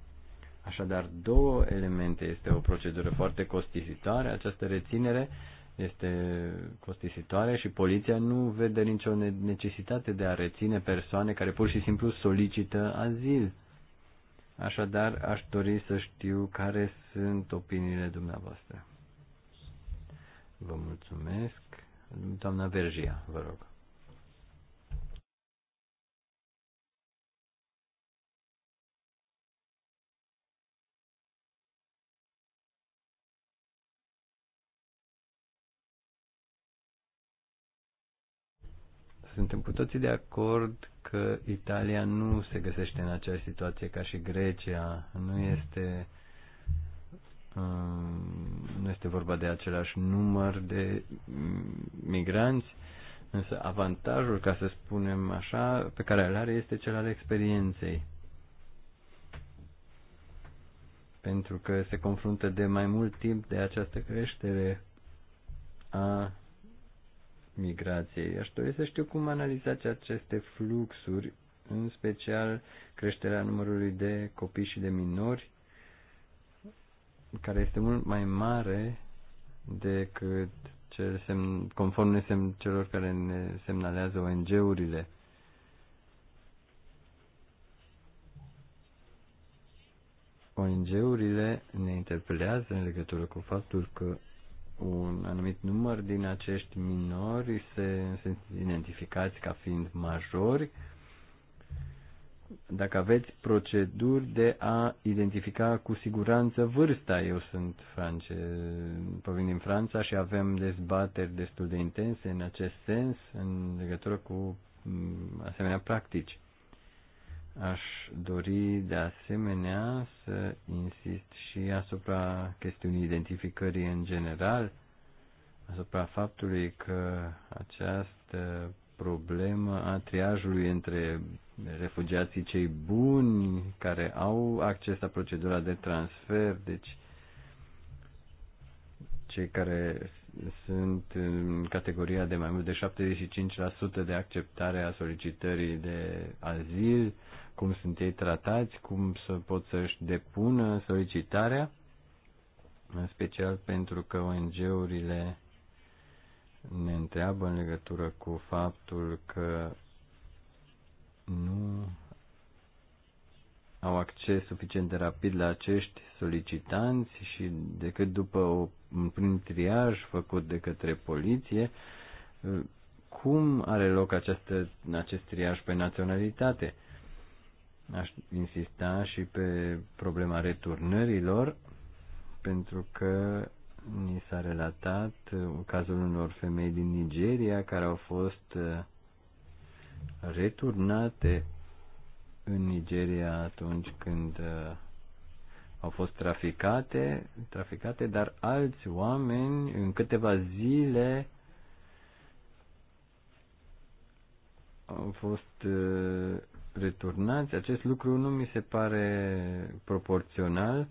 Așadar, două elemente. Este o procedură foarte costisitoare, această reținere este costisitoare și poliția nu vede nicio necesitate de a reține persoane care pur și simplu solicită azil Așadar, aș dori să știu care sunt opiniile dumneavoastră. Vă mulțumesc. Doamna Vergia, vă rog. Suntem cu toții de acord că Italia nu se găsește în aceeași situație ca și Grecia. Nu mm. este, um, nu este vorba de același număr de mm, migranți, însă avantajul, ca să spunem așa, pe care îl are este cel al experienței. Pentru că se confruntă de mai mult timp de această creștere a migrației. Aș dori să știu cum analizați aceste fluxuri, în special creșterea numărului de copii și de minori, care este mult mai mare decât cel semn, conform ne semn, celor care ne semnalează ONG-urile. ONG-urile ne interpelează în legătură cu faptul că un anumit număr din acești minori se, sunt identificați ca fiind majori. Dacă aveți proceduri de a identifica cu siguranță vârsta, eu sunt francez, provin din Franța și avem dezbateri destul de intense în acest sens în legătură cu mm, asemenea practici. Aș dori de asemenea să insist și asupra chestiunii identificării în general, asupra faptului că această problemă a triajului între refugiații cei buni care au acces la procedura de transfer, deci cei care sunt în categoria de mai mult de 75% de acceptare a solicitării de azil, cum sunt ei tratați, cum să pot să-și depună solicitarea, în special pentru că ONG-urile ne întreabă în legătură cu faptul că nu au acces suficient de rapid la acești solicitanți și decât după o, prim triaj făcut de către poliție, cum are loc această, acest triaj pe naționalitate? Aș insista și pe problema returnărilor, pentru că ni s-a relatat uh, cazul unor femei din Nigeria care au fost uh, returnate în Nigeria atunci când uh, au fost traficate, traficate, dar alți oameni în câteva zile au fost returnați. Acest lucru nu mi se pare proporțional.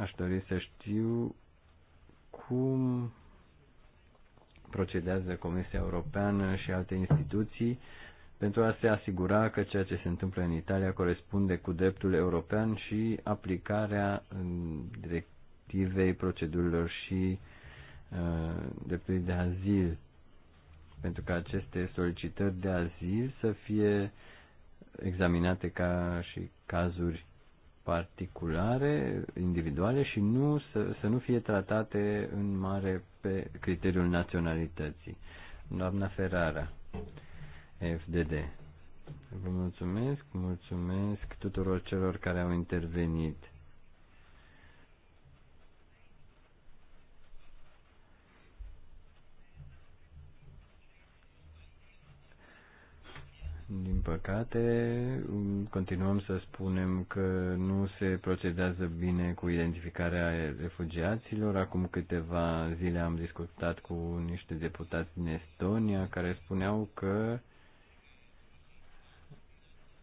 Aș dori să știu cum procedează Comisia Europeană și alte instituții pentru a se asigura că ceea ce se întâmplă în Italia corespunde cu dreptul european și aplicarea directivei procedurilor și uh, dreptului de azil pentru că aceste solicitări de azil să fie examinate ca și cazuri particulare, individuale și nu să, să nu fie tratate în mare pe criteriul naționalității. Doamna Ferrara, FDD. Vă mulțumesc, mulțumesc tuturor celor care au intervenit. Din păcate, continuăm să spunem că nu se procedează bine cu identificarea refugiaților. Acum câteva zile am discutat cu niște deputați din Estonia care spuneau că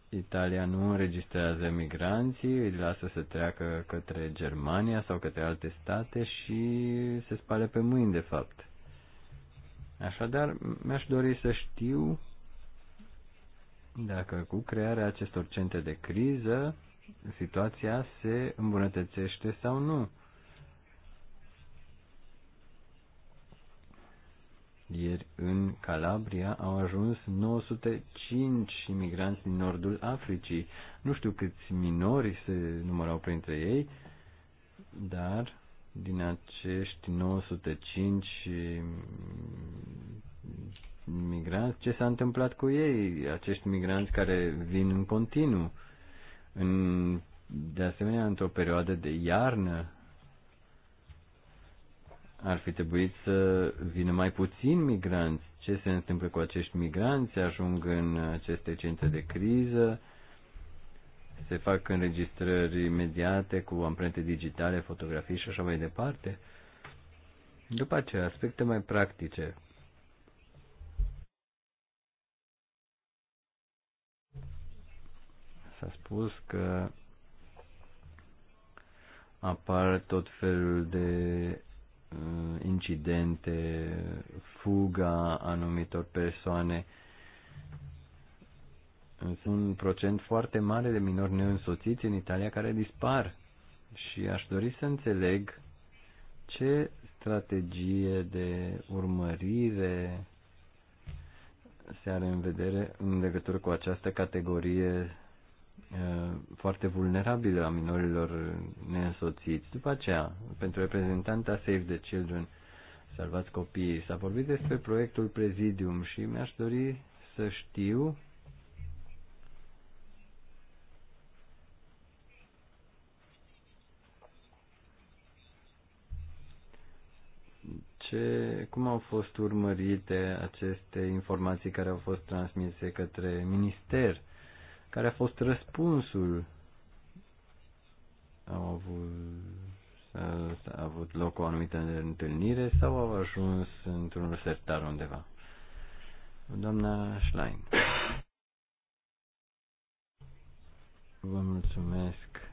Italia nu înregistrează migranții, îi lasă să treacă către Germania sau către alte state și se spală pe mâini, de fapt. Așadar, mi-aș dori să știu dacă cu crearea acestor centre de criză situația se îmbunătățește sau nu. Ieri în Calabria au ajuns 905 imigranți din nordul Africii. Nu știu câți minori se numărau printre ei, dar din acești 905 migranți, ce s-a întâmplat cu ei, acești migranți care vin în continuu. În, de asemenea, într-o perioadă de iarnă, ar fi trebuit să vină mai puțin migranți. Ce se întâmplă cu acești migranți? Ajung în aceste centre de criză, se fac înregistrări imediate cu amprente digitale, fotografii și așa mai departe. După aceea, aspecte mai practice. S-a spus că apar tot felul de uh, incidente, fuga anumitor persoane. Sunt un procent foarte mare de minori neînsoțiți în Italia care dispar și aș dori să înțeleg ce strategie de urmărire se are în vedere în legătură cu această categorie Eh, foarte vulnerabile a minorilor neînsoțiți. După aceea, pentru reprezentanta Save the Children, Salvați Copiii, s-a vorbit despre proiectul Prezidium și mi-aș dori să știu ce, cum au fost urmărite aceste informații care au fost transmise către minister care a fost răspunsul. Au avut, a, a avut loc o anumită întâlnire sau au ajuns într-un sertar undeva? Doamna Schlein. Vă mulțumesc.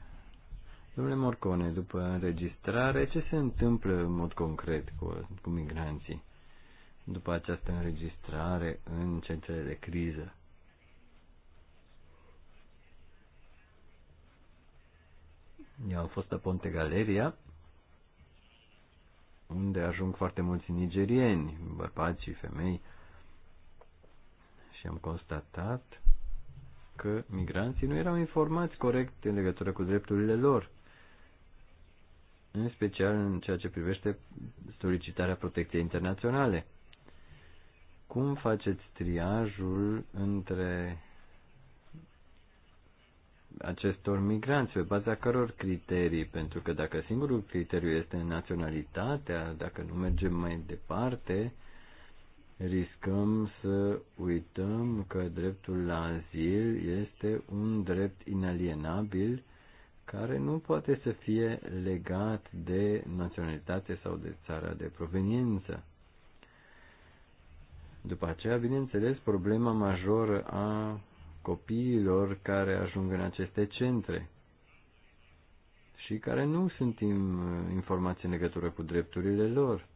Domnule Morcone, după înregistrare, ce se întâmplă în mod concret cu, cu migranții după această înregistrare în centrele de criză? Eu am fost la Ponte Galeria, unde ajung foarte mulți nigerieni, bărbați și femei, și am constatat că migranții nu erau informați corect în legătură cu drepturile lor, în special în ceea ce privește solicitarea protecției internaționale. Cum faceți triajul între acestor migranți, pe baza căror criterii, pentru că dacă singurul criteriu este naționalitatea, dacă nu mergem mai departe, riscăm să uităm că dreptul la azil este un drept inalienabil care nu poate să fie legat de naționalitate sau de țara de proveniență. După aceea, bineînțeles, problema majoră a copiilor care ajung în aceste centre și care nu sunt informații în legătură cu drepturile lor.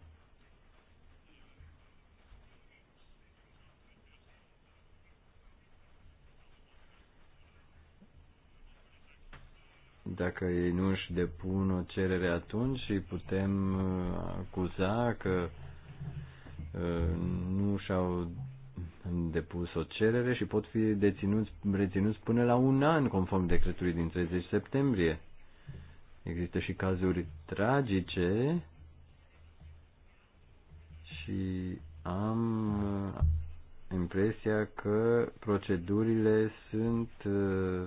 dacă ei nu își depun o cerere atunci îi putem uh, acuza că uh, nu și-au depus o cerere și pot fi deținuți, reținuți până la un an, conform decretului din 30 septembrie. Există și cazuri tragice și am uh, impresia că procedurile sunt uh,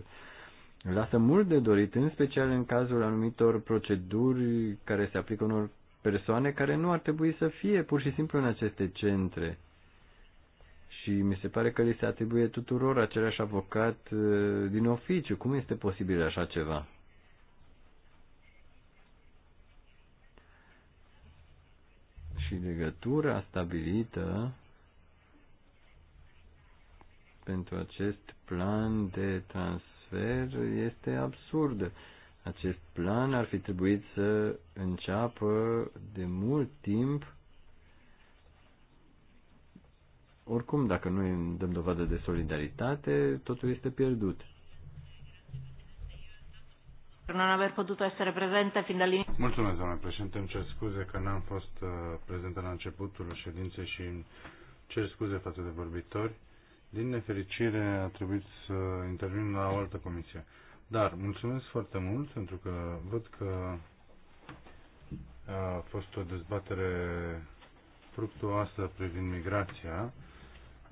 lasă mult de dorit, în special în cazul anumitor proceduri care se aplică unor persoane care nu ar trebui să fie pur și simplu în aceste centre și mi se pare că li se atribuie tuturor același avocat uh, din oficiu. Cum este posibil așa ceva? Și legătura stabilită pentru acest plan de transfer este absurdă. Acest plan ar fi trebuit să înceapă de mult timp Oricum, dacă nu dăm dovadă de solidaritate, totul este pierdut. non aver potuto essere presente fin dall'inizio. Mulțumesc, doamna președinte. Îmi cer scuze că n-am fost uh, prezent la începutul ședinței și îmi cer scuze față de vorbitori. Din nefericire, a trebuit să intervin la o altă comisie. Dar mulțumesc foarte mult pentru că văd că uh, a fost o dezbatere fructuoasă privind migrația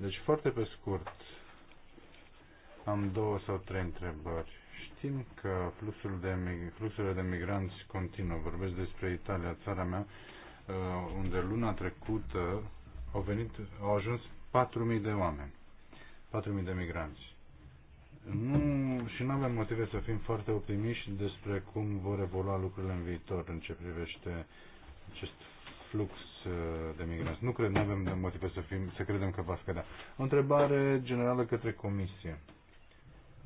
deci, foarte pe scurt, am două sau trei întrebări. Știm că fluxul de, fluxurile de migranți continuă. Vorbesc despre Italia, țara mea, uh, unde luna trecută au, venit, au ajuns 4.000 de oameni, 4.000 de migranți. Nu, și nu avem motive să fim foarte optimiști despre cum vor evolua lucrurile în viitor în ce privește acest flux uh, de migranți. Nu cred, nu avem de motive să, fim, să credem că va scădea. O întrebare generală către Comisie.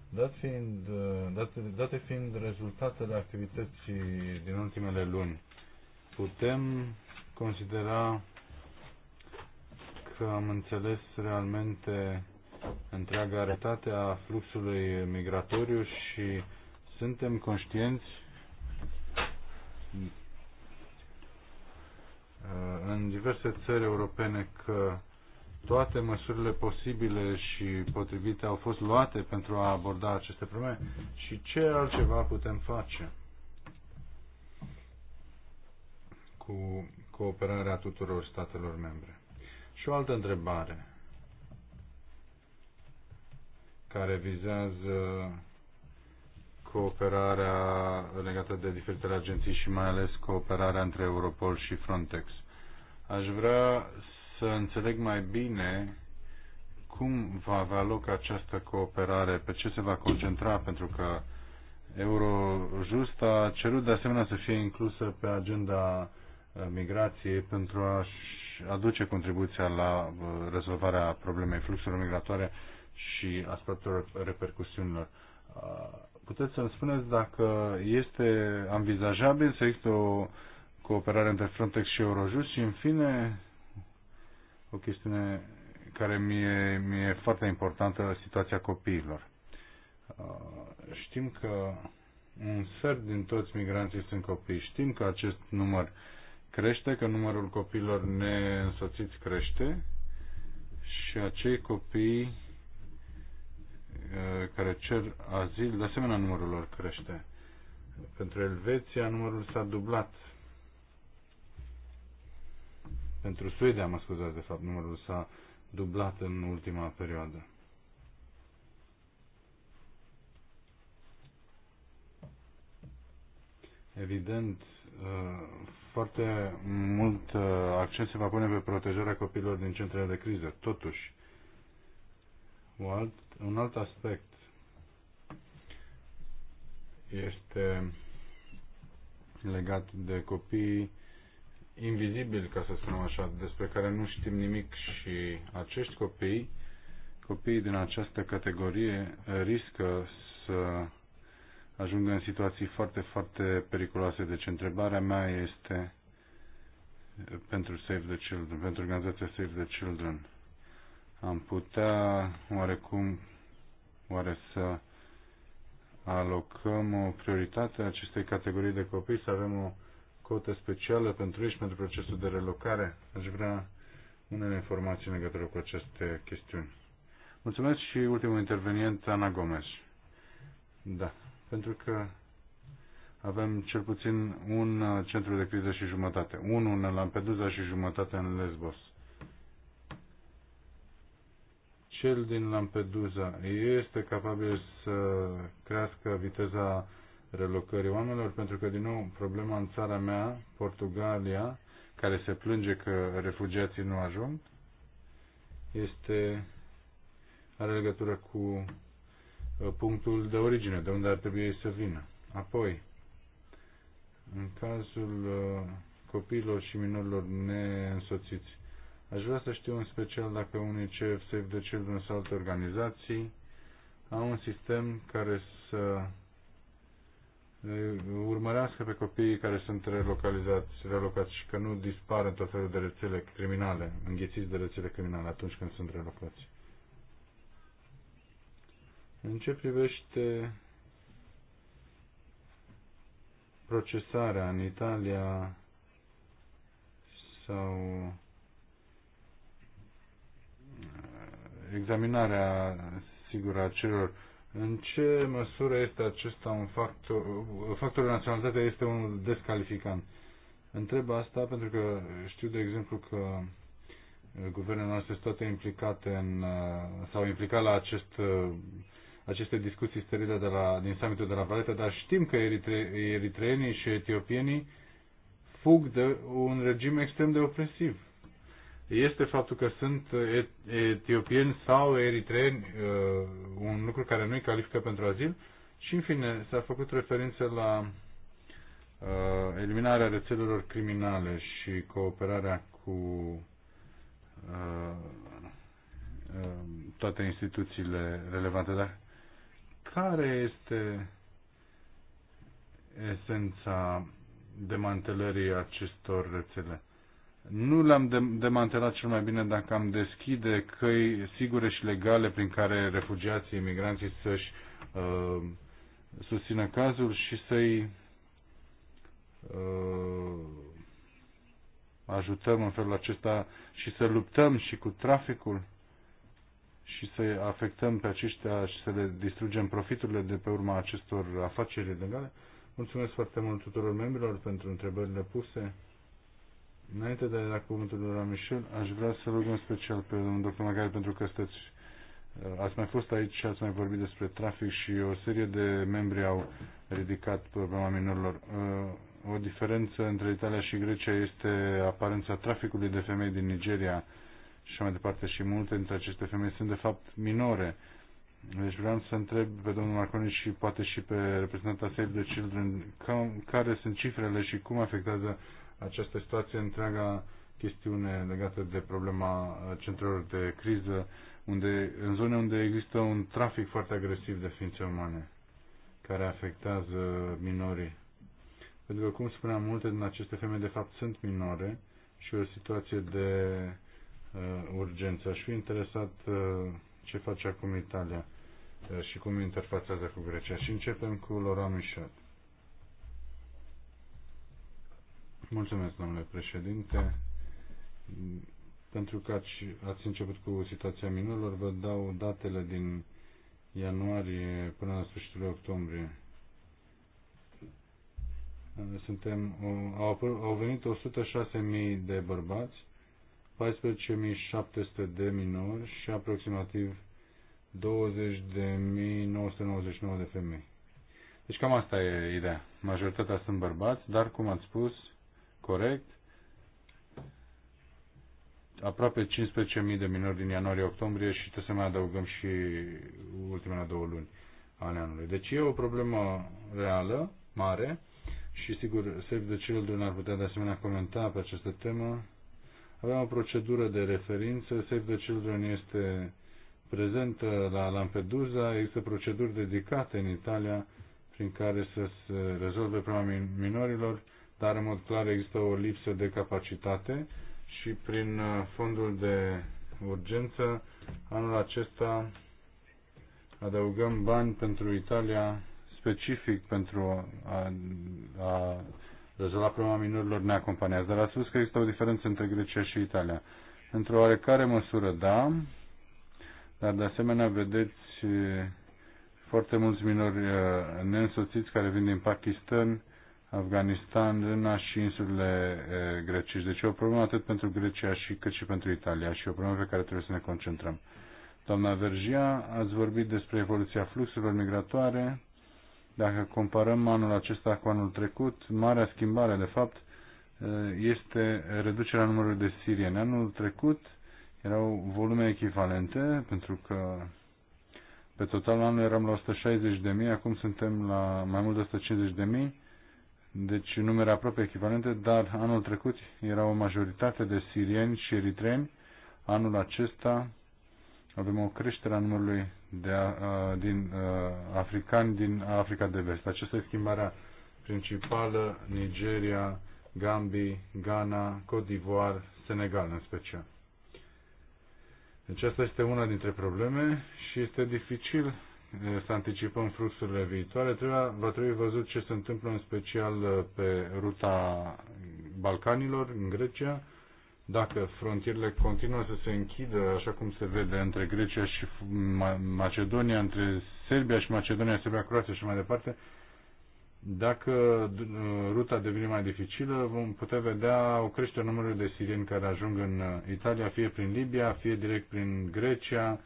Dat fiind, uh, date, date fiind rezultatele activității din ultimele luni, putem considera că am înțeles realmente întreaga realitate a fluxului migratoriu și suntem conștienți Uh, în diverse țări europene că toate măsurile posibile și potrivite au fost luate pentru a aborda aceste probleme și ce altceva putem face cu cooperarea tuturor statelor membre. Și o altă întrebare care vizează cooperarea legată de diferitele agenții și mai ales cooperarea între Europol și Frontex. Aș vrea să înțeleg mai bine cum va avea loc această cooperare, pe ce se va concentra, pentru că Eurojust a cerut de asemenea să fie inclusă pe agenda uh, migrației pentru a aduce contribuția la uh, rezolvarea problemei fluxurilor migratoare și aspectelor repercusiunilor. Uh, puteți să-mi spuneți dacă este ambizajabil să există o cooperare între Frontex și Eurojust și, în fine, o chestiune care mi-e, mi-e foarte importantă, situația copiilor. Uh, știm că un sfert din toți migranții sunt copii. Știm că acest număr crește, că numărul copiilor neînsoțiți crește și acei copii Uh, care cer azil, de asemenea numărul lor crește. Pentru Elveția numărul s-a dublat. Pentru Suedia, mă scuzați, de fapt, numărul s-a dublat în ultima perioadă. Evident, uh, foarte mult uh, accent se va pune pe protejarea copiilor din centrele de criză. Totuși, o alt un alt aspect este legat de copii invizibili, ca să spunem așa, despre care nu știm nimic și acești copii, copiii din această categorie, riscă să ajungă în situații foarte, foarte periculoase. Deci întrebarea mea este pentru Save the Children, pentru organizația Save the Children am putea oarecum oare să alocăm o prioritate acestei categorii de copii, să avem o cotă specială pentru ei și pentru procesul de relocare. Aș vrea unele informații în legătură cu aceste chestiuni. Mulțumesc și ultimul intervenient, Ana Gomes. Da, pentru că avem cel puțin un centru de criză și jumătate. Unul în Lampedusa și jumătate în Lesbos cel din Lampedusa este capabil să crească viteza relocării oamenilor, pentru că, din nou, problema în țara mea, Portugalia, care se plânge că refugiații nu ajung, este, are legătură cu uh, punctul de origine, de unde ar trebui ei să vină. Apoi, în cazul uh, copiilor și minorilor neînsoțiți, Aș vrea să știu în special dacă UNICEF, Save the Children sau alte organizații au un sistem care să urmărească pe copiii care sunt relocalizați, relocați și că nu dispar în tot felul de rețele criminale, înghețiți de rețele criminale atunci când sunt relocați. În ce privește procesarea în Italia sau examinarea sigură a celor în ce măsură este acesta un factor, factorul naționalitate este unul descalificant? Întreb asta pentru că știu de exemplu că uh, guvernele noastre toate implicate în, uh, sau implicat la acest, uh, aceste discuții sterile de la, din summitul de la Valeta, dar știm că eritre, eritreenii și etiopienii fug de un regim extrem de opresiv este faptul că sunt etiopieni sau eritreeni, uh, un lucru care nu-i califică pentru azil. Și, în fine, s-a făcut referință la uh, eliminarea rețelelor criminale și cooperarea cu uh, toate instituțiile relevante. Dar care este esența demantelării acestor rețele? Nu l-am demantelat cel mai bine dacă am deschide căi sigure și legale prin care refugiații, imigranții să-și uh, susțină cazul și să-i uh, ajutăm în felul acesta și să luptăm și cu traficul și să afectăm pe aceștia și să le distrugem profiturile de pe urma acestor afaceri legale. Mulțumesc foarte mult tuturor membrilor pentru întrebările puse. Înainte de a da cuvântul de la Michel, aș vrea să rog în special pe domnul doctor Magari pentru că stăți, uh, ați mai fost aici și ați mai vorbit despre trafic și o serie de membri au ridicat problema minorilor. Uh, o diferență între Italia și Grecia este aparența traficului de femei din Nigeria și mai departe și multe dintre aceste femei sunt de fapt minore. Deci vreau să întreb pe domnul Marconi și poate și pe reprezentanta Save the Children care sunt cifrele și cum afectează această situație, întreaga chestiune legată de problema centrelor de criză, unde, în zone unde există un trafic foarte agresiv de ființe umane care afectează minorii. Pentru că, cum spuneam, multe din aceste femei, de fapt, sunt minore și o situație de uh, urgență. Aș fi interesat uh, ce face acum Italia uh, și cum interfațează cu Grecia. Și începem cu Laura Michel. Mulțumesc, domnule președinte. Pentru că ați început cu situația minorilor, vă dau datele din ianuarie până la sfârșitul octombrie. Suntem, au, au venit 106.000 de bărbați, 14.700 de minori și aproximativ 20.999 de femei. Deci cam asta e ideea. Majoritatea sunt bărbați, dar, cum ați spus, corect. Aproape 15.000 de minori din ianuarie-octombrie și trebuie să mai adăugăm și ultimele două luni ale anului. Deci e o problemă reală, mare, și sigur, Save the Children ar putea de asemenea comenta pe această temă. Avem o procedură de referință, Save the Children este prezentă la Lampedusa, există proceduri dedicate în Italia prin care să se rezolve problema minorilor dar în mod clar există o lipsă de capacitate și prin uh, fondul de urgență anul acesta adăugăm bani pentru Italia specific pentru a, a rezolva problema minorilor neacompaniați. Dar a spus că există o diferență între Grecia și Italia. Într-o oarecare măsură, da, dar de asemenea vedeți foarte mulți minori neînsoțiți care vin din Pakistan, Afganistan și insulele grecești. Deci e o problemă atât pentru Grecia și, cât și pentru Italia și o problemă pe care trebuie să ne concentrăm. Doamna Vergia, ați vorbit despre evoluția fluxurilor migratoare. Dacă comparăm anul acesta cu anul trecut, marea schimbare, de fapt, este reducerea numărului de sirieni. Anul trecut erau volume echivalente, pentru că pe total anul eram la 160.000, acum suntem la mai mult de 150.000 deci numere aproape echivalente, dar anul trecut era o majoritate de sirieni și eritreni. Anul acesta avem o creștere a numărului de, uh, din uh, africani din Africa de Vest. Aceasta e schimbarea principală, Nigeria, Gambi, Ghana, Côte d'Ivoire, Senegal în special. Deci asta este una dintre probleme și este dificil să anticipăm fluxurile viitoare, trebuie, va trebui văzut ce se întâmplă în special uh, pe ruta Balcanilor, în Grecia, dacă frontierele continuă să se închidă, așa cum se vede, între Grecia și Macedonia, între Serbia și Macedonia, Serbia, Croația și mai departe, dacă uh, ruta devine mai dificilă, vom putea vedea o creștere numărului de sirieni care ajung în uh, Italia, fie prin Libia, fie direct prin Grecia,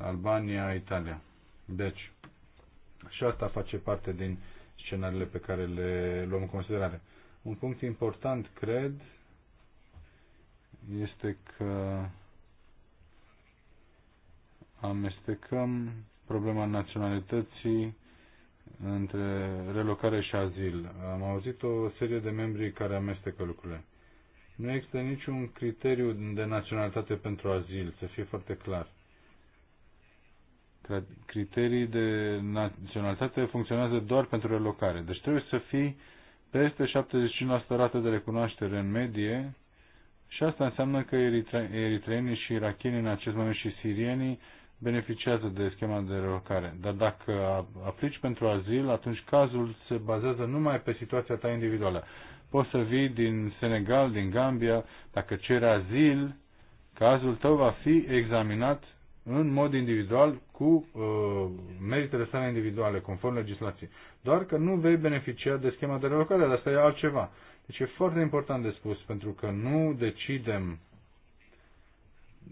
Albania, Italia. Deci, și asta face parte din scenariile pe care le luăm în considerare. Un punct important, cred, este că amestecăm problema naționalității între relocare și azil. Am auzit o serie de membri care amestecă lucrurile. Nu există niciun criteriu de naționalitate pentru azil, să fie foarte clar criterii de naționalitate funcționează doar pentru relocare. Deci trebuie să fii peste 75% rată de recunoaștere în medie și asta înseamnă că eritreenii și irachienii în acest moment și sirienii beneficiază de schema de relocare. Dar dacă aplici pentru azil, atunci cazul se bazează numai pe situația ta individuală. Poți să vii din Senegal, din Gambia, dacă ceri azil, cazul tău va fi examinat în mod individual cu uh, meritele sale individuale, conform legislației. Doar că nu vei beneficia de schema de relocare, dar asta e altceva. Deci e foarte important de spus, pentru că nu decidem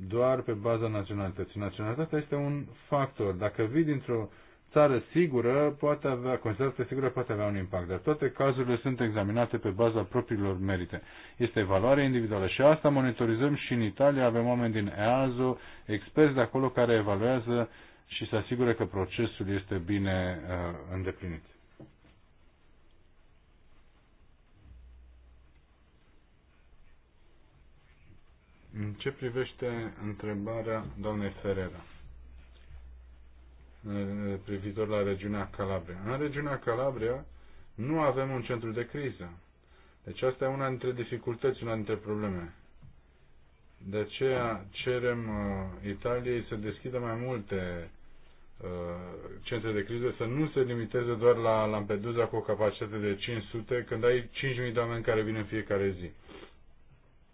doar pe baza naționalității. Naționalitatea este un factor. Dacă vii dintr-o țară sigură poate avea, considerată sigură poate avea un impact, dar toate cazurile sunt examinate pe baza propriilor merite. Este evaluare individuală și asta monitorizăm și în Italia avem oameni din EASO, experți de acolo care evaluează și se asigură că procesul este bine uh, îndeplinit. În ce privește întrebarea doamnei Ferrera? Eh, privitor la regiunea Calabria. În regiunea Calabria nu avem un centru de criză. Deci asta e una dintre dificultăți, una dintre probleme. De aceea cerem uh, Italiei să deschidă mai multe uh, centre de criză, să nu se limiteze doar la Lampedusa cu o capacitate de 500, când ai 5.000 de oameni care vin în fiecare zi.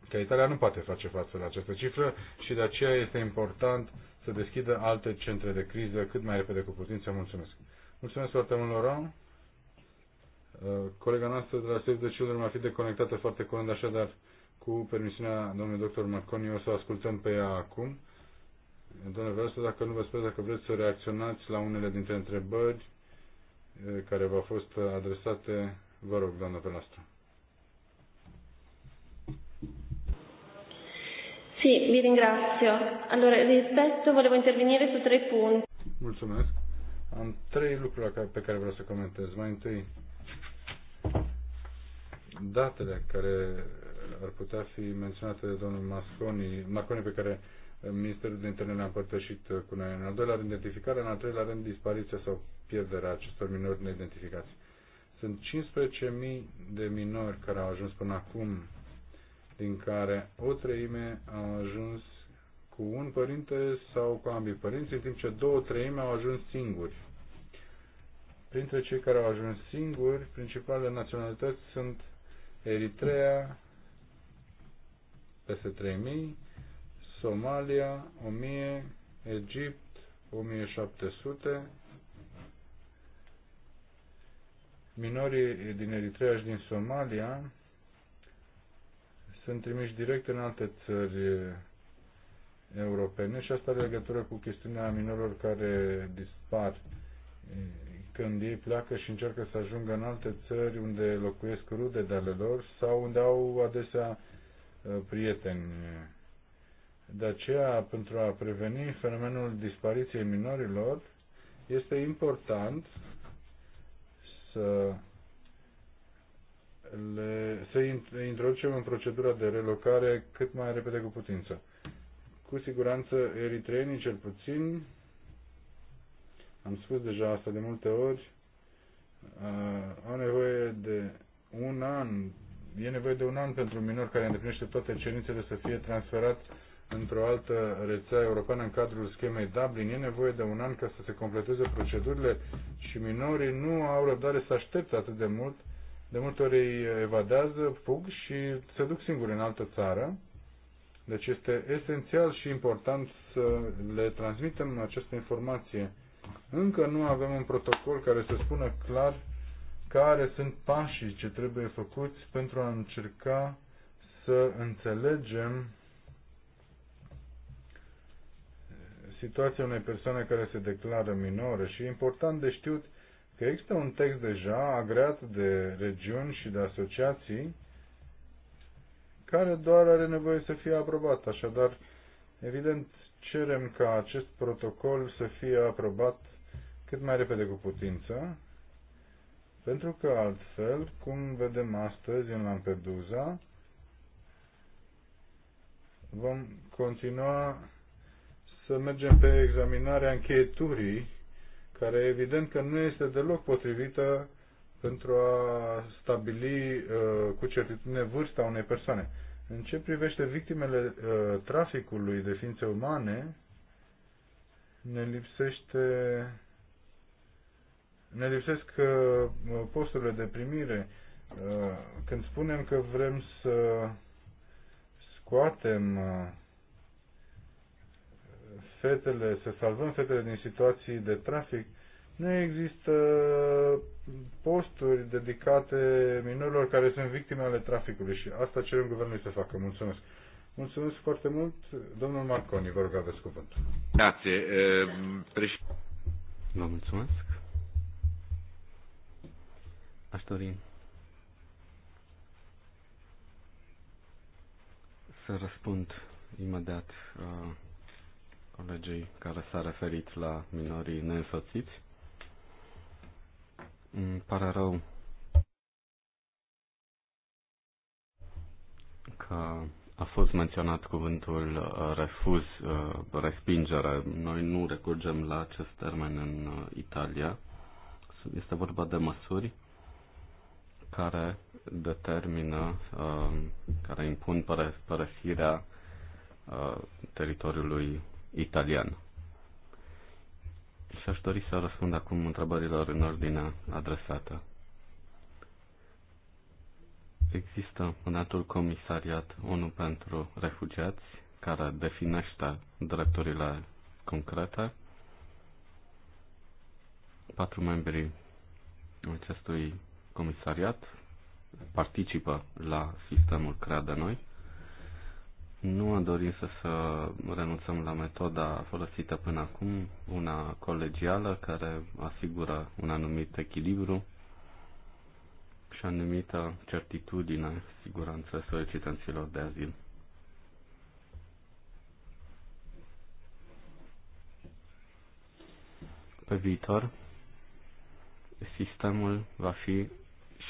Că Italia nu poate face față la această cifră și de aceea este important să deschidă alte centre de criză cât mai repede cu putință. Mulțumesc! Mulțumesc foarte mult, Laurent! Uh, colega noastră de la Save de Children va fi deconectată foarte curând, așadar, cu permisiunea domnului dr. Marconi, o să o ascultăm pe ea acum. Domnule Vreau dacă nu vă spun, dacă vreți să reacționați la unele dintre întrebări uh, care v-au fost adresate, vă rog, doamnă Pelastra. Sì, vi ringrazio. Allora, rispetto, volevo intervenire su tre punti. Mulțumesc. Am trei lucruri pe care vreau să comentez. Mai întâi, datele care ar putea fi menționate de domnul Masconi, Masconi pe care Ministerul de Interne le-a împărtășit cu noi. În al doilea rând, identificarea, în al treilea rând, dispariția sau pierderea acestor minori neidentificați. Sunt 15.000 de minori care au ajuns până acum din care o treime a ajuns cu un părinte sau cu ambii părinți, în timp ce două treime au ajuns singuri. Printre cei care au ajuns singuri, principalele naționalități sunt Eritrea, peste 3000, Somalia, 1000, Egipt, 1700, minorii din Eritrea și din Somalia sunt trimiși direct în alte țări europene și asta are legătură cu chestiunea minorilor care dispar când ei pleacă și încearcă să ajungă în alte țări unde locuiesc rude de ale lor sau unde au adesea ă, prieteni. De aceea, pentru a preveni fenomenul dispariției minorilor, este important să le, să introducem în procedura de relocare cât mai repede cu putință. Cu siguranță eritreenii cel puțin, am spus deja asta de multe ori, uh, au nevoie de un an, e nevoie de un an pentru un minor care îndeplinește toate cerințele să fie transferat într-o altă rețea europeană în cadrul schemei Dublin. E nevoie de un an ca să se completeze procedurile și minorii nu au răbdare să aștepte atât de mult uh, de multe ori îi evadează, fug și se duc singuri în altă țară. Deci este esențial și important să le transmitem această informație. Încă nu avem un protocol care să spună clar care sunt pașii ce trebuie făcuți pentru a încerca să înțelegem situația unei persoane care se declară minoră și e important de știut că există un text deja agreat de regiuni și de asociații care doar are nevoie să fie aprobat. Așadar, evident, cerem ca acest protocol să fie aprobat cât mai repede cu putință, pentru că altfel, cum vedem astăzi în Lampedusa, vom continua să mergem pe examinarea încheieturii care evident că nu este deloc potrivită pentru a stabili uh, cu certitudine vârsta unei persoane. În ce privește victimele uh, traficului de ființe umane, ne lipsește ne lipsesc uh, posturile de primire. Când spunem că vrem să scoatem fetele, să salvăm fetele din situații de trafic, nu există posturi dedicate minorilor care sunt victime ale traficului și asta cerem guvernului să facă. Mulțumesc. Mulțumesc foarte mult. Domnul Marconi, vă rog, aveți cuvântul. Grație. Eh, preș... Vă mulțumesc. Aș dori să răspund imediat uh, colegii care s-a referit la minorii neînsoțiți. Îmi pare rău că a fost menționat cuvântul uh, refuz, uh, respingere. Noi nu recurgem la acest termen în uh, Italia. Este vorba de măsuri care determină, care impun părăsirea teritoriului italian. Și aș dori să răspund acum întrebărilor în ordine adresată. Există în altul comisariat ONU pentru refugiați care definește drepturile concrete. Patru membri acestui comisariat participă la sistemul creat de noi nu am dorit să, să renunțăm la metoda folosită până acum, una colegială care asigură un anumit echilibru și anumită certitudine, siguranță solicitanților de azil. Pe viitor, sistemul va fi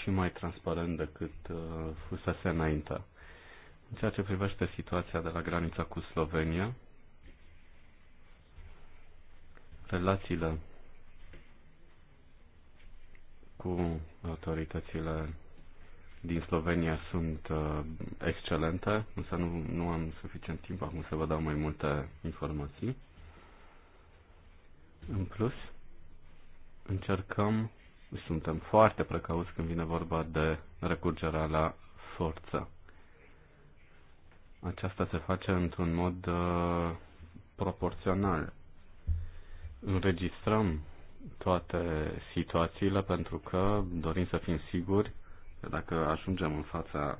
și mai transparent decât uh, fusese înainte în ceea ce privește situația de la granița cu Slovenia, relațiile cu autoritățile din Slovenia sunt uh, excelente, însă nu, nu am suficient timp acum să vă dau mai multe informații. În plus, încercăm, suntem foarte precauți când vine vorba de recurgerea la forță aceasta se face într-un mod uh, proporțional. Înregistrăm toate situațiile pentru că dorim să fim siguri că dacă ajungem în fața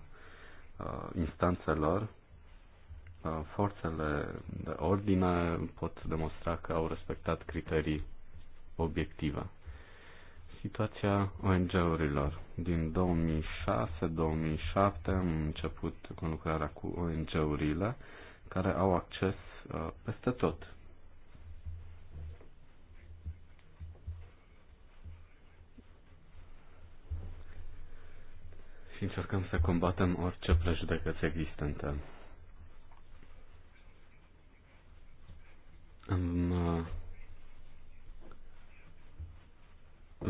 uh, instanțelor, uh, forțele de ordine pot demonstra că au respectat criterii obiective situația ONG-urilor. Din 2006-2007 am început cu lucrarea cu ONG-urile care au acces uh, peste tot. Și încercăm să combatem orice prejudecăți existente. Am uh,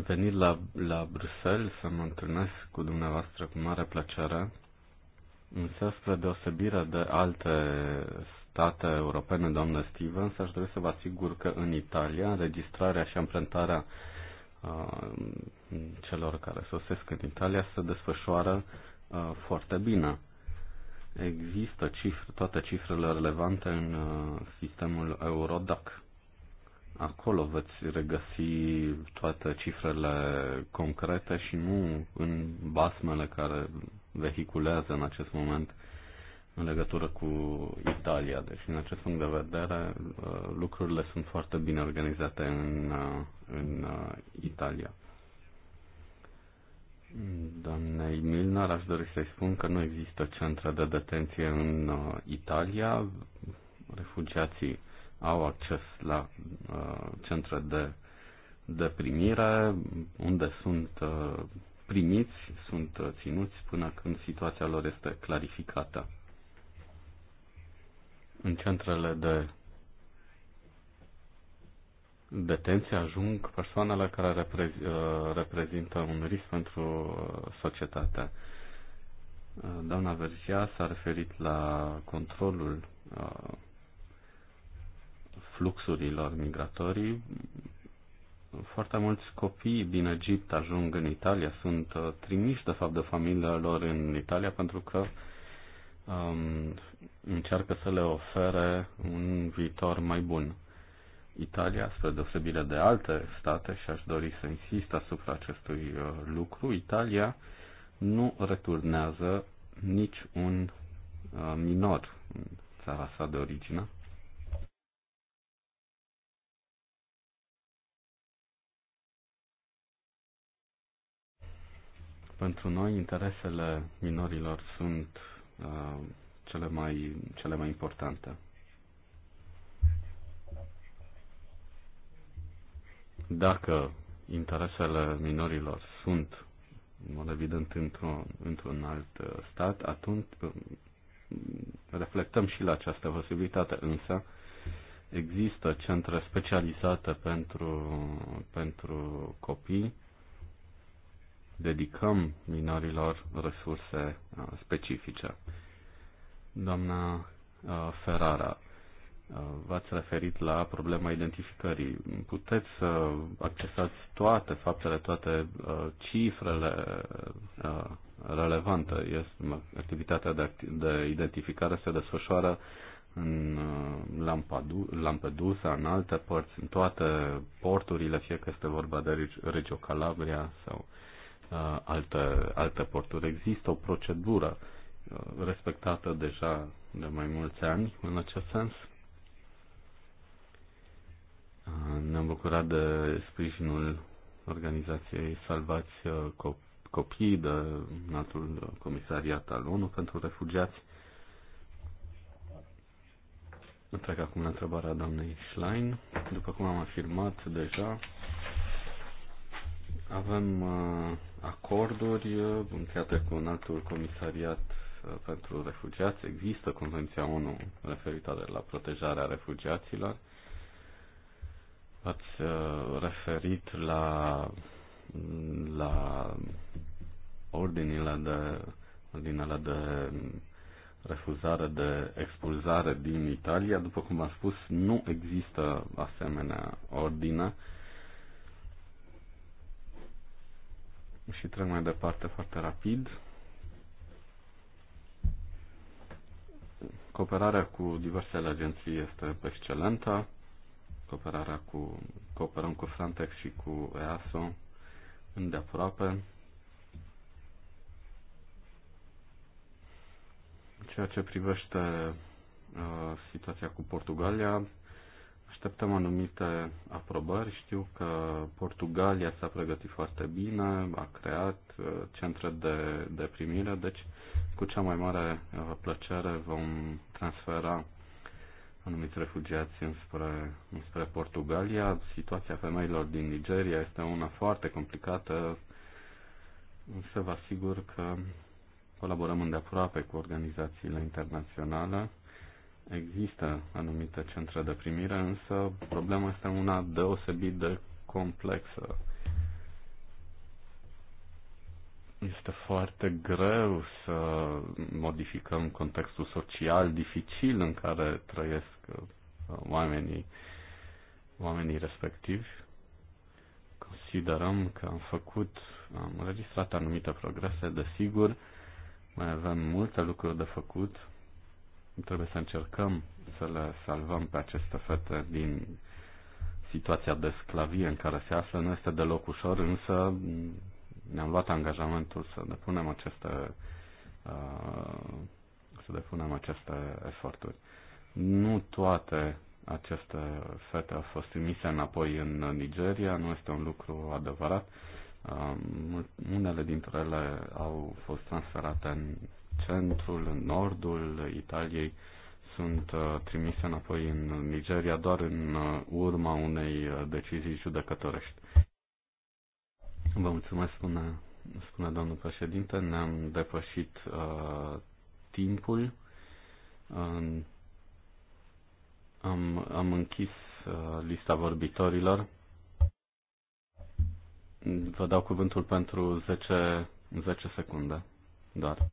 venit la, la Bruxelles să mă întâlnesc cu dumneavoastră cu mare plăcere, însă spre deosebire de alte state europene, doamnă Stevens, aș dori să vă asigur că în Italia înregistrarea și amprentarea uh, celor care sosesc în Italia se desfășoară uh, foarte bine. Există cifre, toate cifrele relevante în uh, sistemul Eurodac. Acolo veți regăsi toate cifrele concrete și nu în basmele care vehiculează în acest moment în legătură cu Italia. Deci, în acest punct de vedere, uh, lucrurile sunt foarte bine organizate în, uh, în uh, Italia. Doamnei Milnar, aș dori să-i spun că nu există centre de detenție în Italia. Refugiații au acces la uh, centre de, de primire, unde sunt uh, primiți, sunt uh, ținuți până când situația lor este clarificată. În centrele de detenție ajung persoanele care uh, reprezintă un risc pentru uh, societate. Uh, doamna Versia s-a referit la controlul fluxurilor migratorii, foarte mulți copii din Egipt ajung în Italia, sunt uh, trimiși de fapt de familia lor în Italia pentru că um, încearcă să le ofere un viitor mai bun. Italia, spre deosebire de alte state, și aș dori să insist asupra acestui uh, lucru, Italia nu returnează nici un uh, minor în țara sa de origine. Pentru noi, interesele minorilor sunt uh, cele, mai, cele mai importante. Dacă interesele minorilor sunt, în mod evident, într-un, într-un alt uh, stat, atunci uh, reflectăm și la această posibilitate, însă există centre specializate pentru, pentru copii dedicăm minorilor resurse uh, specifice. Doamna uh, Ferrara, uh, v-ați referit la problema identificării. Puteți să accesați toate faptele, toate cifrele relevante. Este, activitatea de, identificare se desfășoară în Lampedusa, în alte părți, în toate porturile, fie că este vorba de regio Calabria sau uh, alte, alte porturi. Există o procedură uh, respectată deja de mai mulți ani în acest sens. Uh, ne-am bucurat de sprijinul organizației Salvați uh, Copii, de Natul Comisariat al ONU pentru Refugiați. Întreg acum la întrebarea doamnei Schlein. După cum am afirmat deja, avem uh, acorduri încheiate uh, cu un altul comisariat uh, pentru refugiați. Există Convenția ONU referitoare la protejarea refugiaților. Ați referit la, la ordinile de, ordinele de refuzare de expulzare din Italia. După cum am spus, nu există asemenea ordine. Uh, și trec mai departe foarte rapid. Cooperarea cu diversele agenții este excelentă. Cooperarea cu, cooperăm cu Frontex și cu EASO îndeaproape. Ceea ce privește uh, situația cu Portugalia, Așteptăm anumite aprobări. Știu că Portugalia s-a pregătit foarte bine, a creat uh, centre de, de primire, deci cu cea mai mare uh, plăcere vom transfera anumiți refugiați înspre, înspre Portugalia. Situația femeilor din Nigeria este una foarte complicată, însă vă asigur că colaborăm îndeaproape cu organizațiile internaționale Există anumite centre de primire, însă problema este una deosebit de complexă. Este foarte greu să modificăm contextul social dificil în care trăiesc uh, oamenii, oamenii respectivi. Considerăm că am făcut, am înregistrat anumite progrese, desigur, mai avem multe lucruri de făcut, trebuie să încercăm să le salvăm pe aceste fete din situația de sclavie în care se află. Nu este deloc ușor, însă ne-am luat angajamentul să depunem aceste uh, să depunem aceste eforturi. Nu toate aceste fete au fost trimise înapoi în Nigeria, nu este un lucru adevărat. Uh, unele dintre ele au fost transferate în centrul, în nordul Italiei sunt uh, trimise înapoi în Nigeria doar în uh, urma unei uh, decizii judecătorești. Vă mulțumesc, spune, spune domnul președinte. Ne-am depășit uh, timpul. Uh, am, am închis uh, lista vorbitorilor. Vă dau cuvântul pentru 10, 10 secunde doar.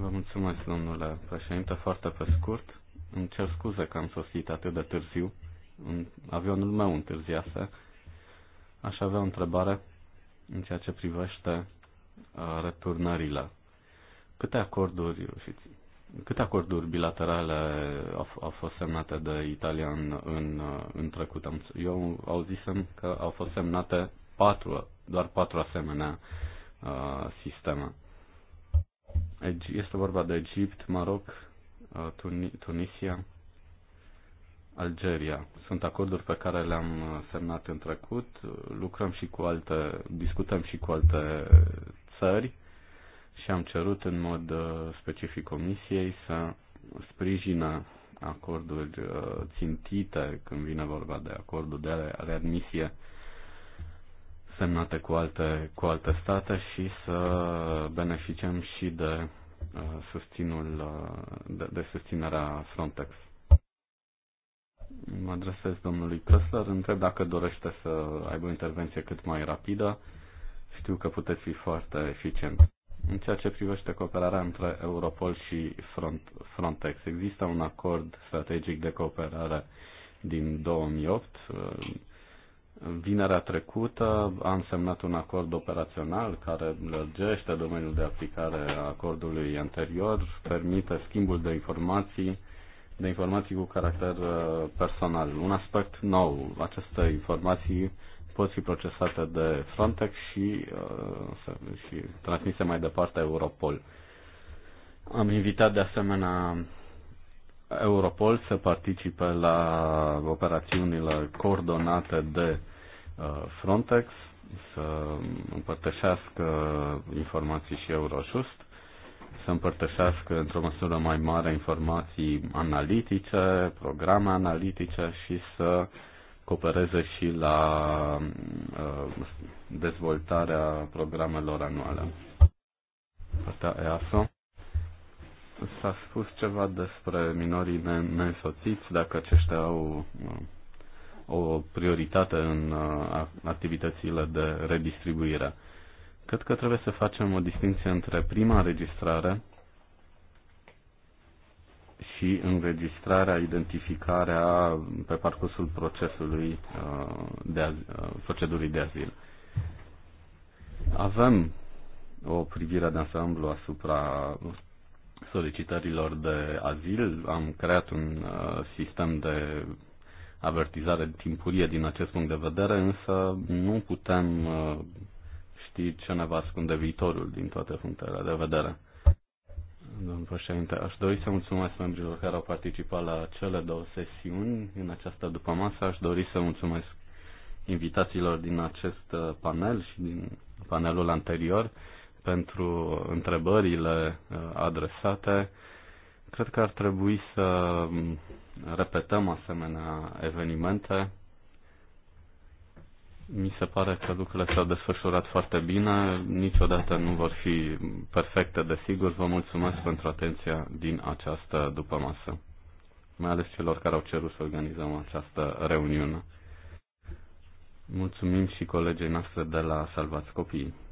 Vă mulțumesc, domnule președinte, foarte pe scurt. Îmi cer scuze că am sosit atât de târziu. Avionul meu întârziase. Aș avea o întrebare în ceea ce privește uh, returnările. Câte acorduri câte acorduri bilaterale au, au fost semnate de Italia în, în, uh, în trecut? Eu auzisem că au fost semnate patru, doar patru asemenea uh, sisteme. Este vorba de Egipt, Maroc, uh, Tunisia, Algeria. Sunt acorduri pe care le-am uh, semnat în trecut, lucrăm și cu alte, discutăm și cu alte țări și am cerut în mod uh, specific Comisiei să sprijină acorduri țintite când vine vorba de acordul de readmisie semnate cu alte, cu alte state și să beneficiem și de uh, susținul, uh, de, de susținerea Frontex. Mă adresez domnului Kessler, întreb dacă dorește să aibă o intervenție cât mai rapidă. Știu că puteți fi foarte eficient. În ceea ce privește cooperarea între Europol și Front, Frontex, există un acord strategic de cooperare din 2008 Vinerea trecută am semnat un acord operațional care lărgește domeniul de aplicare a acordului anterior, permite schimbul de informații, de informații cu caracter uh, personal. Un aspect nou, aceste informații pot fi procesate de Frontex și, uh, și transmise mai departe Europol. Am invitat de asemenea Europol să participe la operațiunile coordonate de uh, Frontex, să împărtășească informații și Eurojust, să împărtășească într-o măsură mai mare informații analitice, programe analitice și să coopereze și la uh, dezvoltarea programelor anuale. Partea EASO. S-a spus ceva despre minorii neînsoțiți, dacă aceștia uh, au o prioritate în uh, activitățile de redistribuire. Cred că trebuie să facem o distinție între prima înregistrare și înregistrarea, identificarea pe parcursul procesului uh, de, procedurii de azil. Avem o privire de ansamblu asupra solicitărilor de azil. Am creat un uh, sistem de avertizare timpurie din acest punct de vedere, însă nu putem uh, ști ce ne va ascunde viitorul din toate punctele de vedere. Domnul președinte, aș dori să mulțumesc membrilor care au participat la cele două sesiuni în această dupămasă. Aș dori să mulțumesc invitațiilor din acest uh, panel și din panelul anterior pentru întrebările uh, adresate. Cred că ar trebui să um, repetăm asemenea evenimente. Mi se pare că lucrurile s-au desfășurat foarte bine, niciodată nu vor fi perfecte, desigur. Vă mulțumesc pentru atenția din această dupămasă, masă, mai ales celor care au cerut să organizăm această reuniune. Mulțumim și colegii noastre de la Salvați Copiii.